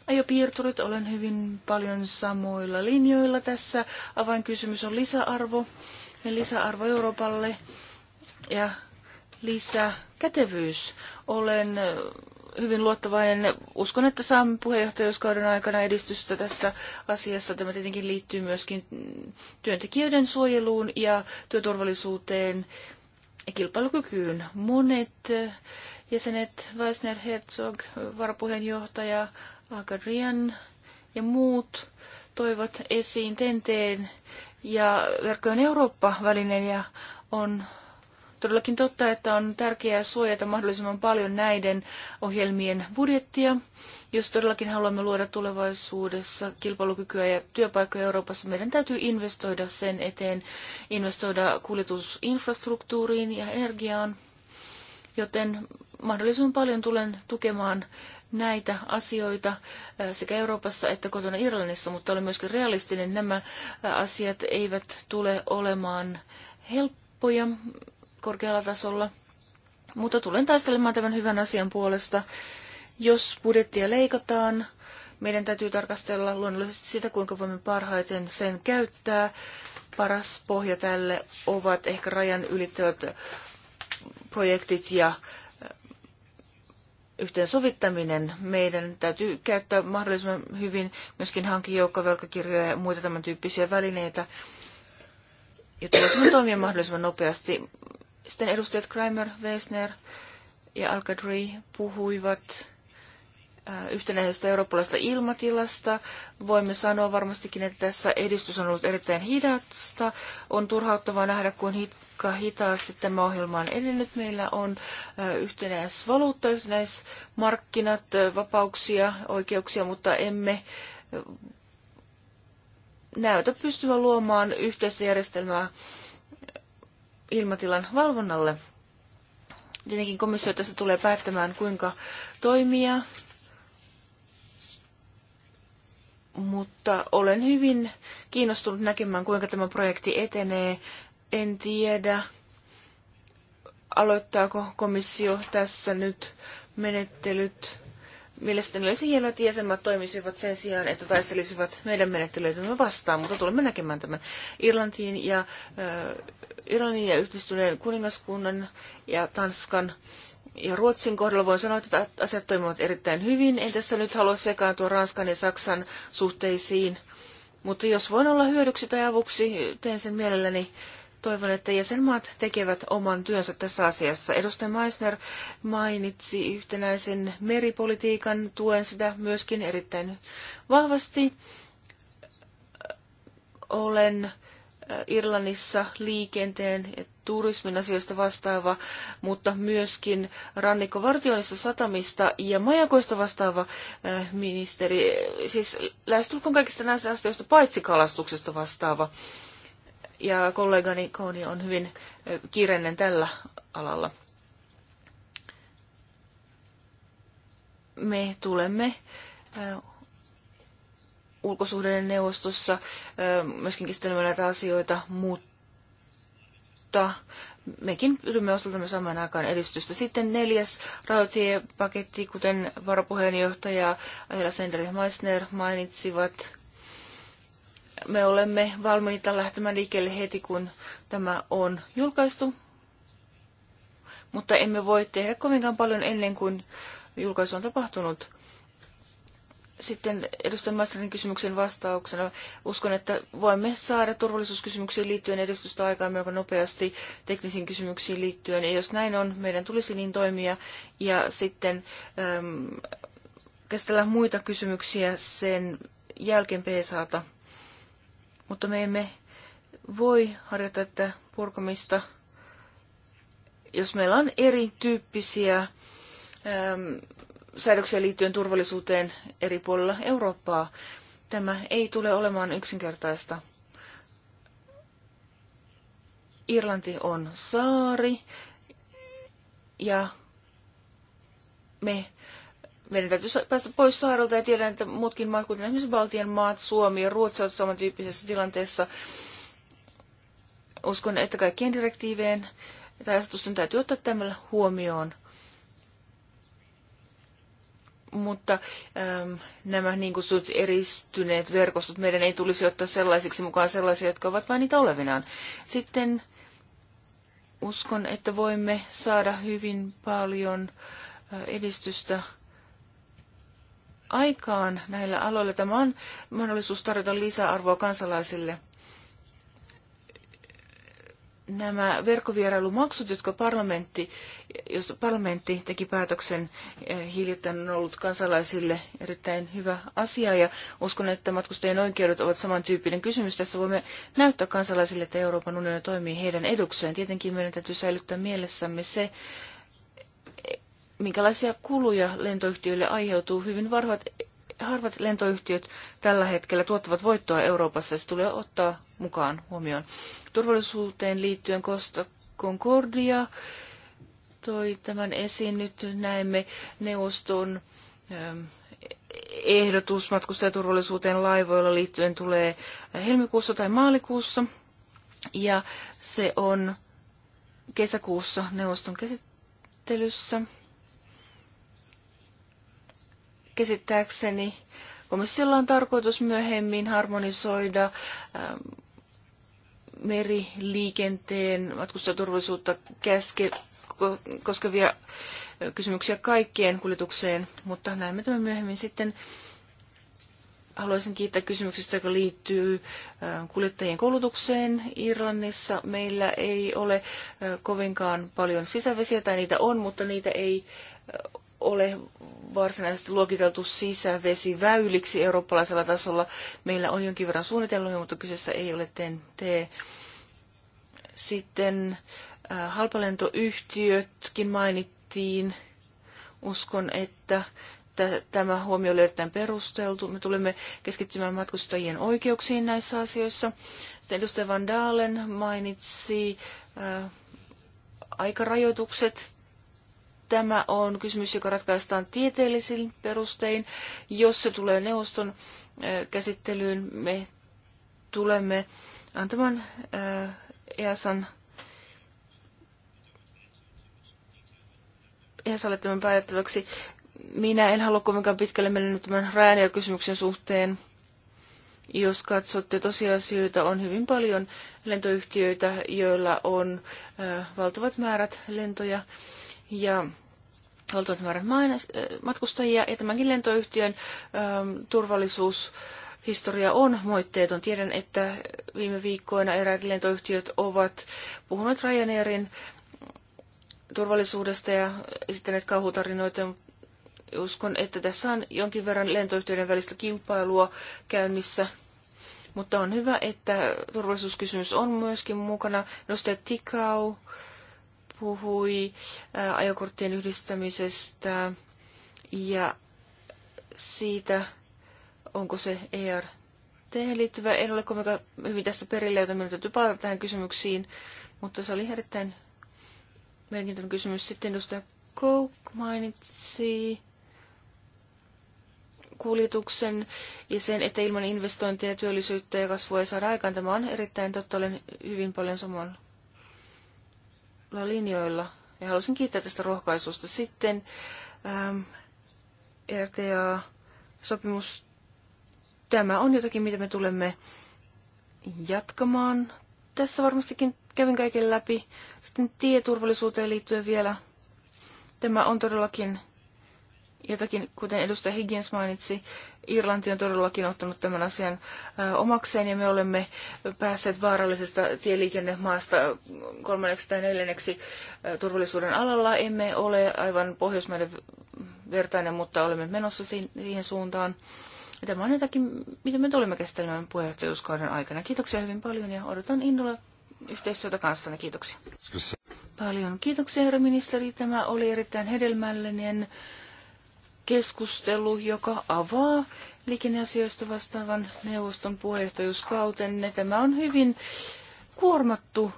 ajopiirturit. Olen hyvin paljon samoilla linjoilla tässä. Avainkysymys on lisäarvo. Lisäarvo Euroopalle ja lisäkätevyys. Olen hyvin luottavainen. Uskon, että saamme puheenjohtajuuskauden aikana edistystä tässä asiassa. Tämä tietenkin liittyy myöskin työntekijöiden suojeluun ja työturvallisuuteen ja kilpailukykyyn. Monet jäsenet, Weisner Herzog, varapuheenjohtaja, Agarian ja muut toivat esiin tenteen ja verkkojen Eurooppa-välinen ja on todellakin totta, että on tärkeää suojata mahdollisimman paljon näiden ohjelmien budjettia. Jos todellakin haluamme luoda tulevaisuudessa kilpailukykyä ja työpaikkoja Euroopassa, meidän täytyy investoida sen eteen, investoida kuljetusinfrastruktuuriin ja energiaan, joten mahdollisimman paljon tulen tukemaan näitä asioita äh, sekä Euroopassa että kotona Irlannissa, mutta olen myöskin realistinen. Nämä äh, asiat eivät tule olemaan helppoja temppuja korkealla tasolla, mutta tulen taistelemaan tämän hyvän asian puolesta. Jos budjettia leikataan, meidän täytyy tarkastella luonnollisesti sitä, kuinka voimme parhaiten sen käyttää. Paras pohja tälle ovat ehkä rajan ylittävät projektit ja äh, yhteensovittaminen. Meidän täytyy käyttää mahdollisimman hyvin myöskin hankijoukkovelkakirjoja ja muita tämän tyyppisiä välineitä jotta voisimme toimia mahdollisimman nopeasti. Sitten edustajat Kramer, Wesner ja al puhuivat äh, yhtenäisestä eurooppalaisesta ilmatilasta. Voimme sanoa varmastikin, että tässä edistys on ollut erittäin hidasta. On turhauttavaa nähdä, kuin hikka hitaasti tämä ohjelma on edennyt. Meillä on äh, yhtenäisvaluutta, yhtenäismarkkinat, äh, vapauksia, oikeuksia, mutta emme näytä pystyvä luomaan yhteistä järjestelmää ilmatilan valvonnalle. Tietenkin komissio tässä tulee päättämään, kuinka toimia, mutta olen hyvin kiinnostunut näkemään, kuinka tämä projekti etenee. En tiedä, aloittaako komissio tässä nyt menettelyt Mielestäni olisi hienoa, että jäsenmaat toimisivat sen sijaan, että taistelisivat meidän menettelyitämme vastaan, mutta tulemme näkemään tämän Irlantiin ja äh, Iranin ja yhdistyneen kuningaskunnan ja Tanskan ja Ruotsin kohdalla voin sanoa, että asiat toimivat erittäin hyvin. En tässä nyt halua sekaantua Ranskan ja Saksan suhteisiin, mutta jos voin olla hyödyksi tai avuksi, teen sen mielelläni toivon, että jäsenmaat tekevät oman työnsä tässä asiassa. Edustaja Meissner mainitsi yhtenäisen meripolitiikan, tuen sitä myöskin erittäin vahvasti. Olen äh, Irlannissa liikenteen ja turismin asioista vastaava, mutta myöskin rannikkovartioinnissa satamista ja majakoista vastaava äh, ministeri, siis lähestulkoon kaikista näistä asioista paitsi kalastuksesta vastaava ja kollegani Kooni on hyvin kiireinen tällä alalla. Me tulemme ulkosuhteiden neuvostossa myöskin käsittelemään näitä asioita, mutta mekin pyrimme osaltamme samaan aikaan edistystä. Sitten neljäs rautiepaketti, kuten varapuheenjohtaja Ajala Sender ja Meissner mainitsivat, me olemme valmiita lähtemään liikkeelle heti, kun tämä on julkaistu, mutta emme voi tehdä kovinkaan paljon ennen kuin julkaisu on tapahtunut. Sitten edustajan maisterin kysymyksen vastauksena uskon, että voimme saada turvallisuuskysymyksiin liittyen edistystä aikaa melko nopeasti teknisiin kysymyksiin liittyen. Ja jos näin on, meidän tulisi niin toimia. Ja sitten äm, muita kysymyksiä sen jälkeen PSAta mutta me emme voi harjoittaa tätä purkamista, jos meillä on erityyppisiä ähm, säädöksiä liittyen turvallisuuteen eri puolilla Eurooppaa. Tämä ei tule olemaan yksinkertaista. Irlanti on saari ja me meidän täytyy päästä pois saarelta ja tiedän, että muutkin maat, kuten esimerkiksi Baltian maat, Suomi ja Ruotsi ovat samantyyppisessä tilanteessa. Uskon, että kaikkien direktiiveen tai asetusten täytyy ottaa tämmöllä huomioon. Mutta äm, nämä niin kutsut eristyneet verkostot meidän ei tulisi ottaa sellaisiksi mukaan sellaisia, jotka ovat vain niitä olevinaan. Sitten uskon, että voimme saada hyvin paljon edistystä aikaan näillä aloilla. Tämä on mahdollisuus tarjota lisäarvoa kansalaisille. Nämä verkkovierailumaksut, jotka parlamentti, jos parlamentti teki päätöksen eh, hiljattain, on ollut kansalaisille erittäin hyvä asia. Ja uskon, että matkustajien oikeudet ovat samantyyppinen kysymys. Tässä voimme näyttää kansalaisille, että Euroopan unioni toimii heidän edukseen. Tietenkin meidän täytyy säilyttää mielessämme se, minkälaisia kuluja lentoyhtiöille aiheutuu. Hyvin harvat lentoyhtiöt tällä hetkellä tuottavat voittoa Euroopassa, ja se tulee ottaa mukaan huomioon. Turvallisuuteen liittyen Costa Concordia toi tämän esiin. Nyt näemme neuvoston ähm, ehdotus matkustajaturvallisuuteen laivoilla liittyen tulee helmikuussa tai maalikuussa. Ja se on kesäkuussa neuvoston käsittelyssä käsittääkseni komissiolla on tarkoitus myöhemmin harmonisoida ähm, meriliikenteen matkustajaturvallisuutta käske, koskevia äh, kysymyksiä kaikkien kuljetukseen, mutta näemme tämän myöhemmin sitten. Haluaisin kiittää kysymyksestä, joka liittyy ähm, kuljettajien koulutukseen Irlannissa. Meillä ei ole äh, kovinkaan paljon sisävesiä, tai niitä on, mutta niitä ei äh, ole varsinaisesti luokiteltu sisävesiväyliksi eurooppalaisella tasolla. Meillä on jonkin verran suunnitelmia, mutta kyseessä ei ole TNT. Sitten äh, halpalentoyhtiötkin mainittiin. Uskon, että tämä huomio oli erittäin perusteltu. Me tulemme keskittymään matkustajien oikeuksiin näissä asioissa. Sitten edustaja Van Dalen mainitsi äh, aikarajoitukset Tämä on kysymys, joka ratkaistaan tieteellisin perustein. Jos se tulee neuvoston käsittelyyn, me tulemme antamaan EASan EASalle tämän päätettäväksi. Minä en halua kovinkaan pitkälle mennä nyt tämän rajan ja kysymyksen suhteen. Jos katsotte tosiasioita, on hyvin paljon lentoyhtiöitä, joilla on valtavat määrät lentoja ja valtavat määrät äh, matkustajia. Ja tämänkin lentoyhtiön ähm, turvallisuus historia on moitteeton. Tiedän, että viime viikkoina eräät lentoyhtiöt ovat puhuneet Ryanairin turvallisuudesta ja esittäneet kauhutarinoita. Uskon, että tässä on jonkin verran lentoyhtiöiden välistä kilpailua käynnissä. Mutta on hyvä, että turvallisuuskysymys on myöskin mukana. Edustaja Tikau puhui ajokorttien yhdistämisestä ja siitä, onko se ER tehän liittyvä. En ole kovinkaan hyvin tästä perille, joten minun täytyy palata tähän kysymyksiin. Mutta se oli erittäin merkittävä kysymys. Sitten edustaja Kouk mainitsi kuljetuksen ja sen, että ilman investointeja, työllisyyttä ja kasvua ei saada aikaan. Tämä on erittäin totta. Olen hyvin paljon samalla linjoilla. Ja haluaisin kiittää tästä rohkaisusta. Sitten ähm, RTA-sopimus, tämä on jotakin, mitä me tulemme jatkamaan. Tässä varmastikin kävin kaiken läpi. Sitten tieturvallisuuteen liittyen vielä. Tämä on todellakin jotakin, kuten edustaja Higgins mainitsi, Irlanti on todellakin ottanut tämän asian äh, omakseen ja me olemme päässeet vaarallisesta tieliikennemaasta kolmanneksi tai neljänneksi äh, turvallisuuden alalla. Emme ole aivan Pohjoismaiden vertainen, mutta olemme menossa siihen suuntaan. Tämä on jotakin, mitä me tulemme käsittelemään puheenjohtajuuskauden aikana. Kiitoksia hyvin paljon ja odotan innolla yhteistyötä kanssanne. Kiitoksia. Paljon kiitoksia, herra ministeri. Tämä oli erittäin hedelmällinen keskustelu, joka avaa liikenneasioista vastaavan neuvoston puheenjohtajuuskautenne. Tämä on hyvin kuormattu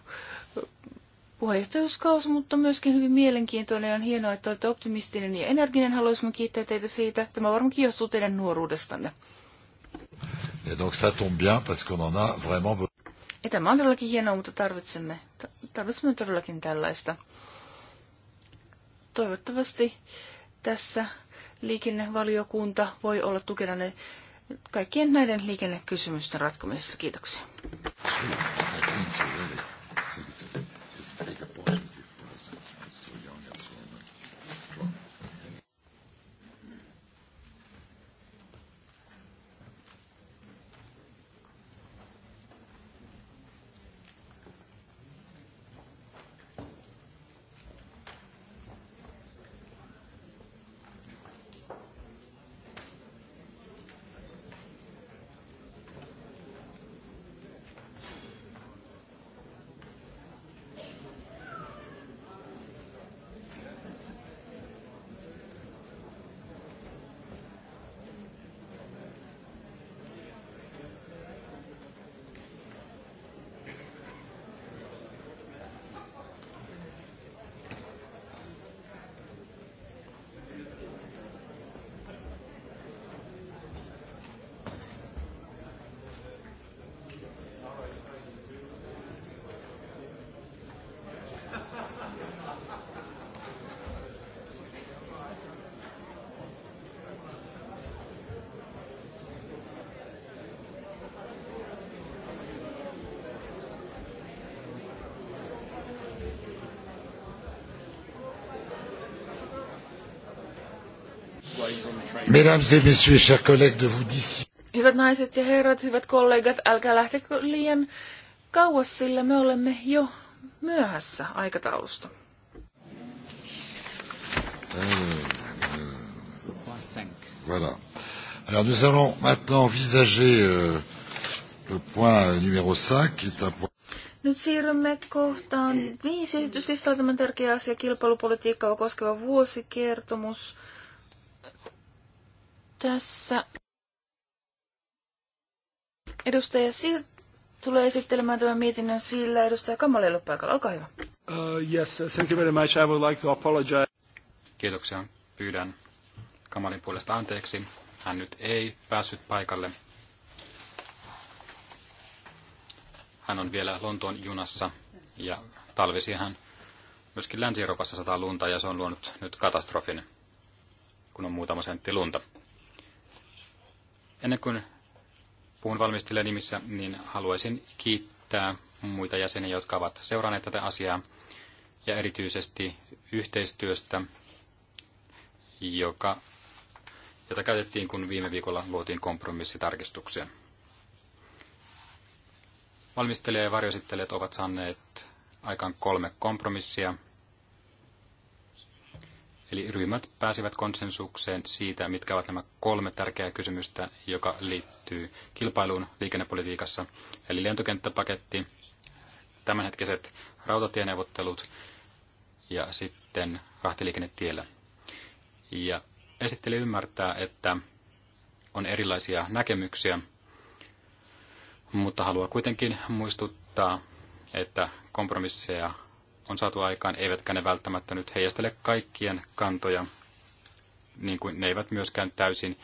puheenjohtajuuskausi, mutta myöskin hyvin mielenkiintoinen. On hienoa, että olette optimistinen ja energinen. Haluaisimme kiittää teitä siitä. Tämä varmaankin johtuu teidän nuoruudestanne. Ja donc ça tombe bien, parce qu'on en a vraiment tämä on todellakin hienoa, mutta tarvitsemme, tarvitsemme todellakin tällaista. Toivottavasti tässä liikennevaliokunta voi olla tukena ne kaikkien näiden liikennekysymysten ratkomisessa. Kiitoksia. Mesdames et messieurs, chers collègues, de vous d'ici. Hyvät naiset ja herrat, hyvät kollegat, älkää lähtekö liian kauas, sillä me olemme jo myöhässä aikataulusta. Voilà. Alors nous allons maintenant envisager euh, le point numéro 5, qui est un point... Nyt siirrymme kohtaan viisi esityslistalta tämän tärkeä asia, kilpailupolitiikkaa koskeva vuosikertomus. Tässä edustaja Sil tulee esittelemään tämän mietinnön sillä edustaja Kammali ei ole paikalla. Olkaa hyvä. Uh, yes, thank you very much. I would like to apologize. Kiitoksia. Pyydän Kamalin puolesta anteeksi. Hän nyt ei päässyt paikalle. Hän on vielä Lontoon junassa ja talvisi hän myöskin Länsi-Euroopassa sataa lunta ja se on luonut nyt katastrofin, kun on muutama sentti lunta. Ennen kuin puhun valmistelijan nimissä, niin haluaisin kiittää muita jäseniä, jotka ovat seuranneet tätä asiaa ja erityisesti yhteistyöstä, joka, jota käytettiin, kun viime viikolla luotiin kompromissitarkistuksia. Valmistelija ja varjosittelijat ovat saaneet aikaan kolme kompromissia, Eli ryhmät pääsivät konsensukseen siitä, mitkä ovat nämä kolme tärkeää kysymystä, joka liittyy kilpailuun liikennepolitiikassa, eli lentokenttäpaketti, tämänhetkiset rautatieneuvottelut ja sitten rahtiliikennetiellä. Ja esitteli ymmärtää, että on erilaisia näkemyksiä, mutta haluaa kuitenkin muistuttaa, että kompromisseja on saatu aikaan, eivätkä ne välttämättä nyt heijastele kaikkien kantoja, niin kuin ne eivät myöskään täysin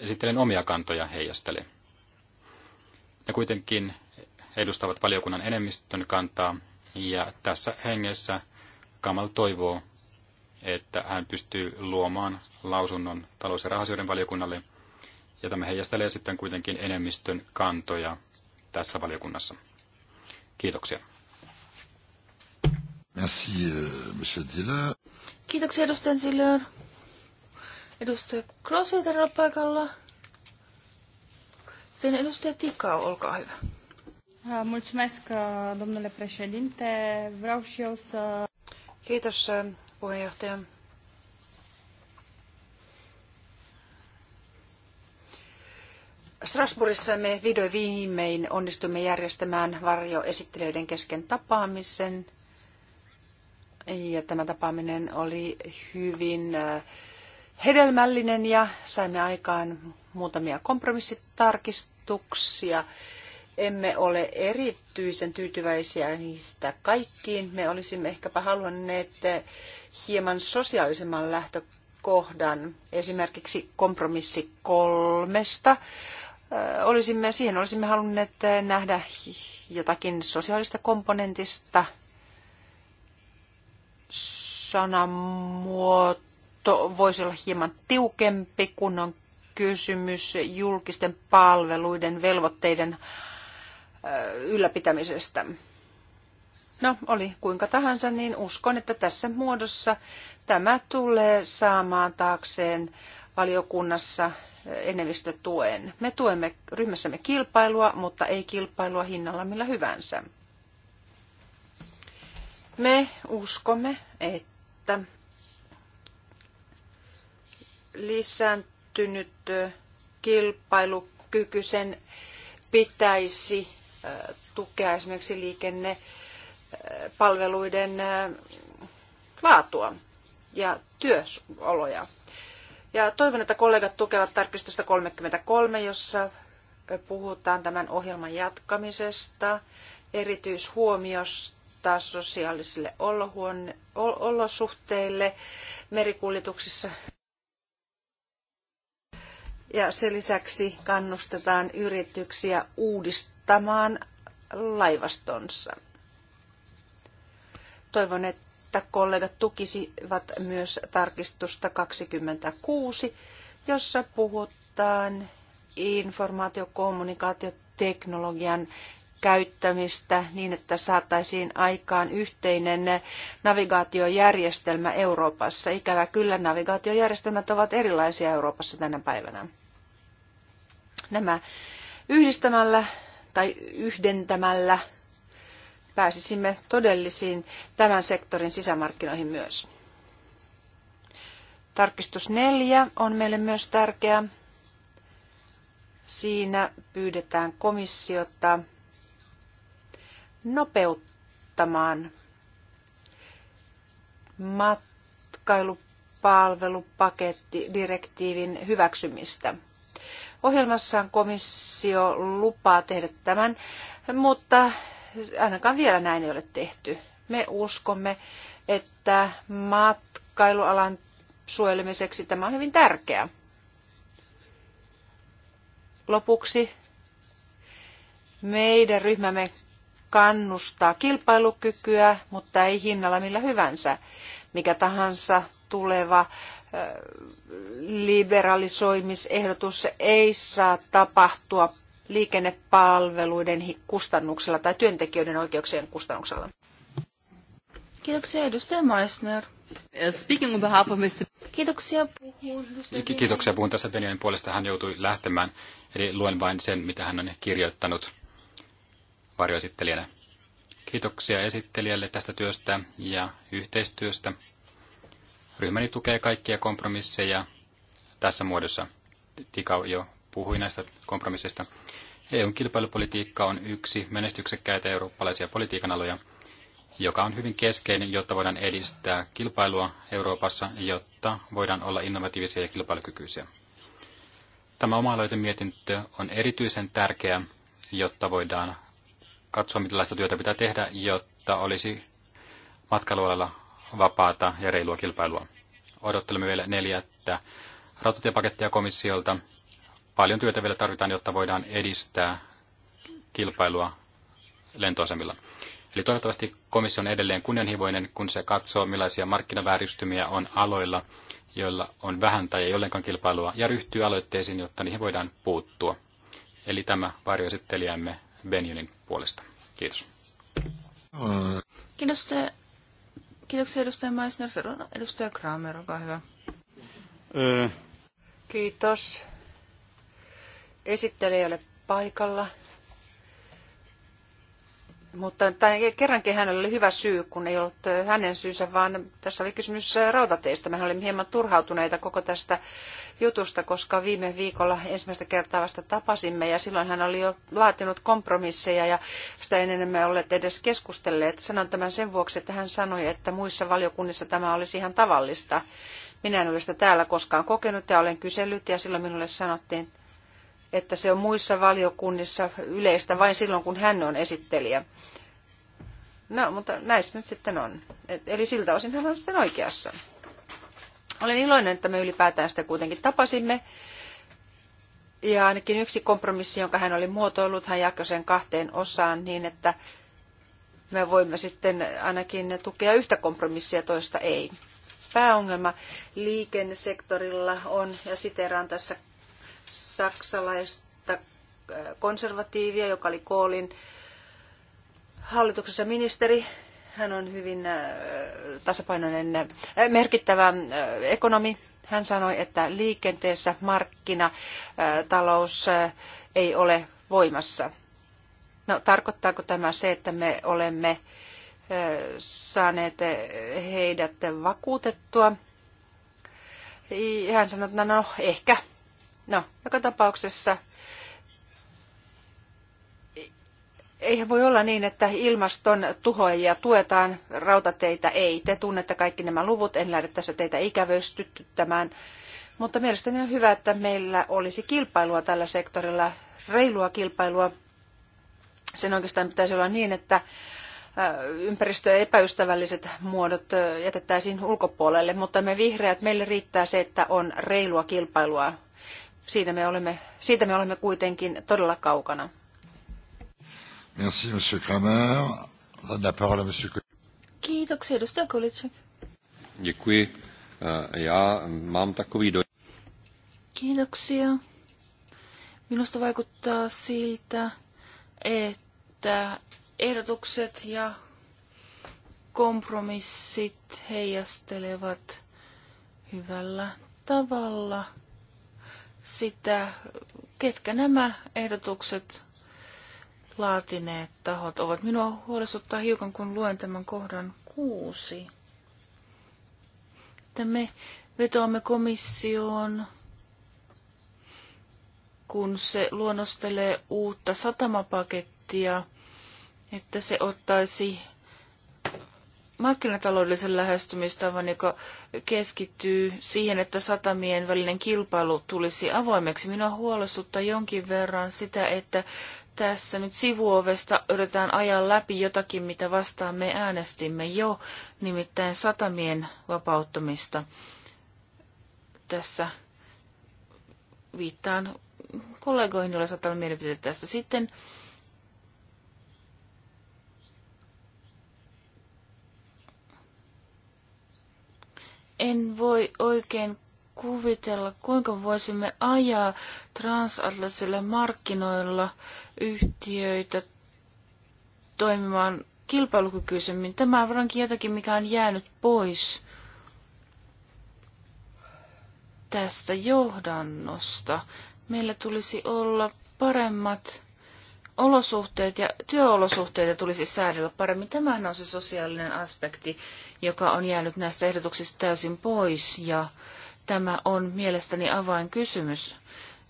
esittelen omia kantoja heijastele. Ne kuitenkin edustavat valiokunnan enemmistön kantaa, ja tässä hengessä Kamal toivoo, että hän pystyy luomaan lausunnon talous- ja rahasioiden valiokunnalle, ja tämä heijastelee sitten kuitenkin enemmistön kantoja tässä valiokunnassa. Kiitoksia. Merci, euh, Monsieur Ziller. Kiitoksia, edustaja Ziller. Edustaja Krosi täällä paikalla. Sitten edustaja Tikau, olkaa hyvä. Uh, mulțumesc, uh, domnule președinte. Vreau și eu să... Kiitos, uh, puheenjohtaja. Strasbourgissa me vihdoin viimein onnistumme järjestämään varjoesittelijöiden kesken tapaamisen. Ja tämä tapaaminen oli hyvin äh, hedelmällinen ja saimme aikaan muutamia kompromissitarkistuksia. Emme ole erityisen tyytyväisiä niistä kaikkiin. Me olisimme ehkäpä halunneet äh, hieman sosiaalisemman lähtökohdan. Esimerkiksi kompromissi kolmesta äh, olisimme, siihen olisimme halunneet nähdä jotakin sosiaalista komponentista sanamuoto voisi olla hieman tiukempi, kun on kysymys julkisten palveluiden velvoitteiden ylläpitämisestä. No, oli kuinka tahansa, niin uskon, että tässä muodossa tämä tulee saamaan taakseen valiokunnassa enemmistötuen. Me tuemme ryhmässämme kilpailua, mutta ei kilpailua hinnalla millä hyvänsä. Me uskomme, että että lisääntynyt kilpailukyky sen pitäisi tukea esimerkiksi liikennepalveluiden laatua ja työoloja. Ja toivon, että kollegat tukevat tarkistusta 33, jossa puhutaan tämän ohjelman jatkamisesta, erityishuomiosta vaikuttaa sosiaalisille olohuone- olosuhteille merikuljetuksissa. Ja sen lisäksi kannustetaan yrityksiä uudistamaan laivastonsa. Toivon, että kollegat tukisivat myös tarkistusta 26, jossa puhutaan informaatiokommunikaatioteknologian käyttämistä niin, että saataisiin aikaan yhteinen navigaatiojärjestelmä Euroopassa. Ikävä kyllä navigaatiojärjestelmät ovat erilaisia Euroopassa tänä päivänä. Nämä yhdistämällä tai yhdentämällä pääsisimme todellisiin tämän sektorin sisämarkkinoihin myös. Tarkistus neljä on meille myös tärkeä. Siinä pyydetään komissiota nopeuttamaan matkailupalvelupakettidirektiivin hyväksymistä. Ohjelmassaan komissio lupaa tehdä tämän, mutta ainakaan vielä näin ei ole tehty. Me uskomme, että matkailualan suojelemiseksi tämä on hyvin tärkeää. Lopuksi meidän ryhmämme kannustaa kilpailukykyä, mutta ei hinnalla millä hyvänsä. Mikä tahansa tuleva liberalisoimisehdotus ei saa tapahtua liikennepalveluiden kustannuksella tai työntekijöiden oikeuksien kustannuksella. Kiitoksia edustaja Meissner. Uh, speaking on behalf of Mr. Kiitoksia. Puhun, Kiitoksia. Puhun tässä Benjamin puolesta. Hän joutui lähtemään, eli luen vain sen, mitä hän on kirjoittanut varjoesittelijänä. Kiitoksia esittelijälle tästä työstä ja yhteistyöstä. Ryhmäni tukee kaikkia kompromisseja tässä muodossa. Tikau jo puhui näistä kompromisseista. EUn kilpailupolitiikka on yksi menestyksekkäitä eurooppalaisia politiikan aloja, joka on hyvin keskeinen, jotta voidaan edistää kilpailua Euroopassa, jotta voidaan olla innovatiivisia ja kilpailukykyisiä. Tämä oma mietintö on erityisen tärkeä, jotta voidaan katsoa, millaista työtä pitää tehdä, jotta olisi matkailualalla vapaata ja reilua kilpailua. Odottelemme vielä neljättä rautatiepakettia komissiolta. Paljon työtä vielä tarvitaan, jotta voidaan edistää kilpailua lentoasemilla. Eli toivottavasti komissio on edelleen kunnianhimoinen, kun se katsoo, millaisia markkinavääristymiä on aloilla, joilla on vähän tai ei ollenkaan kilpailua, ja ryhtyy aloitteisiin, jotta niihin voidaan puuttua. Eli tämä varjoesittelijämme Benjelin puolesta. Kiitos. Kiitos te. Kiitoksia edustaja Meissner. Edustaja Kramer, olkaa hyvä. Kiitos. Esittelijä ei ole paikalla, mutta kerrankin hänellä oli hyvä syy, kun ei ollut hänen syynsä, vaan tässä oli kysymys rautateistä. Mehän olimme hieman turhautuneita koko tästä jutusta, koska viime viikolla ensimmäistä kertaa vasta tapasimme ja silloin hän oli jo laatinut kompromisseja ja sitä ennen enemmän ole edes keskustelleet. Sanon tämän sen vuoksi, että hän sanoi, että muissa valiokunnissa tämä olisi ihan tavallista. Minä en ole sitä täällä koskaan kokenut ja olen kysellyt ja silloin minulle sanottiin, että se on muissa valiokunnissa yleistä vain silloin, kun hän on esittelijä. No, mutta näissä nyt sitten on. Et, eli siltä osin hän on sitten oikeassa. Olen iloinen, että me ylipäätään sitä kuitenkin tapasimme. Ja ainakin yksi kompromissi, jonka hän oli muotoillut, hän jakoi sen kahteen osaan niin, että me voimme sitten ainakin tukea yhtä kompromissia, toista ei. Pääongelma liikennesektorilla on, ja siteraan tässä saksalaista äh, konservatiivia, joka oli Koolin hallituksessa ministeri. Hän on hyvin äh, tasapainoinen, äh, merkittävä ekonomi. Hän sanoi, että liikenteessä markkinatalous ei ole voimassa. No, tarkoittaako tämä se, että me olemme saaneet heidät vakuutettua? Hän sanoi, että no, no ehkä No, joka tapauksessa eihän voi olla niin, että ilmaston tuhoajia tuetaan, rautateitä ei. Te tunnette kaikki nämä luvut, en lähde tässä teitä ikävöistyttämään. Mutta mielestäni on hyvä, että meillä olisi kilpailua tällä sektorilla, reilua kilpailua. Sen oikeastaan pitäisi olla niin, että äh, ympäristö- ja epäystävälliset muodot äh, jätettäisiin ulkopuolelle, mutta me vihreät, meille riittää se, että on reilua kilpailua siitä me olemme, siitä me olemme kuitenkin todella kaukana. Merci, monsieur Kramer. La parole, monsieur... Kiitoksia, edustaja Kolitsek. Děkuji. Eh, já mám takový do... Kiitoksia. Minusta vaikuttaa siltä, että ehdotukset ja kompromissit heijastelevat hyvällä tavalla – sitä, ketkä nämä ehdotukset laatineet tahot ovat. Minua huolestuttaa hiukan, kun luen tämän kohdan kuusi. Että me vetoamme komissioon, kun se luonnostelee uutta satamapakettia, että se ottaisi markkinataloudellisen lähestymistavan, joka keskittyy siihen, että satamien välinen kilpailu tulisi avoimeksi. Minua huolestuttaa jonkin verran sitä, että tässä nyt sivuovesta yritetään ajaa läpi jotakin, mitä vastaan me äänestimme jo, nimittäin satamien vapauttamista. Tässä viittaan kollegoihin, joilla satamien mielipiteitä tästä. Sitten en voi oikein kuvitella, kuinka voisimme ajaa transatlantisilla markkinoilla yhtiöitä toimimaan kilpailukykyisemmin. Tämä on varmaankin jotakin, mikä on jäänyt pois tästä johdannosta. Meillä tulisi olla paremmat olosuhteet ja työolosuhteita tulisi säädellä paremmin. Tämähän on se sosiaalinen aspekti, joka on jäänyt näistä ehdotuksista täysin pois ja tämä on mielestäni avainkysymys.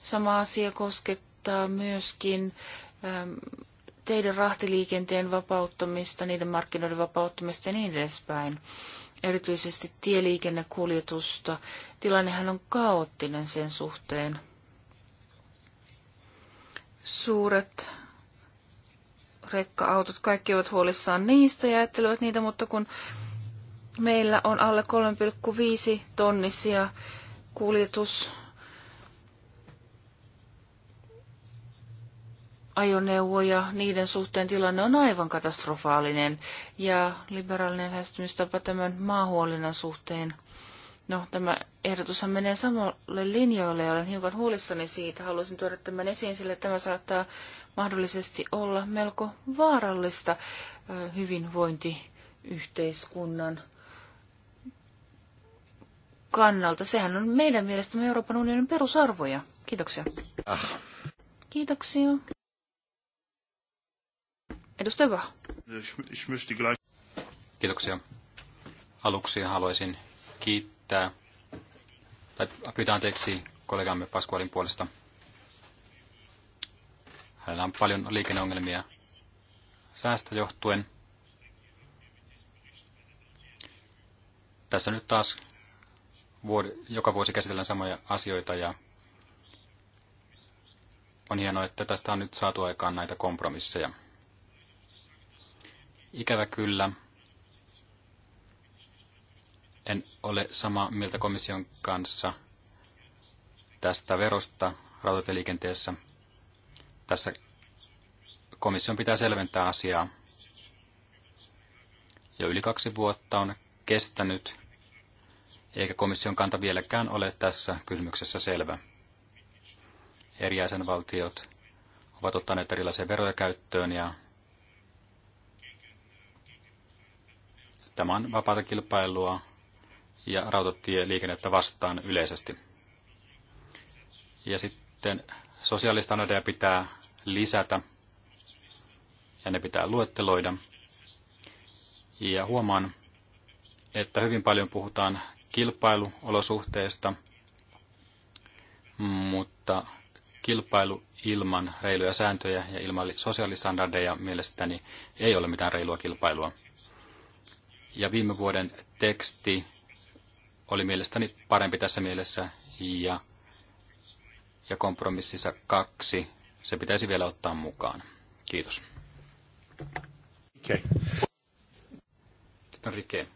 Sama asia koskettaa myöskin äm, teidän rahtiliikenteen vapauttamista, niiden markkinoiden vapauttamista ja niin edespäin. Erityisesti tieliikennekuljetusta. Tilannehan on kaoottinen sen suhteen. Suuret rekka-autot, kaikki ovat huolissaan niistä ja ajattelevat niitä, mutta kun meillä on alle 3,5 tonnisia kuljetus ajoneuvoja, niiden suhteen tilanne on aivan katastrofaalinen ja liberaalinen lähestymistapa tämän maahuolinnan suhteen No, tämä ehdotushan menee samalle linjoille ja olen hiukan huolissani siitä. Haluaisin tuoda tämän esiin, sillä tämä saattaa mahdollisesti olla melko vaarallista hyvinvointiyhteiskunnan kannalta. Sehän on meidän mielestämme Euroopan unionin perusarvoja. Kiitoksia. Ah. Kiitoksia. Edustaja Vah. Kiitoksia. Aluksi haluaisin kiittää kiittää, tai pyytää anteeksi kollegamme Pasqualin puolesta. Hänellä on paljon liikenneongelmia säästä johtuen. Tässä nyt taas vuod- joka vuosi käsitellään samoja asioita ja on hienoa, että tästä on nyt saatu aikaan näitä kompromisseja. Ikävä kyllä, en ole samaa mieltä komission kanssa tästä verosta rautatieliikenteessä. Tässä komission pitää selventää asiaa. Jo yli kaksi vuotta on kestänyt, eikä komission kanta vieläkään ole tässä kysymyksessä selvä. Eri jäsenvaltiot ovat ottaneet erilaisia veroja käyttöön ja tämä on vapaata kilpailua ja rautatieliikennettä vastaan yleisesti. Ja sitten sosiaalistandardeja pitää lisätä ja ne pitää luetteloida. Ja huomaan, että hyvin paljon puhutaan kilpailuolosuhteista, mutta kilpailu ilman reiluja sääntöjä ja ilman sosiaalistandardeja mielestäni ei ole mitään reilua kilpailua. Ja viime vuoden teksti oli mielestäni parempi tässä mielessä ja, ja kompromississa kaksi se pitäisi vielä ottaa mukaan. Kiitos. Okay. Sitten Rike.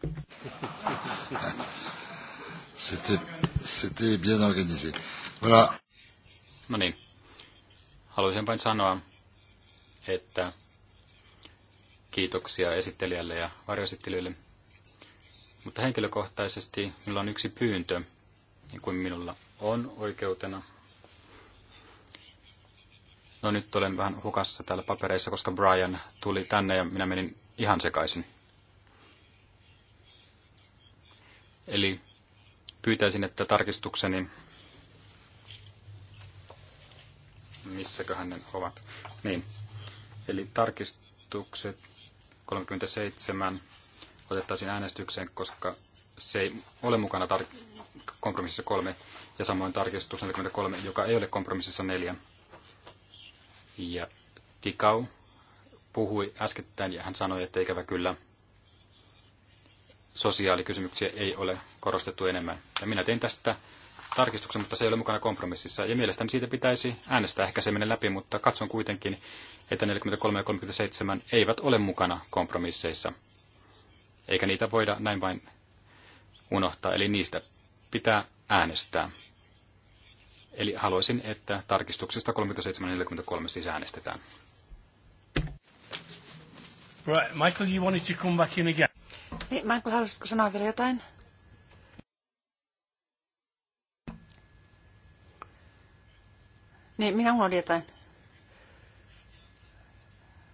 C'était bien organisé. Voilà. No niin. Haluaisin vain sanoa, että kiitoksia esittelijälle ja varjoesittelijöille. Mutta henkilökohtaisesti minulla on yksi pyyntö, niin kuin minulla on oikeutena. No nyt olen vähän hukassa täällä papereissa, koska Brian tuli tänne ja minä menin ihan sekaisin. Eli pyytäisin, että tarkistukseni, missäköhän ne ovat, niin, eli tarkistukset 37, otettaisiin äänestykseen, koska se ei ole mukana tar- kompromississa kolme ja samoin tarkistus 43, joka ei ole kompromississa neljä. Ja Tikau puhui äskettäin ja hän sanoi, että ikävä kyllä sosiaalikysymyksiä ei ole korostettu enemmän. Ja minä tein tästä tarkistuksen, mutta se ei ole mukana kompromississa. Ja mielestäni siitä pitäisi äänestää. Ehkä se menee läpi, mutta katson kuitenkin, että 43 ja 37 eivät ole mukana kompromisseissa eikä niitä voida näin vain unohtaa, eli niistä pitää äänestää. Eli haluaisin, että tarkistuksesta 3743 siis äänestetään. Right, Michael, you wanted to come back in again. Niin, Michael, haluaisitko sanoa vielä jotain? Niin, minä unohdin jotain.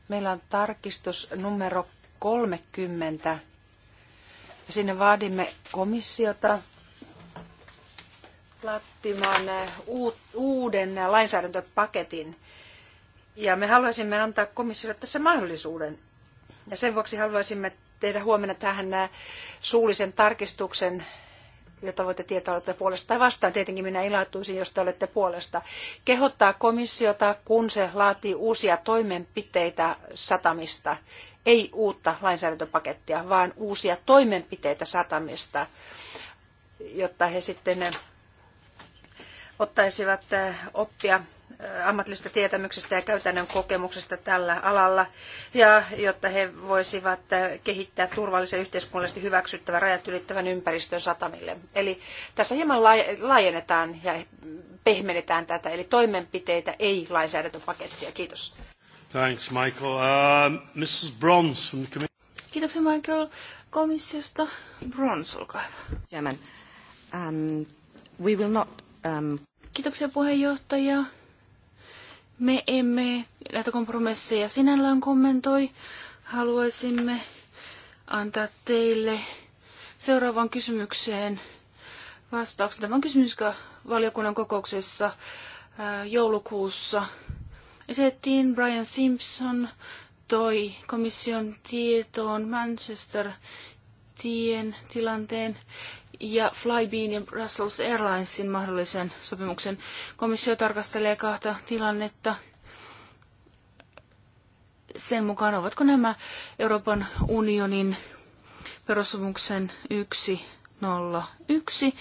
Meillä on tarkistus numero 30 Sinne vaadimme komissiota laattimaan eh, uuden lainsäädäntöpaketin. Ja me haluaisimme antaa komissiolle tässä mahdollisuuden. Ja sen vuoksi haluaisimme tehdä huomenna tähän eh, suullisen tarkistuksen, jota voitte tietää, olette puolesta tai vastaan. Tietenkin minä ilahtuisin, jos te olette puolesta. Kehottaa komissiota, kun se laatii uusia toimenpiteitä satamista ei uutta lainsäädäntöpakettia, vaan uusia toimenpiteitä satamista, jotta he sitten eh, ottaisivat eh, oppia eh, ammatillisesta tietämyksestä ja käytännön kokemuksesta tällä alalla, ja jotta he voisivat kehittää turvallisen yhteiskunnallisesti hyväksyttävän rajat ylittävän ympäristön satamille. Eli tässä hieman laajennetaan ja pehmennetään tätä, eli toimenpiteitä, ei lainsäädäntöpakettia. Kiitos. Thanks, Michael. Uh, Mrs. Bronze from the committee. Kiitoksia, Michael. Komissiosta Bronze, olkaa hyvä. Chairman, um, we will not... Um... Kiitoksia, puheenjohtaja. Me emme näitä kompromisseja sinällään kommentoi. Haluaisimme antaa teille seuraavaan kysymykseen vastauksen. Tämä on kysymys, joka valiokunnan kokouksessa äh, joulukuussa esitettiin, Brian Simpson toi komission tietoon Manchester-tien tilanteen ja Flybean ja Brussels Airlinesin mahdollisen sopimuksen. Komissio tarkastelee kahta tilannetta sen mukaan, ovatko nämä Euroopan unionin perussopimuksen 101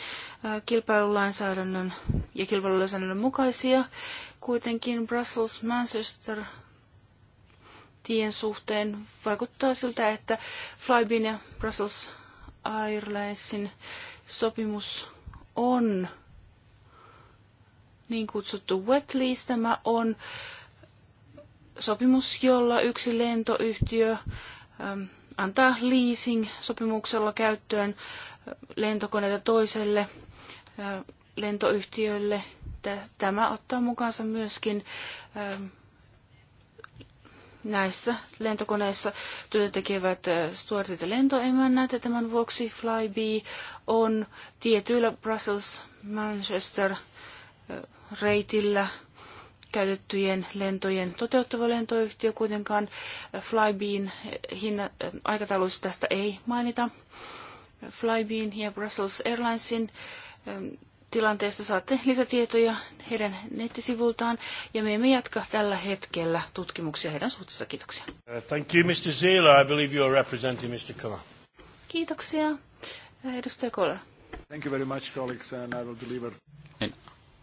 kilpailulainsäädännön ja kilpailulainsäädännön mukaisia Kuitenkin Brussels-Manchester tien suhteen vaikuttaa siltä, että Flybin ja Brussels Airlinesin sopimus on niin kutsuttu wet lease. Tämä on sopimus, jolla yksi lentoyhtiö ähm, antaa leasing-sopimuksella käyttöön lentokoneita toiselle äh, lentoyhtiölle – tämä ottaa mukaansa myöskin ähm, näissä lentokoneissa työtä tekevät äh, stuartit ja lentoemännät. Ja tämän vuoksi Flybe on tietyillä Brussels-Manchester äh, reitillä käytettyjen lentojen toteuttava lentoyhtiö. Kuitenkaan Flybein hinna, äh, aikatauluissa tästä ei mainita. Flybeen ja Brussels Airlinesin ähm, tilanteesta saatte lisätietoja heidän nettisivultaan ja me emme jatka tällä hetkellä tutkimuksia heidän suhteessa. Kiitoksia. Uh, thank you, Mr. Zila. I believe you are representing Mr. Kola. Kiitoksia. Uh, edustaja Kola. Thank you very much, colleagues, and I will deliver. Niin.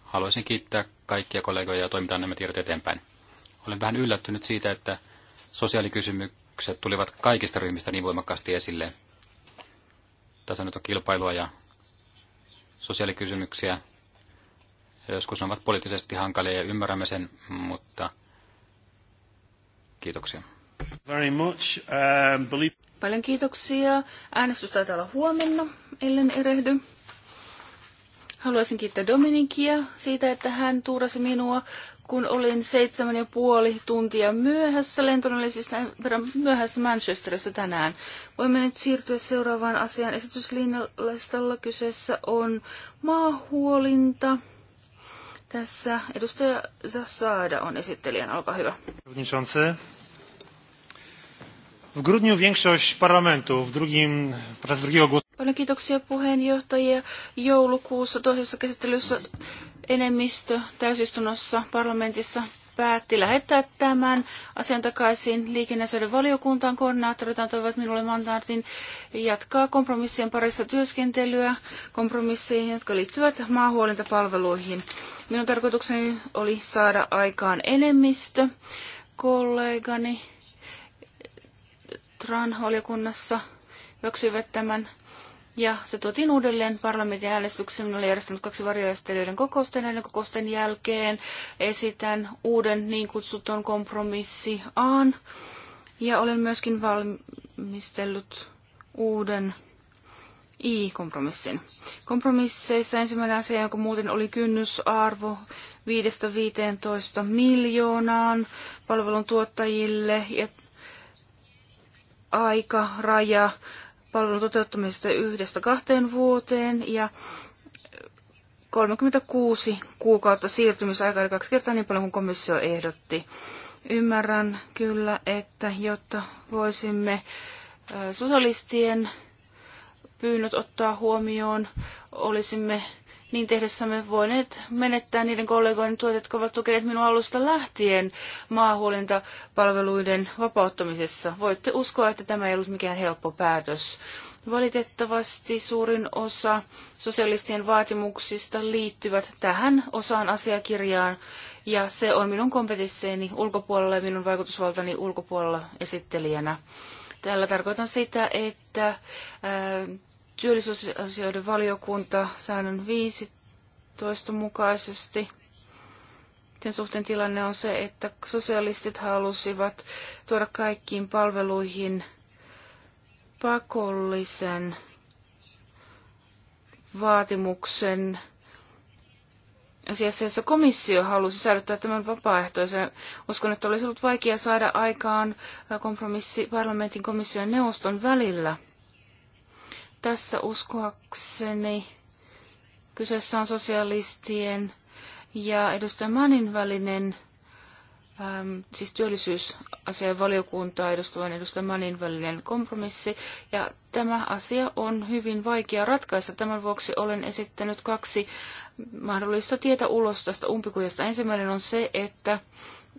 Haluaisin kiittää kaikkia kollegoja ja toimittaa nämä tiedot eteenpäin. Olen vähän yllättynyt siitä, että sosiaalikysymykset tulivat kaikista ryhmistä niin voimakkaasti esille. Tässä nyt on kilpailua ja sosiaalikysymyksiä. Joskus ne ovat poliittisesti hankalia ja ymmärrämme sen, mutta kiitoksia. Very much. Uh, believe... Paljon kiitoksia. Äänestys taitaa olla huomenna, ellen erehdy. Haluaisin kiittää Dominikia siitä, että hän tuurasi minua kun olin seitsemän ja puoli tuntia myöhässä, lentoni oli siis verran myöhässä Manchesterissa tänään. Voimme nyt siirtyä seuraavaan asiaan. Esityslinjalla kyseessä on maahuolinta. Tässä edustaja Zasada on esittelijän. Olkaa hyvä. W grudniu większość parlamentu w drugim, podczas drugiego głosu... Paljon kiitoksia puheenjohtajia. Joulukuussa toisessa käsittelyssä enemmistö täysistunnossa parlamentissa päätti lähettää tämän asian takaisin liikenneasioiden valiokuntaan. Koordinaattorit antoivat minulle mandaatin jatkaa kompromissien parissa työskentelyä, kompromisseihin, jotka liittyvät maahuolintapalveluihin. Minun tarkoitukseni oli saada aikaan enemmistö kollegani Tran-valiokunnassa hyväksyivät tämän ja se tuotiin uudelleen parlamentin äänestykseen. Minä olen järjestänyt kaksi varjoistelijoiden kokousta ja näiden kokousten jälkeen esitän uuden niin kutsutun kompromissi Aan. Ja olen myöskin valmistellut uuden I-kompromissin. Kompromisseissa ensimmäinen asia, joka muuten oli kynnysarvo 5-15 miljoonaan palvelun tuottajille ja raja palvelun toteuttamisesta yhdestä kahteen vuoteen ja 36 kuukautta siirtymisaikaa, eli kaksi kertaa niin paljon kuin komissio ehdotti. Ymmärrän kyllä, että jotta voisimme sosialistien pyynnöt ottaa huomioon, olisimme niin tehdessämme voineet menettää niiden kollegoiden tuet, jotka ovat tukeneet minua alusta lähtien maahuolintapalveluiden vapauttamisessa. Voitte uskoa, että tämä ei ollut mikään helppo päätös. Valitettavasti suurin osa sosialistien vaatimuksista liittyvät tähän osaan asiakirjaan, ja se on minun kompetisseeni ulkopuolella ja minun vaikutusvaltani ulkopuolella esittelijänä. Tällä tarkoitan sitä, että työllisyysasioiden valiokunta säännön 15 mukaisesti. Sen suhteen tilanne on se, että sosialistit halusivat tuoda kaikkiin palveluihin pakollisen vaatimuksen asiassa, jossa komissio halusi säilyttää tämän vapaaehtoisen. Uskon, että olisi ollut vaikea saada aikaan kompromissi parlamentin komission ja neuvoston välillä – tässä uskoakseni kyseessä on sosialistien ja edustaja Manin välinen, äm, siis työllisyysasian valiokuntaa edustavan edustaja Manin välinen kompromissi. Ja tämä asia on hyvin vaikea ratkaista. Tämän vuoksi olen esittänyt kaksi mahdollista tietä ulos tästä umpikujasta. Ensimmäinen on se, että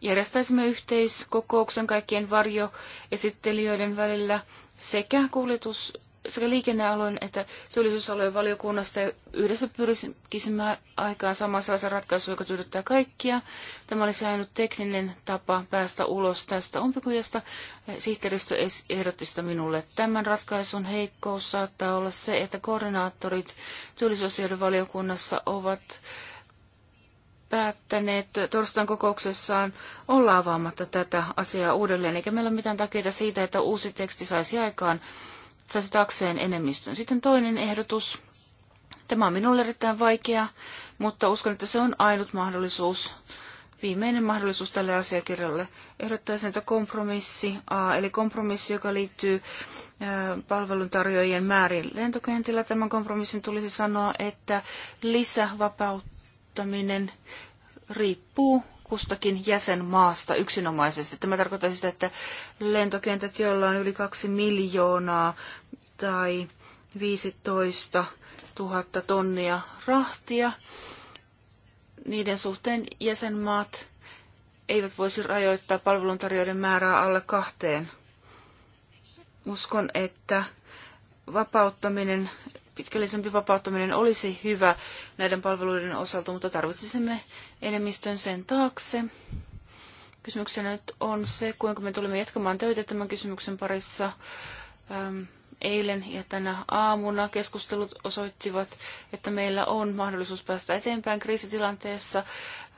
järjestäisimme yhteiskokouksen kaikkien varjoesittelijöiden välillä sekä kuljetus sekä liikennealueen että työllisyysalueen valiokunnasta ja yhdessä pyrkisimme aikaan samaan sellaisen ratkaisun, joka tyydyttää kaikkia. Tämä oli ainut tekninen tapa päästä ulos tästä umpikujasta. Sihteeristö ehdotti sitä minulle. Tämän ratkaisun heikkous saattaa olla se, että koordinaattorit työllisyysasioiden valiokunnassa ovat päättäneet torstain kokouksessaan olla avaamatta tätä asiaa uudelleen, eikä meillä ole mitään takia siitä, että uusi teksti saisi aikaan saisi takseen enemmistön. Sitten toinen ehdotus. Tämä on minulle erittäin vaikea, mutta uskon, että se on ainut mahdollisuus, viimeinen mahdollisuus tälle asiakirjalle. Ehdottaisin, että kompromissi A, eli kompromissi, joka liittyy palveluntarjoajien määrin lentokentillä. Tämän kompromissin tulisi sanoa, että lisävapauttaminen riippuu kustakin jäsenmaasta yksinomaisesti. Tämä tarkoittaa sitä, että lentokentät, joilla on yli kaksi miljoonaa tai 15 000 tonnia rahtia, niiden suhteen jäsenmaat eivät voisi rajoittaa palveluntarjoajien määrää alle kahteen. Uskon, että vapauttaminen pitkällisempi vapauttaminen olisi hyvä näiden palveluiden osalta, mutta tarvitsisimme enemmistön sen taakse. Kysymyksenä nyt on se, kuinka me tulemme jatkamaan töitä tämän kysymyksen parissa. Ähm, eilen ja tänä aamuna keskustelut osoittivat, että meillä on mahdollisuus päästä eteenpäin kriisitilanteessa.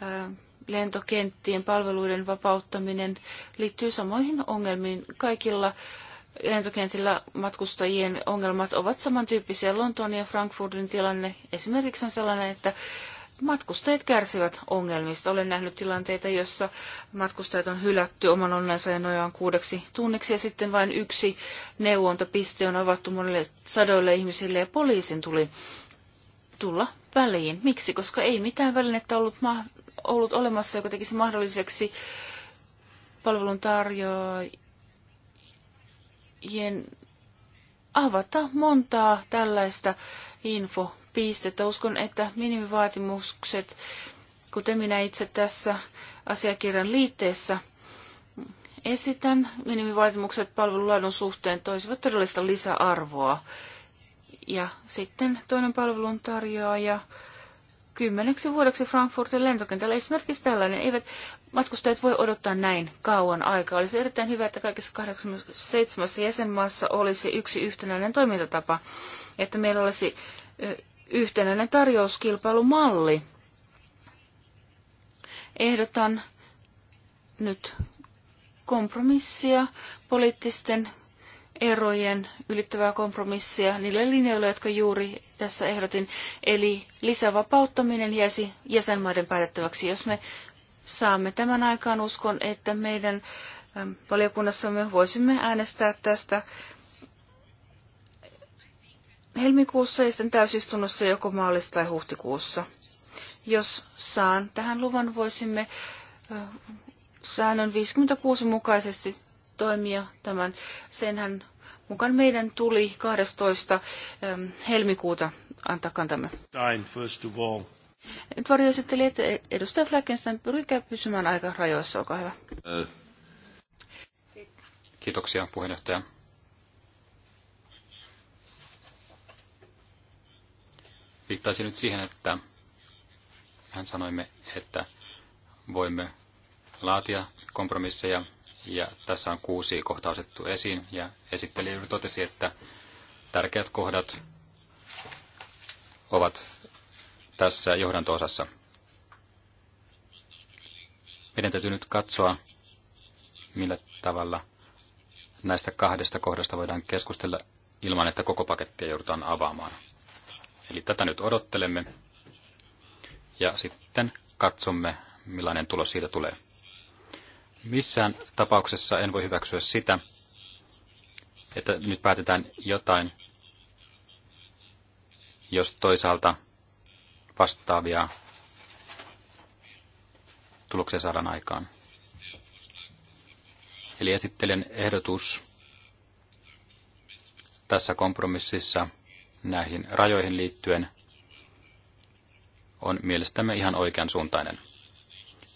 Ähm, lentokenttien palveluiden vapauttaminen liittyy samoihin ongelmiin kaikilla lentokentillä matkustajien ongelmat ovat samantyyppisiä. Lontoon ja Frankfurtin tilanne esimerkiksi on sellainen, että matkustajat kärsivät ongelmista. Olen nähnyt tilanteita, jossa matkustajat on hylätty oman onnensa ja nojaan kuudeksi tunniksi ja sitten vain yksi neuvontapiste on avattu monille sadoille ihmisille ja poliisin tuli tulla väliin. Miksi? Koska ei mitään välinettä ollut, ma- ollut olemassa, joka tekisi mahdolliseksi palvelun avata montaa tällaista infopistettä. Uskon, että minimivaatimukset, kuten minä itse tässä asiakirjan liitteessä esitän, minimivaatimukset palvelulaadun suhteen toisivat todellista lisäarvoa. Ja sitten toinen palvelun tarjoaja kymmeneksi vuodeksi Frankfurtin lentokentällä esimerkiksi tällainen, eivät matkustajat voi odottaa näin kauan aikaa. Olisi erittäin hyvä, että kaikissa 87 jäsenmaassa olisi yksi yhtenäinen toimintatapa, että meillä olisi yhtenäinen tarjouskilpailumalli. Ehdotan nyt kompromissia, poliittisten erojen ylittävää kompromissia niille linjoille, jotka juuri tässä ehdotin. Eli lisävapauttaminen jäisi jäsenmaiden päätettäväksi. Jos me saamme tämän aikaan. Uskon, että meidän ähm, valiokunnassamme voisimme äänestää tästä helmikuussa ja sitten täysistunnossa joko maalis- tai huhtikuussa. Jos saan tähän luvan, voisimme äh, säännön 56 mukaisesti toimia tämän. Senhän mukaan meidän tuli 12. Ähm, helmikuuta antaa kantamme. Time, first of all. Eduardo esitteli, että edustaja Fleckenstein, pyrkikää pysymään aika rajoissa, olkaa hyvä. Kiitoksia puheenjohtaja. Viittaisin nyt siihen, että hän sanoimme, että voimme laatia kompromisseja ja tässä on kuusi kohtaa otettu esiin ja esittelijä totesi, että tärkeät kohdat ovat tässä johdantoosassa. Meidän täytyy nyt katsoa, millä tavalla näistä kahdesta kohdasta voidaan keskustella ilman, että koko pakettia joudutaan avaamaan. Eli tätä nyt odottelemme ja sitten katsomme, millainen tulos siitä tulee. Missään tapauksessa en voi hyväksyä sitä, että nyt päätetään jotain, jos toisaalta vastaavia tuloksia saadaan aikaan. Eli esittelen ehdotus tässä kompromississa näihin rajoihin liittyen on mielestämme ihan oikean suuntainen.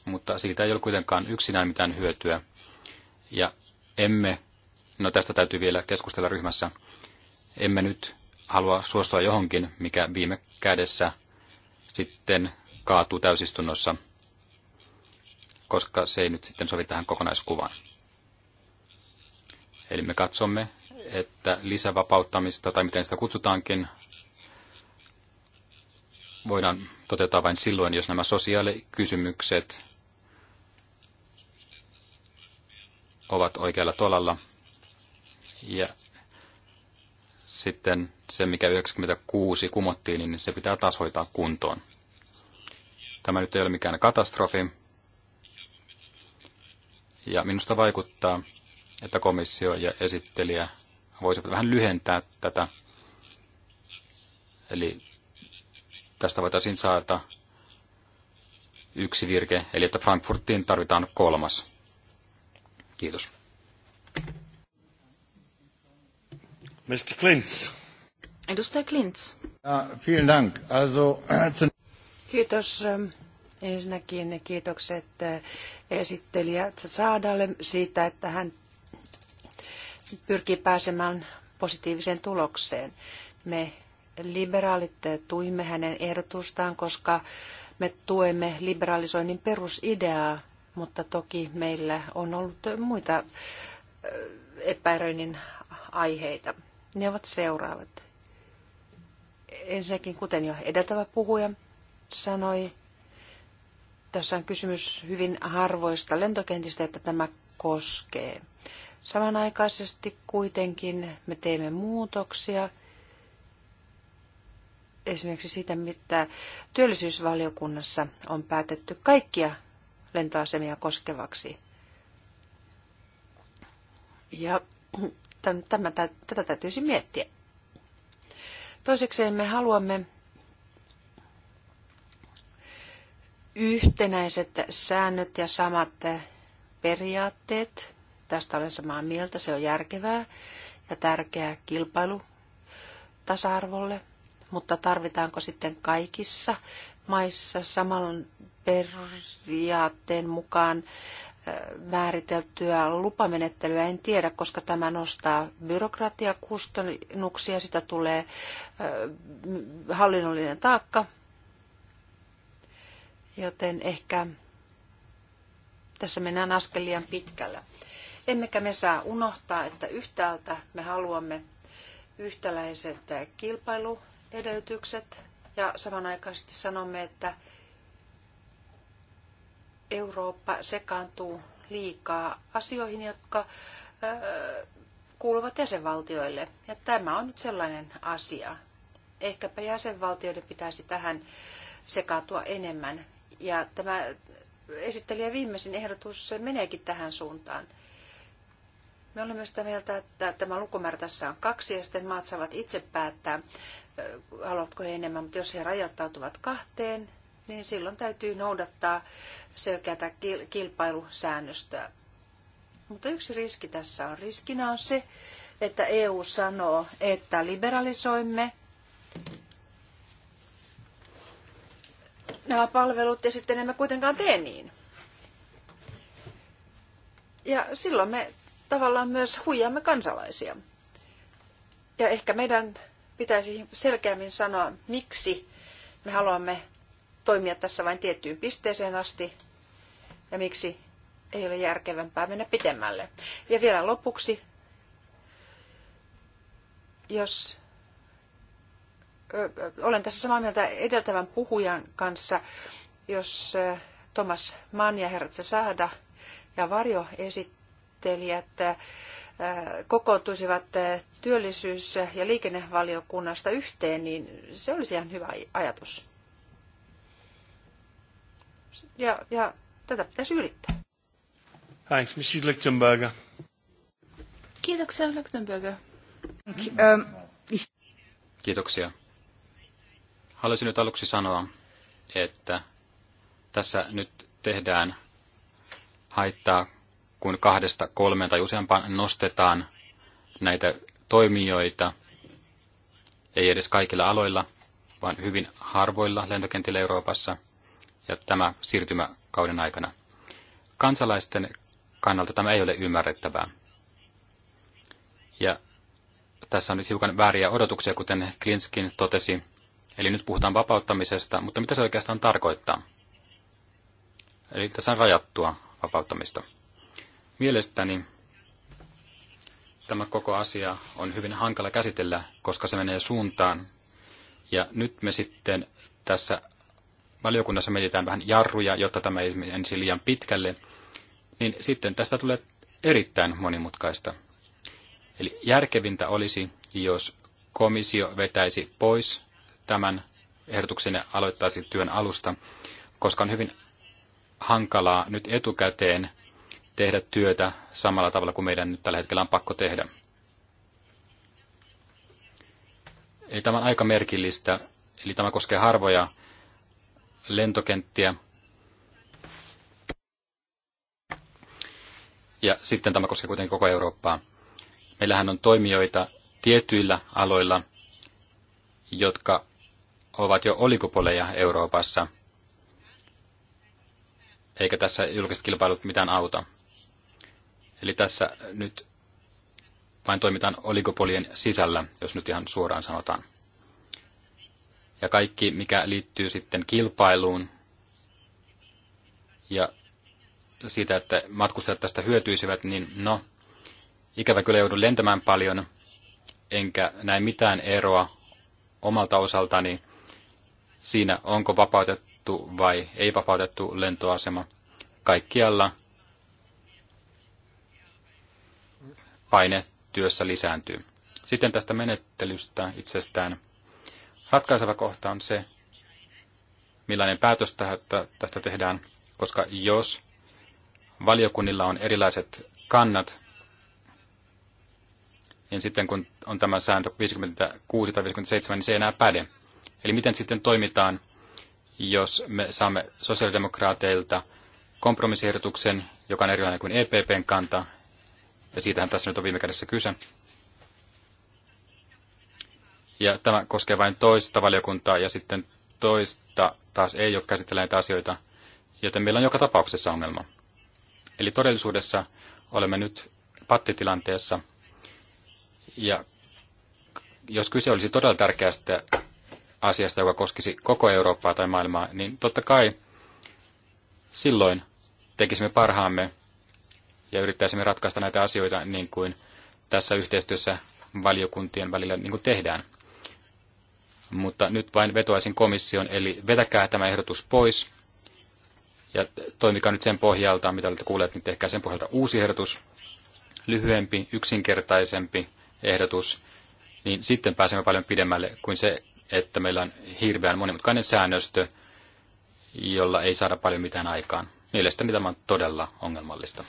Mutta siitä ei ole kuitenkaan yksinään mitään hyötyä. Ja emme, no tästä täytyy vielä keskustella ryhmässä, emme nyt halua suostua johonkin, mikä viime kädessä sitten kaatuu täysistunnossa, koska se ei nyt sitten sovi tähän kokonaiskuvaan. Eli me katsomme, että lisävapauttamista, tai miten sitä kutsutaankin, voidaan toteuttaa vain silloin, jos nämä sosiaalikysymykset ovat oikealla tolalla. Ja sitten se, mikä 96 kumottiin, niin se pitää taas hoitaa kuntoon. Tämä nyt ei ole mikään katastrofi. Ja minusta vaikuttaa, että komissio ja esittelijä voisivat vähän lyhentää tätä. Eli tästä voitaisiin saada yksi virke, eli että Frankfurtiin tarvitaan kolmas. Kiitos. Mr. Klintz. Edustaja Klintz. vielen dank. Also, äh, Kiitos. Ähm, ensinnäkin kiitokset äh, esittelijä Saadalle siitä, että hän pyrkii pääsemään positiiviseen tulokseen. Me liberaalit äh, tuimme hänen ehdotustaan, koska me tuemme liberalisoinnin perusideaa, mutta toki meillä on ollut muita epäröinnin aiheita. Ne ovat seuraavat. Ensinnäkin, kuten jo edeltävä puhuja sanoi, tässä on kysymys hyvin harvoista lentokentistä, että tämä koskee. Samanaikaisesti kuitenkin me teemme muutoksia esimerkiksi siitä, mitä työllisyysvaliokunnassa on päätetty kaikkia lentoasemia koskevaksi. Ja tämän, tätä täytyisi miettiä. Toisekseen me haluamme yhtenäiset säännöt ja samat periaatteet. Tästä olen samaa mieltä, se on järkevää ja tärkeää kilpailu tasa-arvolle, mutta tarvitaanko sitten kaikissa maissa saman periaatteen mukaan määriteltyä lupamenettelyä en tiedä, koska tämä nostaa byrokratiakustannuksia, sitä tulee hallinnollinen taakka, joten ehkä tässä mennään askel liian pitkällä. Emmekä me saa unohtaa, että yhtäältä me haluamme yhtäläiset kilpailuedellytykset ja samanaikaisesti sanomme, että Eurooppa sekaantuu liikaa asioihin, jotka kuuluvat jäsenvaltioille. Ja tämä on nyt sellainen asia. Ehkäpä jäsenvaltioiden pitäisi tähän sekaantua enemmän. Ja tämä esittelijä viimeisin ehdotus meneekin tähän suuntaan. Me olemme sitä mieltä, että tämä lukumäärä tässä on kaksi ja sitten maat saavat itse päättää, haluatko he enemmän, mutta jos he rajoittautuvat kahteen, niin silloin täytyy noudattaa selkeätä kilpailusäännöstöä. Mutta yksi riski tässä on. Riskinä on se, että EU sanoo, että liberalisoimme nämä palvelut ja sitten emme kuitenkaan tee niin. Ja silloin me tavallaan myös huijaamme kansalaisia. Ja ehkä meidän pitäisi selkeämmin sanoa, miksi me haluamme toimia tässä vain tiettyyn pisteeseen asti ja miksi ei ole järkevämpää mennä pitemmälle. Ja vielä lopuksi, jos olen tässä samaa mieltä edeltävän puhujan kanssa, jos Thomas Mann ja Herratse Saada ja varjo esittelijät kokoontuisivat työllisyys- ja liikennevaliokunnasta yhteen, niin se olisi ihan hyvä ajatus ja, ja tätä pitäisi yrittää. Thanks, Mrs. Lichtenberger. Kiitoksia, Lichtenberger. Um, Kiitoksia. Haluaisin nyt aluksi sanoa, että tässä nyt tehdään haittaa, kun kahdesta kolmeen tai useampaan nostetaan näitä toimijoita, ei edes kaikilla aloilla, vaan hyvin harvoilla lentokentillä Euroopassa – ja tämä siirtymäkauden aikana. Kansalaisten kannalta tämä ei ole ymmärrettävää. Ja tässä on nyt hiukan vääriä odotuksia, kuten Klinskin totesi. Eli nyt puhutaan vapauttamisesta, mutta mitä se oikeastaan tarkoittaa? Eli tässä on rajattua vapauttamista. Mielestäni tämä koko asia on hyvin hankala käsitellä, koska se menee suuntaan. Ja nyt me sitten tässä valiokunnassa mietitään vähän jarruja, jotta tämä ei menisi liian pitkälle, niin sitten tästä tulee erittäin monimutkaista. Eli järkevintä olisi, jos komissio vetäisi pois tämän ehdotuksen ja aloittaisi työn alusta, koska on hyvin hankalaa nyt etukäteen tehdä työtä samalla tavalla kuin meidän nyt tällä hetkellä on pakko tehdä. Eli tämä on aika merkillistä, eli tämä koskee harvoja lentokenttiä. Ja sitten tämä koskee kuitenkin koko Eurooppaa. Meillähän on toimijoita tietyillä aloilla, jotka ovat jo olikupoleja Euroopassa. Eikä tässä julkiset kilpailut mitään auta. Eli tässä nyt vain toimitaan oligopolien sisällä, jos nyt ihan suoraan sanotaan ja kaikki, mikä liittyy sitten kilpailuun ja siitä, että matkustajat tästä hyötyisivät, niin no, ikävä kyllä joudun lentämään paljon, enkä näe mitään eroa omalta osaltani siinä, onko vapautettu vai ei vapautettu lentoasema. Kaikkialla paine työssä lisääntyy. Sitten tästä menettelystä itsestään – Ratkaiseva kohta on se, millainen päätös tästä tehdään, koska jos valiokunnilla on erilaiset kannat, niin sitten kun on tämä sääntö 56 tai 57, niin se ei enää päde. Eli miten sitten toimitaan, jos me saamme sosiaalidemokraateilta kompromissiehdotuksen, joka on erilainen kuin EPPn kanta, ja siitähän tässä nyt on viime kädessä kyse. Ja tämä koskee vain toista valiokuntaa ja sitten toista taas ei ole näitä asioita, joten meillä on joka tapauksessa ongelma. Eli todellisuudessa olemme nyt pattitilanteessa. Ja jos kyse olisi todella tärkeästä asiasta, joka koskisi koko Eurooppaa tai maailmaa, niin totta kai silloin tekisimme parhaamme ja yrittäisimme ratkaista näitä asioita niin kuin tässä yhteistyössä valiokuntien välillä niin kuin tehdään. Mutta nyt vain vetoaisin komission, eli vetäkää tämä ehdotus pois ja toimikaa nyt sen pohjalta, mitä olette kuulleet, niin tehkää sen pohjalta uusi ehdotus, lyhyempi, yksinkertaisempi ehdotus, niin sitten pääsemme paljon pidemmälle kuin se, että meillä on hirveän monimutkainen säännöstö, jolla ei saada paljon mitään aikaan. Mielestäni tämä on todella ongelmallista.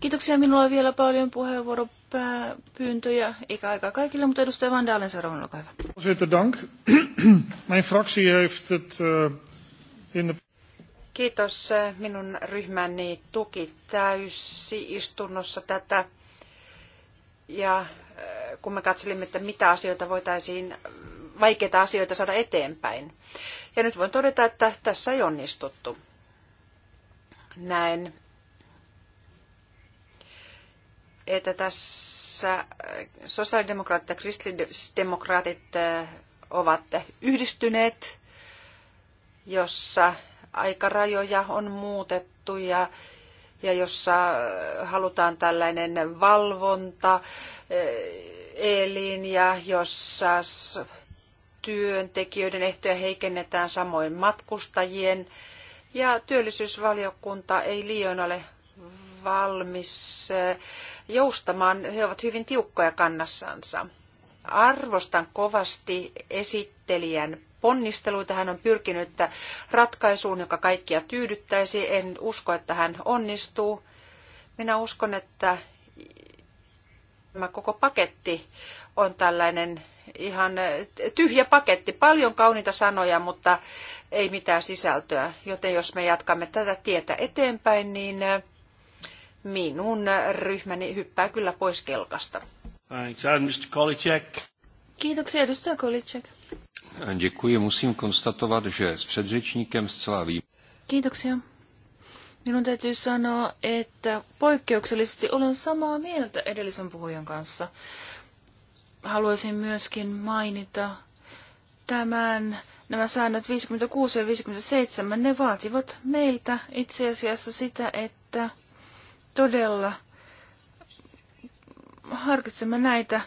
Kiitoksia. Minulla on vielä paljon puheenvuoropyyntöjä, eikä aika kaikille, mutta edustaja Van Dalen seuraavan, olkaa hyvä. dank. Mijn fractie heeft het eh, in de... Kiitos. Minun ryhmäni tuki täysi istunnossa tätä. Ja eh, kun me katselimme, että mitä asioita voitaisiin, vaikeita asioita saada eteenpäin. Ja nyt voin todeta, että tässä ei onnistuttu. näin että tässä äh, sosiaalidemokraatit ja kristillisdemokraatit äh, ovat yhdistyneet, jossa aikarajoja on muutettu ja, ja jossa äh, halutaan tällainen valvonta elin ja jossa työntekijöiden ehtoja heikennetään samoin matkustajien ja työllisyysvaliokunta ei liioin ole valmis eh, joustamaan. He ovat hyvin tiukkoja kannassansa. Arvostan kovasti esittelijän ponnisteluita. Hän on pyrkinyt ratkaisuun, joka kaikkia tyydyttäisi. En usko, että hän onnistuu. Minä uskon, että tämä koko paketti on tällainen ihan eh, tyhjä paketti. Paljon kauniita sanoja, mutta ei mitään sisältöä. Joten jos me jatkamme tätä tietä eteenpäin, niin eh, minun ryhmäni hyppää kyllä pois kelkasta. Thanks, Mr. Kolicek. Kiitoksia, edustaja Kolicek. Děkuji, musím konstatovat, že s předřečníkem zcela vím. Kiitoksia. Minun täytyy sanoa, että poikkeuksellisesti olen samaa mieltä edellisen puhujan kanssa. Haluaisin myöskin mainita tämän, nämä säännöt 56 ja 57, ne vaativat meiltä itse asiassa sitä, että todella harkitsemme näitä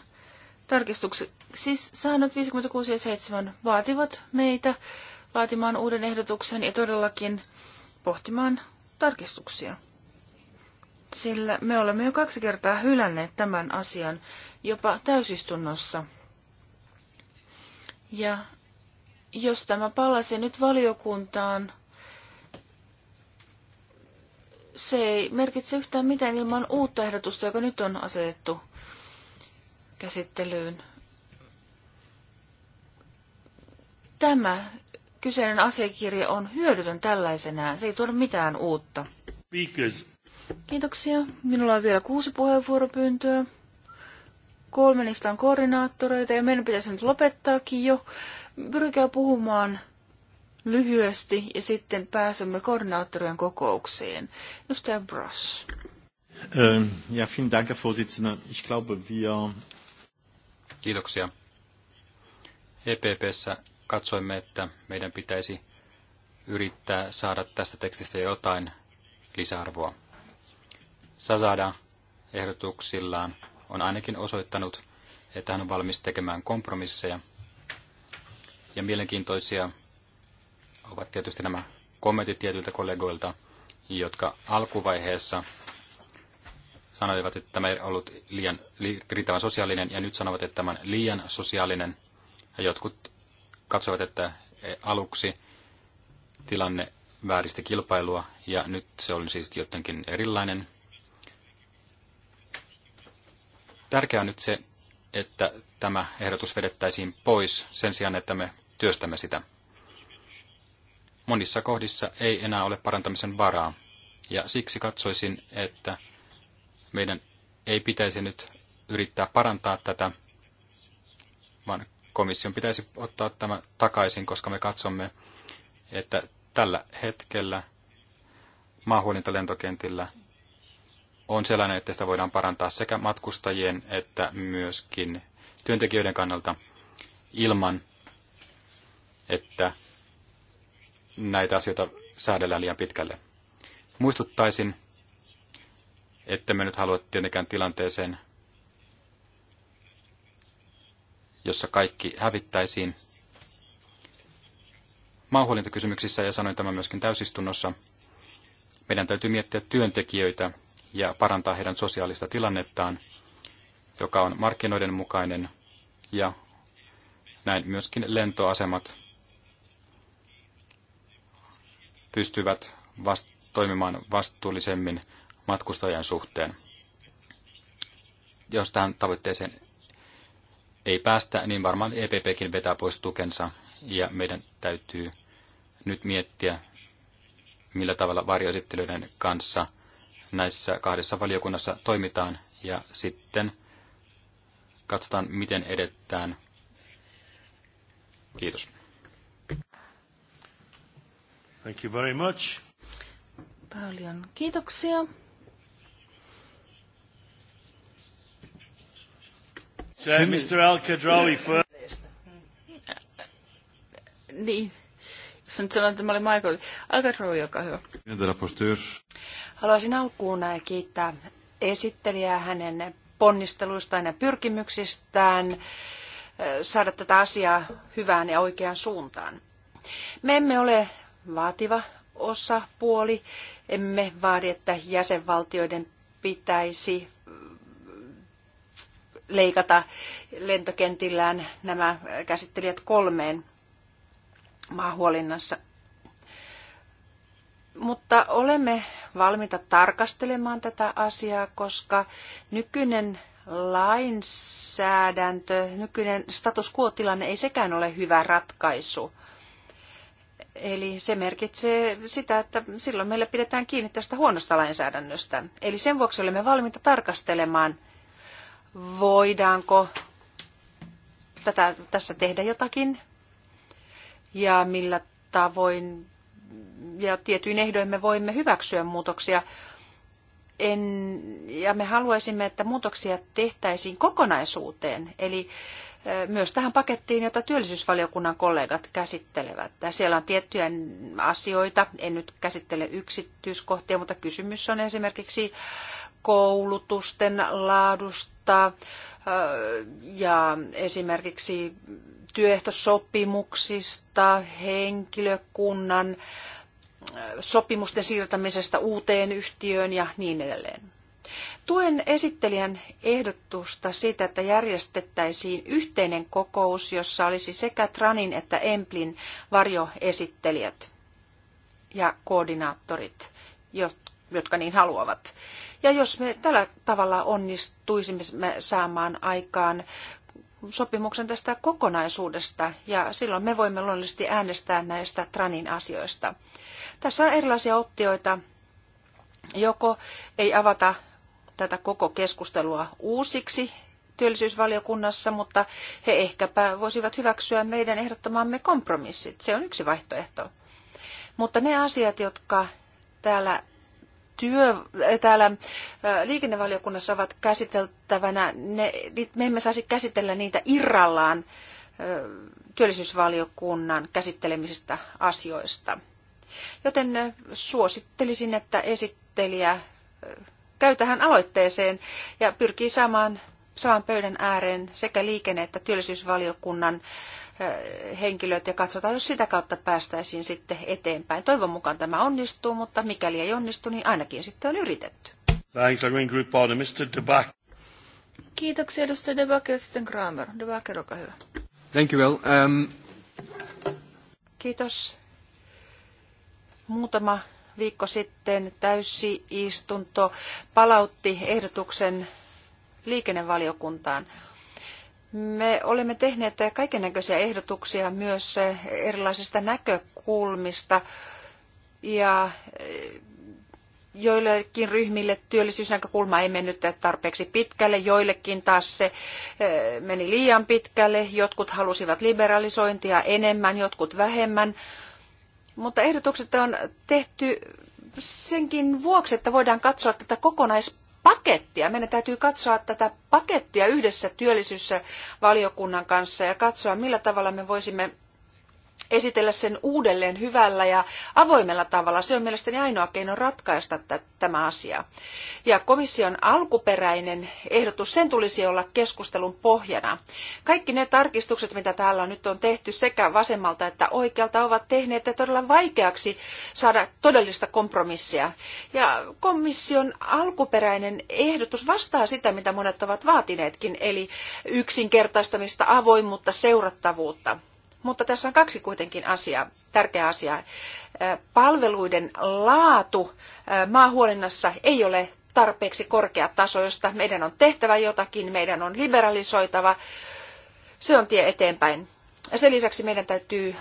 tarkistuksia. Siis säännöt 56 ja 7 vaativat meitä laatimaan uuden ehdotuksen ja todellakin pohtimaan tarkistuksia. Sillä me olemme jo kaksi kertaa hylänneet tämän asian jopa täysistunnossa. Ja jos tämä palasi nyt valiokuntaan, se ei merkitse yhtään mitään ilman uutta ehdotusta, joka nyt on asetettu käsittelyyn. Tämä kyseinen asiakirja on hyödytön tällaisenään. Se ei tuoda mitään uutta. Speakers. Kiitoksia. Minulla on vielä kuusi puheenvuoropyyntöä. Kolme niistä on koordinaattoreita ja meidän pitäisi nyt lopettaakin jo. Pyrkää puhumaan lyhyesti ja sitten pääsemme koordinaattorien kokoukseen. Edustaja Bros. Ähm, ja, vielen Dank, Herr Vorsitzender. Ich glaube, wir... Kiitoksia. EPPssä katsoimme, että meidän pitäisi yrittää saada tästä tekstistä jotain lisäarvoa. Sasada ehdotuksillaan on ainakin osoittanut, että hän on valmis tekemään kompromisseja ja mielenkiintoisia ovat tietysti nämä kommentit tietyiltä kollegoilta, jotka alkuvaiheessa sanoivat, että tämä ei ollut liian riittävän sosiaalinen, ja nyt sanovat, että tämä on liian sosiaalinen. Ja jotkut katsovat, että e, aluksi tilanne vääristi kilpailua, ja nyt se oli siis jotenkin erilainen. Tärkeää on nyt se, että tämä ehdotus vedettäisiin pois sen sijaan, että me työstämme sitä monissa kohdissa ei enää ole parantamisen varaa. Ja siksi katsoisin, että meidän ei pitäisi nyt yrittää parantaa tätä, vaan komission pitäisi ottaa tämä takaisin, koska me katsomme, että tällä hetkellä maahuolintalentokentillä on sellainen, että sitä voidaan parantaa sekä matkustajien että myöskin työntekijöiden kannalta ilman, että näitä asioita säädellään liian pitkälle. Muistuttaisin, että me nyt halua tietenkään tilanteeseen, jossa kaikki hävittäisiin. Maahuolintakysymyksissä, ja sanoin tämän myöskin täysistunnossa, meidän täytyy miettiä työntekijöitä ja parantaa heidän sosiaalista tilannettaan, joka on markkinoiden mukainen, ja näin myöskin lentoasemat pystyvät vast- toimimaan vastuullisemmin matkustajien suhteen. Jos tähän tavoitteeseen ei päästä, niin varmaan EPPkin vetää pois tukensa ja meidän täytyy nyt miettiä, millä tavalla varjoesittelyiden kanssa näissä kahdessa valiokunnassa toimitaan ja sitten katsotaan, miten edetään. Kiitos. Thank you very much. Paljon kiitoksia. So, Mr. Al-Kadrawi first. Niin. Jos nyt sanon, että mä olin Michael. Al-Kadrawi, olkaa hyvä. Haluaisin alkuun äh, kiittää esittelijää hänen ponnisteluistaan ja pyrkimyksistään äh, saada tätä asiaa hyvään ja oikeaan suuntaan. Me emme ole vaativa osapuoli. Emme vaadi, että jäsenvaltioiden pitäisi leikata lentokentillään nämä käsittelijät kolmeen maahuolinnassa. Mutta olemme valmiita tarkastelemaan tätä asiaa, koska nykyinen lainsäädäntö, nykyinen status quo-tilanne ei sekään ole hyvä ratkaisu – Eli se merkitsee sitä, että silloin meillä pidetään kiinni tästä huonosta lainsäädännöstä. Eli sen vuoksi olemme valmiita tarkastelemaan, voidaanko tätä, tässä tehdä jotakin ja millä tavoin ja tietyin ehdoin me voimme hyväksyä muutoksia. En, ja me haluaisimme, että muutoksia tehtäisiin kokonaisuuteen. Eli myös tähän pakettiin, jota työllisyysvaliokunnan kollegat käsittelevät. Siellä on tiettyjä asioita, en nyt käsittele yksityiskohtia, mutta kysymys on esimerkiksi koulutusten laadusta ja esimerkiksi työehtosopimuksista, henkilökunnan sopimusten siirtämisestä uuteen yhtiöön ja niin edelleen. Tuen esittelijän ehdotusta siitä, että järjestettäisiin yhteinen kokous, jossa olisi sekä Tranin että Emplin varjoesittelijät ja koordinaattorit, jotka niin haluavat. Ja jos me tällä tavalla onnistuisimme saamaan aikaan sopimuksen tästä kokonaisuudesta, ja silloin me voimme luonnollisesti äänestää näistä Tranin asioista. Tässä on erilaisia optioita, joko ei avata tätä koko keskustelua uusiksi työllisyysvaliokunnassa, mutta he ehkäpä voisivat hyväksyä meidän ehdottamamme kompromissit. Se on yksi vaihtoehto. Mutta ne asiat, jotka täällä, työ, äh, täällä äh, liikennevaliokunnassa ovat käsiteltävänä, ne, me emme saisi käsitellä niitä irrallaan äh, työllisyysvaliokunnan käsittelemistä asioista. Joten suosittelisin, että esittelijä käy tähän aloitteeseen ja pyrkii saamaan saman pöydän ääreen sekä liikenne- että työllisyysvaliokunnan henkilöt ja katsotaan, jos sitä kautta päästäisiin sitten eteenpäin. Toivon mukaan tämä onnistuu, mutta mikäli ei onnistu, niin ainakin sitten on yritetty. Thanks, Green Group Partner, Mr. Debak. Kiitoksia edustaja DeBack ja sitten Kramer. DeBack, olkaa hyvä. Thank you well. Um... Kiitos. Muutama viikko sitten täysistunto palautti ehdotuksen liikennevaliokuntaan. Me olemme tehneet kaikennäköisiä ehdotuksia myös erilaisista näkökulmista ja eh, joillekin ryhmille työllisyysnäkökulma ei mennyt tarpeeksi pitkälle, joillekin taas se eh, meni liian pitkälle, jotkut halusivat liberalisointia enemmän, jotkut vähemmän. Mutta ehdotukset on tehty senkin vuoksi, että voidaan katsoa tätä kokonaispakettia. Meidän täytyy katsoa tätä pakettia yhdessä työllisyysvaliokunnan kanssa ja katsoa, millä tavalla me voisimme esitellä sen uudelleen hyvällä ja avoimella tavalla. Se on mielestäni ainoa keino ratkaista tämä asia. Ja komission alkuperäinen ehdotus, sen tulisi olla keskustelun pohjana. Kaikki ne tarkistukset, mitä täällä on nyt on tehty sekä vasemmalta että oikealta, ovat tehneet todella vaikeaksi saada todellista kompromissia. Ja komission alkuperäinen ehdotus vastaa sitä, mitä monet ovat vaatineetkin, eli yksinkertaistamista, avoimuutta, seurattavuutta. Mutta tässä on kaksi kuitenkin asiaa, tärkeää asiaa. Palveluiden laatu maahuolinnassa ei ole tarpeeksi korkea taso, josta meidän on tehtävä jotakin, meidän on liberalisoitava. Se on tie eteenpäin. Sen lisäksi meidän täytyy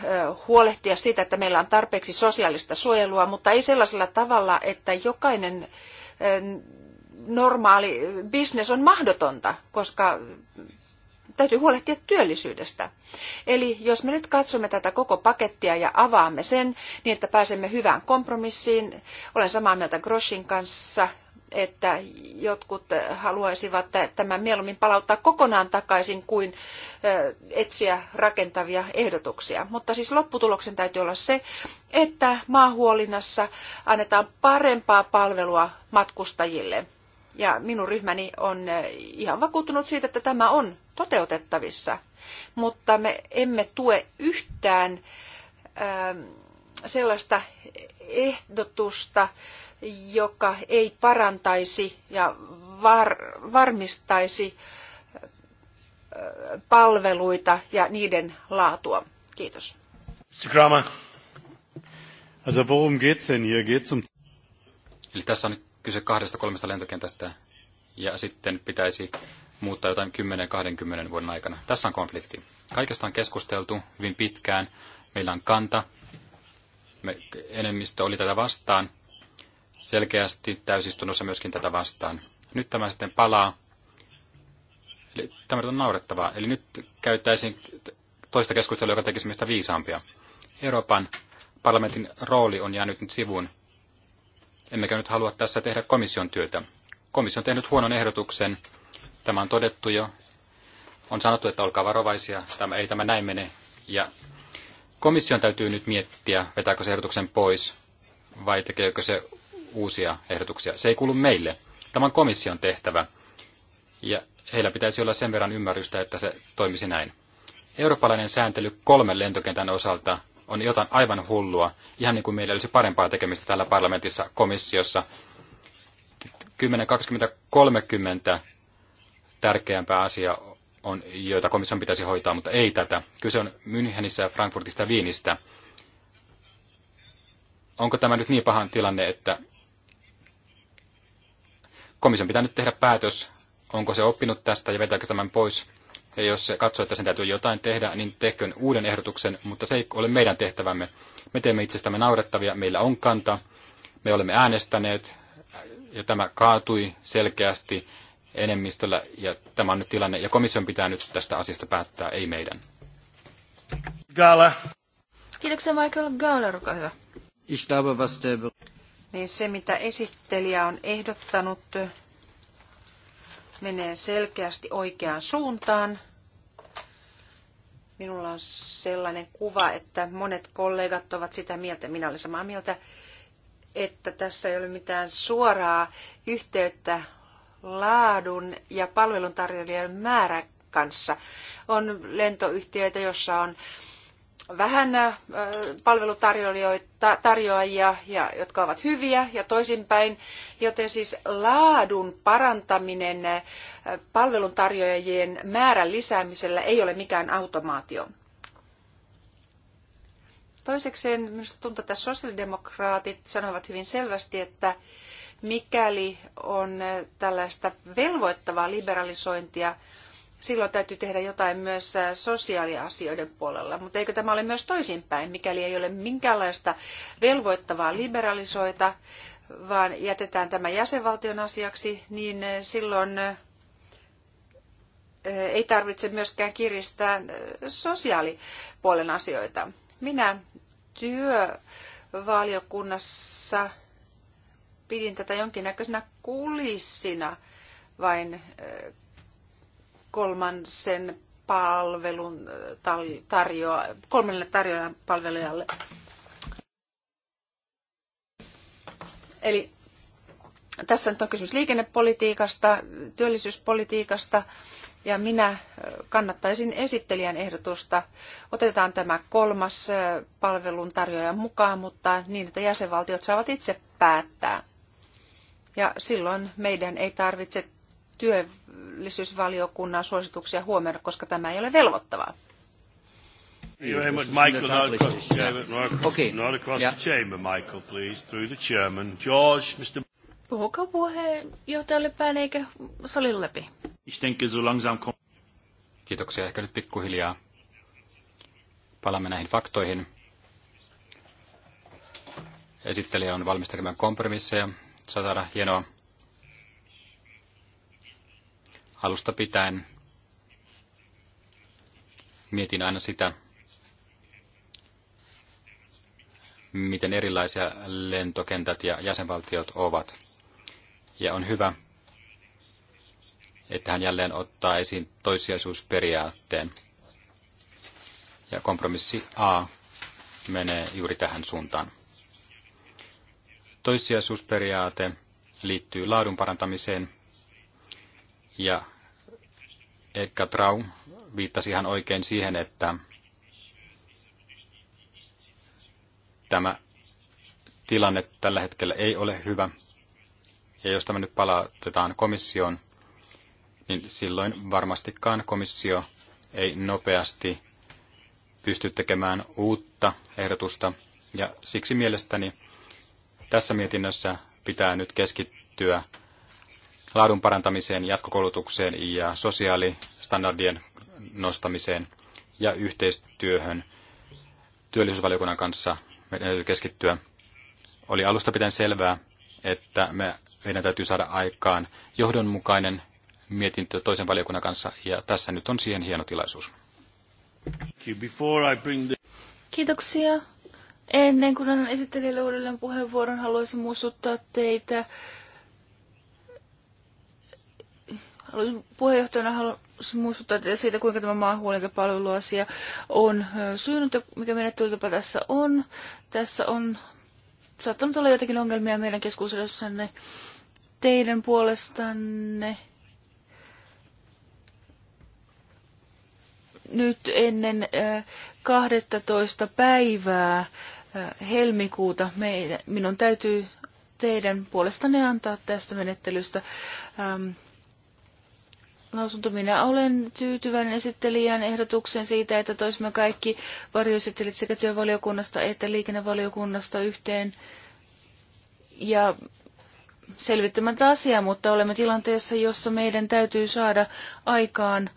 huolehtia siitä, että meillä on tarpeeksi sosiaalista suojelua, mutta ei sellaisella tavalla, että jokainen normaali bisnes on mahdotonta, koska täytyy huolehtia työllisyydestä. Eli jos me nyt katsomme tätä koko pakettia ja avaamme sen niin, että pääsemme hyvään kompromissiin, olen samaa mieltä Groshin kanssa, että jotkut eh, haluaisivat eh, tämän mieluummin palauttaa kokonaan takaisin kuin eh, etsiä rakentavia ehdotuksia. Mutta siis lopputuloksen täytyy olla se, että maahuolinnassa annetaan parempaa palvelua matkustajille – ja minun ryhmäni on eh, ihan vakuuttunut siitä, että tämä on toteutettavissa. Mutta me emme tue yhtään ehm, sellaista ehdotusta, joka ei parantaisi ja var, varmistaisi eh, palveluita ja niiden laatua. Kiitos. Also worum geht's denn hier? Geht's um... Eli tässä on kyse kahdesta kolmesta lentokentästä ja sitten pitäisi muuttaa jotain 10-20 vuoden aikana. Tässä on konflikti. Kaikesta on keskusteltu hyvin pitkään. Meillä on kanta. Me, enemmistö oli tätä vastaan. Selkeästi täysistunnossa myöskin tätä vastaan. Nyt tämä sitten palaa. Eli tämä on naurettavaa. Eli nyt käyttäisin toista keskustelua, joka tekisi meistä viisaampia. Euroopan parlamentin rooli on jäänyt nyt sivuun. Emmekä nyt halua tässä tehdä komission työtä. Komissio on tehnyt huonon ehdotuksen. Tämä on todettu jo. On sanottu, että olkaa varovaisia. Tämä, ei tämä näin mene. Ja komission täytyy nyt miettiä, vetääkö se ehdotuksen pois vai tekeekö se uusia ehdotuksia. Se ei kuulu meille. Tämä on komission tehtävä. Ja heillä pitäisi olla sen verran ymmärrystä, että se toimisi näin. Eurooppalainen sääntely kolmen lentokentän osalta on jotain aivan hullua, ihan niin kuin meillä olisi parempaa tekemistä täällä parlamentissa, komissiossa. 10, 20, 30 tärkeämpää asiaa on, joita komission pitäisi hoitaa, mutta ei tätä. Kyse on Münchenissä ja Frankfurtista ja Viinistä. Onko tämä nyt niin pahan tilanne, että komission pitää nyt tehdä päätös, onko se oppinut tästä ja vetääkö tämän pois? Ja jos se katsoo, että sen täytyy jotain tehdä, niin tehköön uuden ehdotuksen, mutta se ei ole meidän tehtävämme. Me teemme itsestämme naurettavia, meillä on kanta, me olemme äänestäneet, ja tämä kaatui selkeästi enemmistöllä, ja tämä on nyt tilanne, ja komission pitää nyt tästä asiasta päättää, ei meidän. Gala. Kiitoksia Michael Gala, olkaa hyvä. Ich glaube, was der... Niin se, mitä esittelijä on ehdottanut, menee selkeästi oikeaan suuntaan. Minulla on sellainen kuva, että monet kollegat ovat sitä mieltä, minä olen samaa mieltä, että tässä ei ole mitään suoraa yhteyttä laadun ja palveluntarjoajien määrän kanssa. On lentoyhtiöitä, joissa on vähän palvelutarjoajia, ja, jotka ovat hyviä ja toisinpäin, joten siis laadun parantaminen palveluntarjoajien määrän lisäämisellä ei ole mikään automaatio. Toisekseen minusta tuntuu, että sosiaalidemokraatit sanovat hyvin selvästi, että mikäli on tällaista velvoittavaa liberalisointia, silloin täytyy tehdä jotain myös sosiaaliasioiden puolella. Mutta eikö tämä ole myös toisinpäin, mikäli ei ole minkäänlaista velvoittavaa liberalisoita, vaan jätetään tämä jäsenvaltion asiaksi, niin silloin ei tarvitse myöskään kiristää sosiaalipuolen asioita. Minä työvaliokunnassa pidin tätä jonkinnäköisenä kulissina vain kolmansen palvelun tarjoa, kolmannelle tarjoajan palvelijalle. Eli tässä nyt on kysymys liikennepolitiikasta, työllisyyspolitiikasta ja minä kannattaisin esittelijän ehdotusta. Otetaan tämä kolmas palvelun tarjoaja mukaan, mutta niin, että jäsenvaltiot saavat itse päättää. Ja silloin meidän ei tarvitse työ työllisyysvaliokunnan suosituksia huomioida, koska tämä ei ole velvoittavaa. Michael, please, through the chairman. George, Mr. puheenjohtajalle päin eikä salin läpi. Kiitoksia. Ehkä nyt pikkuhiljaa palaamme näihin faktoihin. Esittelijä on valmis tekemään kompromisseja. Saadaan hienoa alusta pitäen mietin aina sitä, miten erilaisia lentokentät ja jäsenvaltiot ovat. Ja on hyvä, että hän jälleen ottaa esiin toissijaisuusperiaatteen. Ja kompromissi A menee juuri tähän suuntaan. Toissijaisuusperiaate liittyy laadun parantamiseen ja Ekka Traum viittasi ihan oikein siihen, että tämä tilanne tällä hetkellä ei ole hyvä. Ja jos tämä nyt palautetaan komissioon, niin silloin varmastikaan komissio ei nopeasti pysty tekemään uutta ehdotusta. Ja siksi mielestäni tässä mietinnössä pitää nyt keskittyä laadun parantamiseen, jatkokoulutukseen ja sosiaalistandardien nostamiseen ja yhteistyöhön työllisyysvaliokunnan kanssa meidän keskittyä. Oli alusta pitäen selvää, että me, meidän täytyy saada aikaan johdonmukainen mietintö toisen valiokunnan kanssa, ja tässä nyt on siihen hieno tilaisuus. Kiitoksia. Ennen kuin annan esittelijälle uudelleen puheenvuoron, haluaisin muistuttaa teitä puheenjohtajana haluaisin muistuttaa teitä siitä, kuinka tämä maahuolintapalveluasia on syynyt ja mikä menettelytapa tässä on. Tässä on saattanut olla jotakin ongelmia meidän keskuudessanne teidän puolestanne. Nyt ennen 12 päivää helmikuuta meidän, minun täytyy teidän puolestanne antaa tästä menettelystä ähm, lausunto. Minä olen tyytyväinen esittelijän ehdotuksen siitä, että toisimme kaikki varjoesittelijät sekä työvaliokunnasta että liikennevaliokunnasta yhteen ja selvittämättä asiaa, mutta olemme tilanteessa, jossa meidän täytyy saada aikaan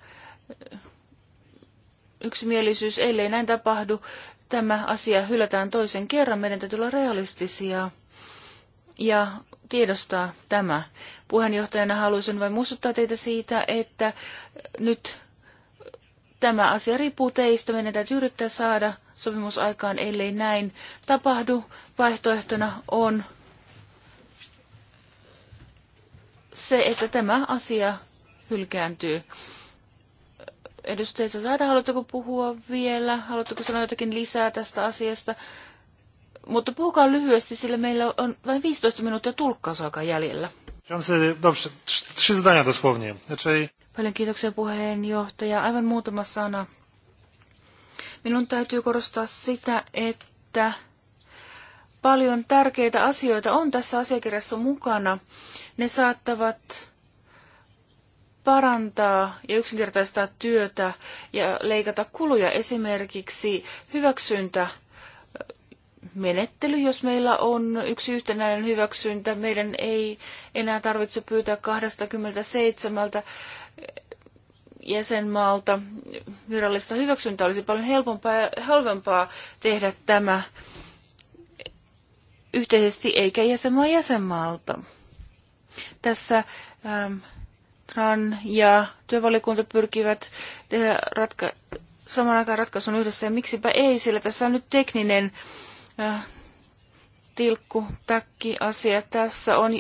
yksimielisyys, ellei näin tapahdu. Tämä asia hylätään toisen kerran. Meidän täytyy olla realistisia ja tiedostaa tämä. Puheenjohtajana haluaisin vain muistuttaa teitä siitä, että nyt tämä asia riippuu teistä. Meidän täytyy yrittää saada sopimus aikaan, ellei näin tapahdu. Vaihtoehtona on se, että tämä asia hylkääntyy. Edustaja saada haluatteko puhua vielä? Haluatteko sanoa jotakin lisää tästä asiasta? Mutta puhukaa lyhyesti, sillä meillä on vain 15 minuuttia tulkkausaikaa jäljellä. Paljon kiitoksia puheenjohtaja. Aivan muutama sana. Minun täytyy korostaa sitä, että paljon tärkeitä asioita on tässä asiakirjassa mukana. Ne saattavat parantaa ja yksinkertaistaa työtä ja leikata kuluja esimerkiksi hyväksyntä menettely, jos meillä on yksi yhtenäinen hyväksyntä. Meidän ei enää tarvitse pyytää 27 jäsenmaalta virallista hyväksyntää. Olisi paljon helpompaa ja halvempaa tehdä tämä yhteisesti eikä jäsenmaa jäsenmaalta. Tässä ähm, TRAN ja työvaliokunta pyrkivät tehdä ratka- saman aikaan ratkaisun yhdessä ja miksipä ei, sillä tässä on nyt tekninen äh, Äh, tilkku takki asia tässä on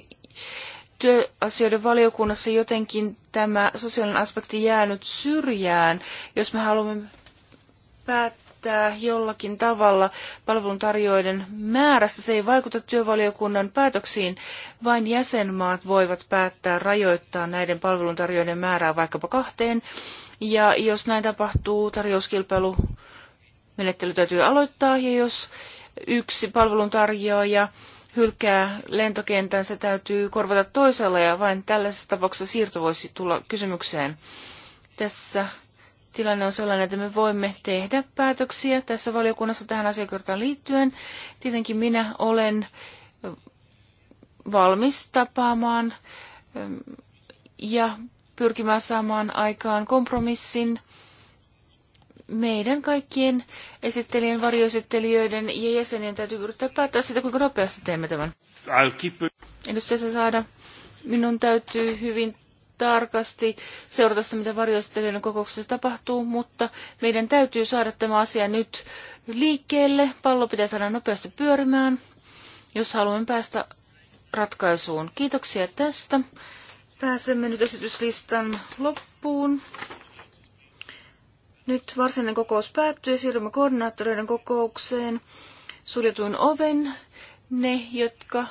työasioiden valiokunnassa jotenkin tämä sosiaalinen aspekti jäänyt syrjään, jos me haluamme päättää jollakin tavalla palveluntarjoajien määrästä. Se ei vaikuta työvaliokunnan päätöksiin, vain jäsenmaat voivat päättää rajoittaa näiden palveluntarjoajien määrää vaikkapa kahteen. Ja jos näin tapahtuu, tarjouskilpailu menettely täytyy aloittaa ja jos yksi palveluntarjoaja hylkää lentokentän, se täytyy korvata toisella ja vain tällaisessa tapauksessa siirto voisi tulla kysymykseen. Tässä tilanne on sellainen, että me voimme tehdä päätöksiä tässä valiokunnassa tähän asiakirtaan liittyen. Tietenkin minä olen valmis tapaamaan ähm, ja pyrkimään saamaan aikaan kompromissin meidän kaikkien esittelijän, varjoesittelijöiden ja jäsenien täytyy yrittää päättää sitä, kuinka nopeasti teemme tämän. Edustaja saada. Minun täytyy hyvin tarkasti seurata sitä, mitä varjoesittelijöiden kokouksessa tapahtuu, mutta meidän täytyy saada tämä asia nyt liikkeelle. Pallo pitää saada nopeasti pyörimään, jos haluamme päästä ratkaisuun. Kiitoksia tästä. Pääsemme nyt esityslistan loppuun. Nyt varsinainen kokous päättyy ja siirrymme koordinaattoreiden kokoukseen. Suljetuin oven ne, jotka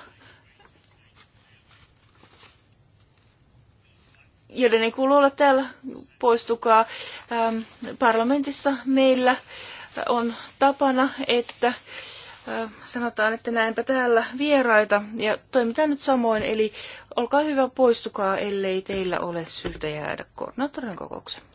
joiden ei kuulu olla täällä, poistukaa. Ähm, parlamentissa meillä on tapana, että äh, sanotaan, että näenpä täällä vieraita ja toimitaan nyt samoin, eli olkaa hyvä, poistukaa, ellei teillä ole syytä jäädä koordinaattorin kokoukseen.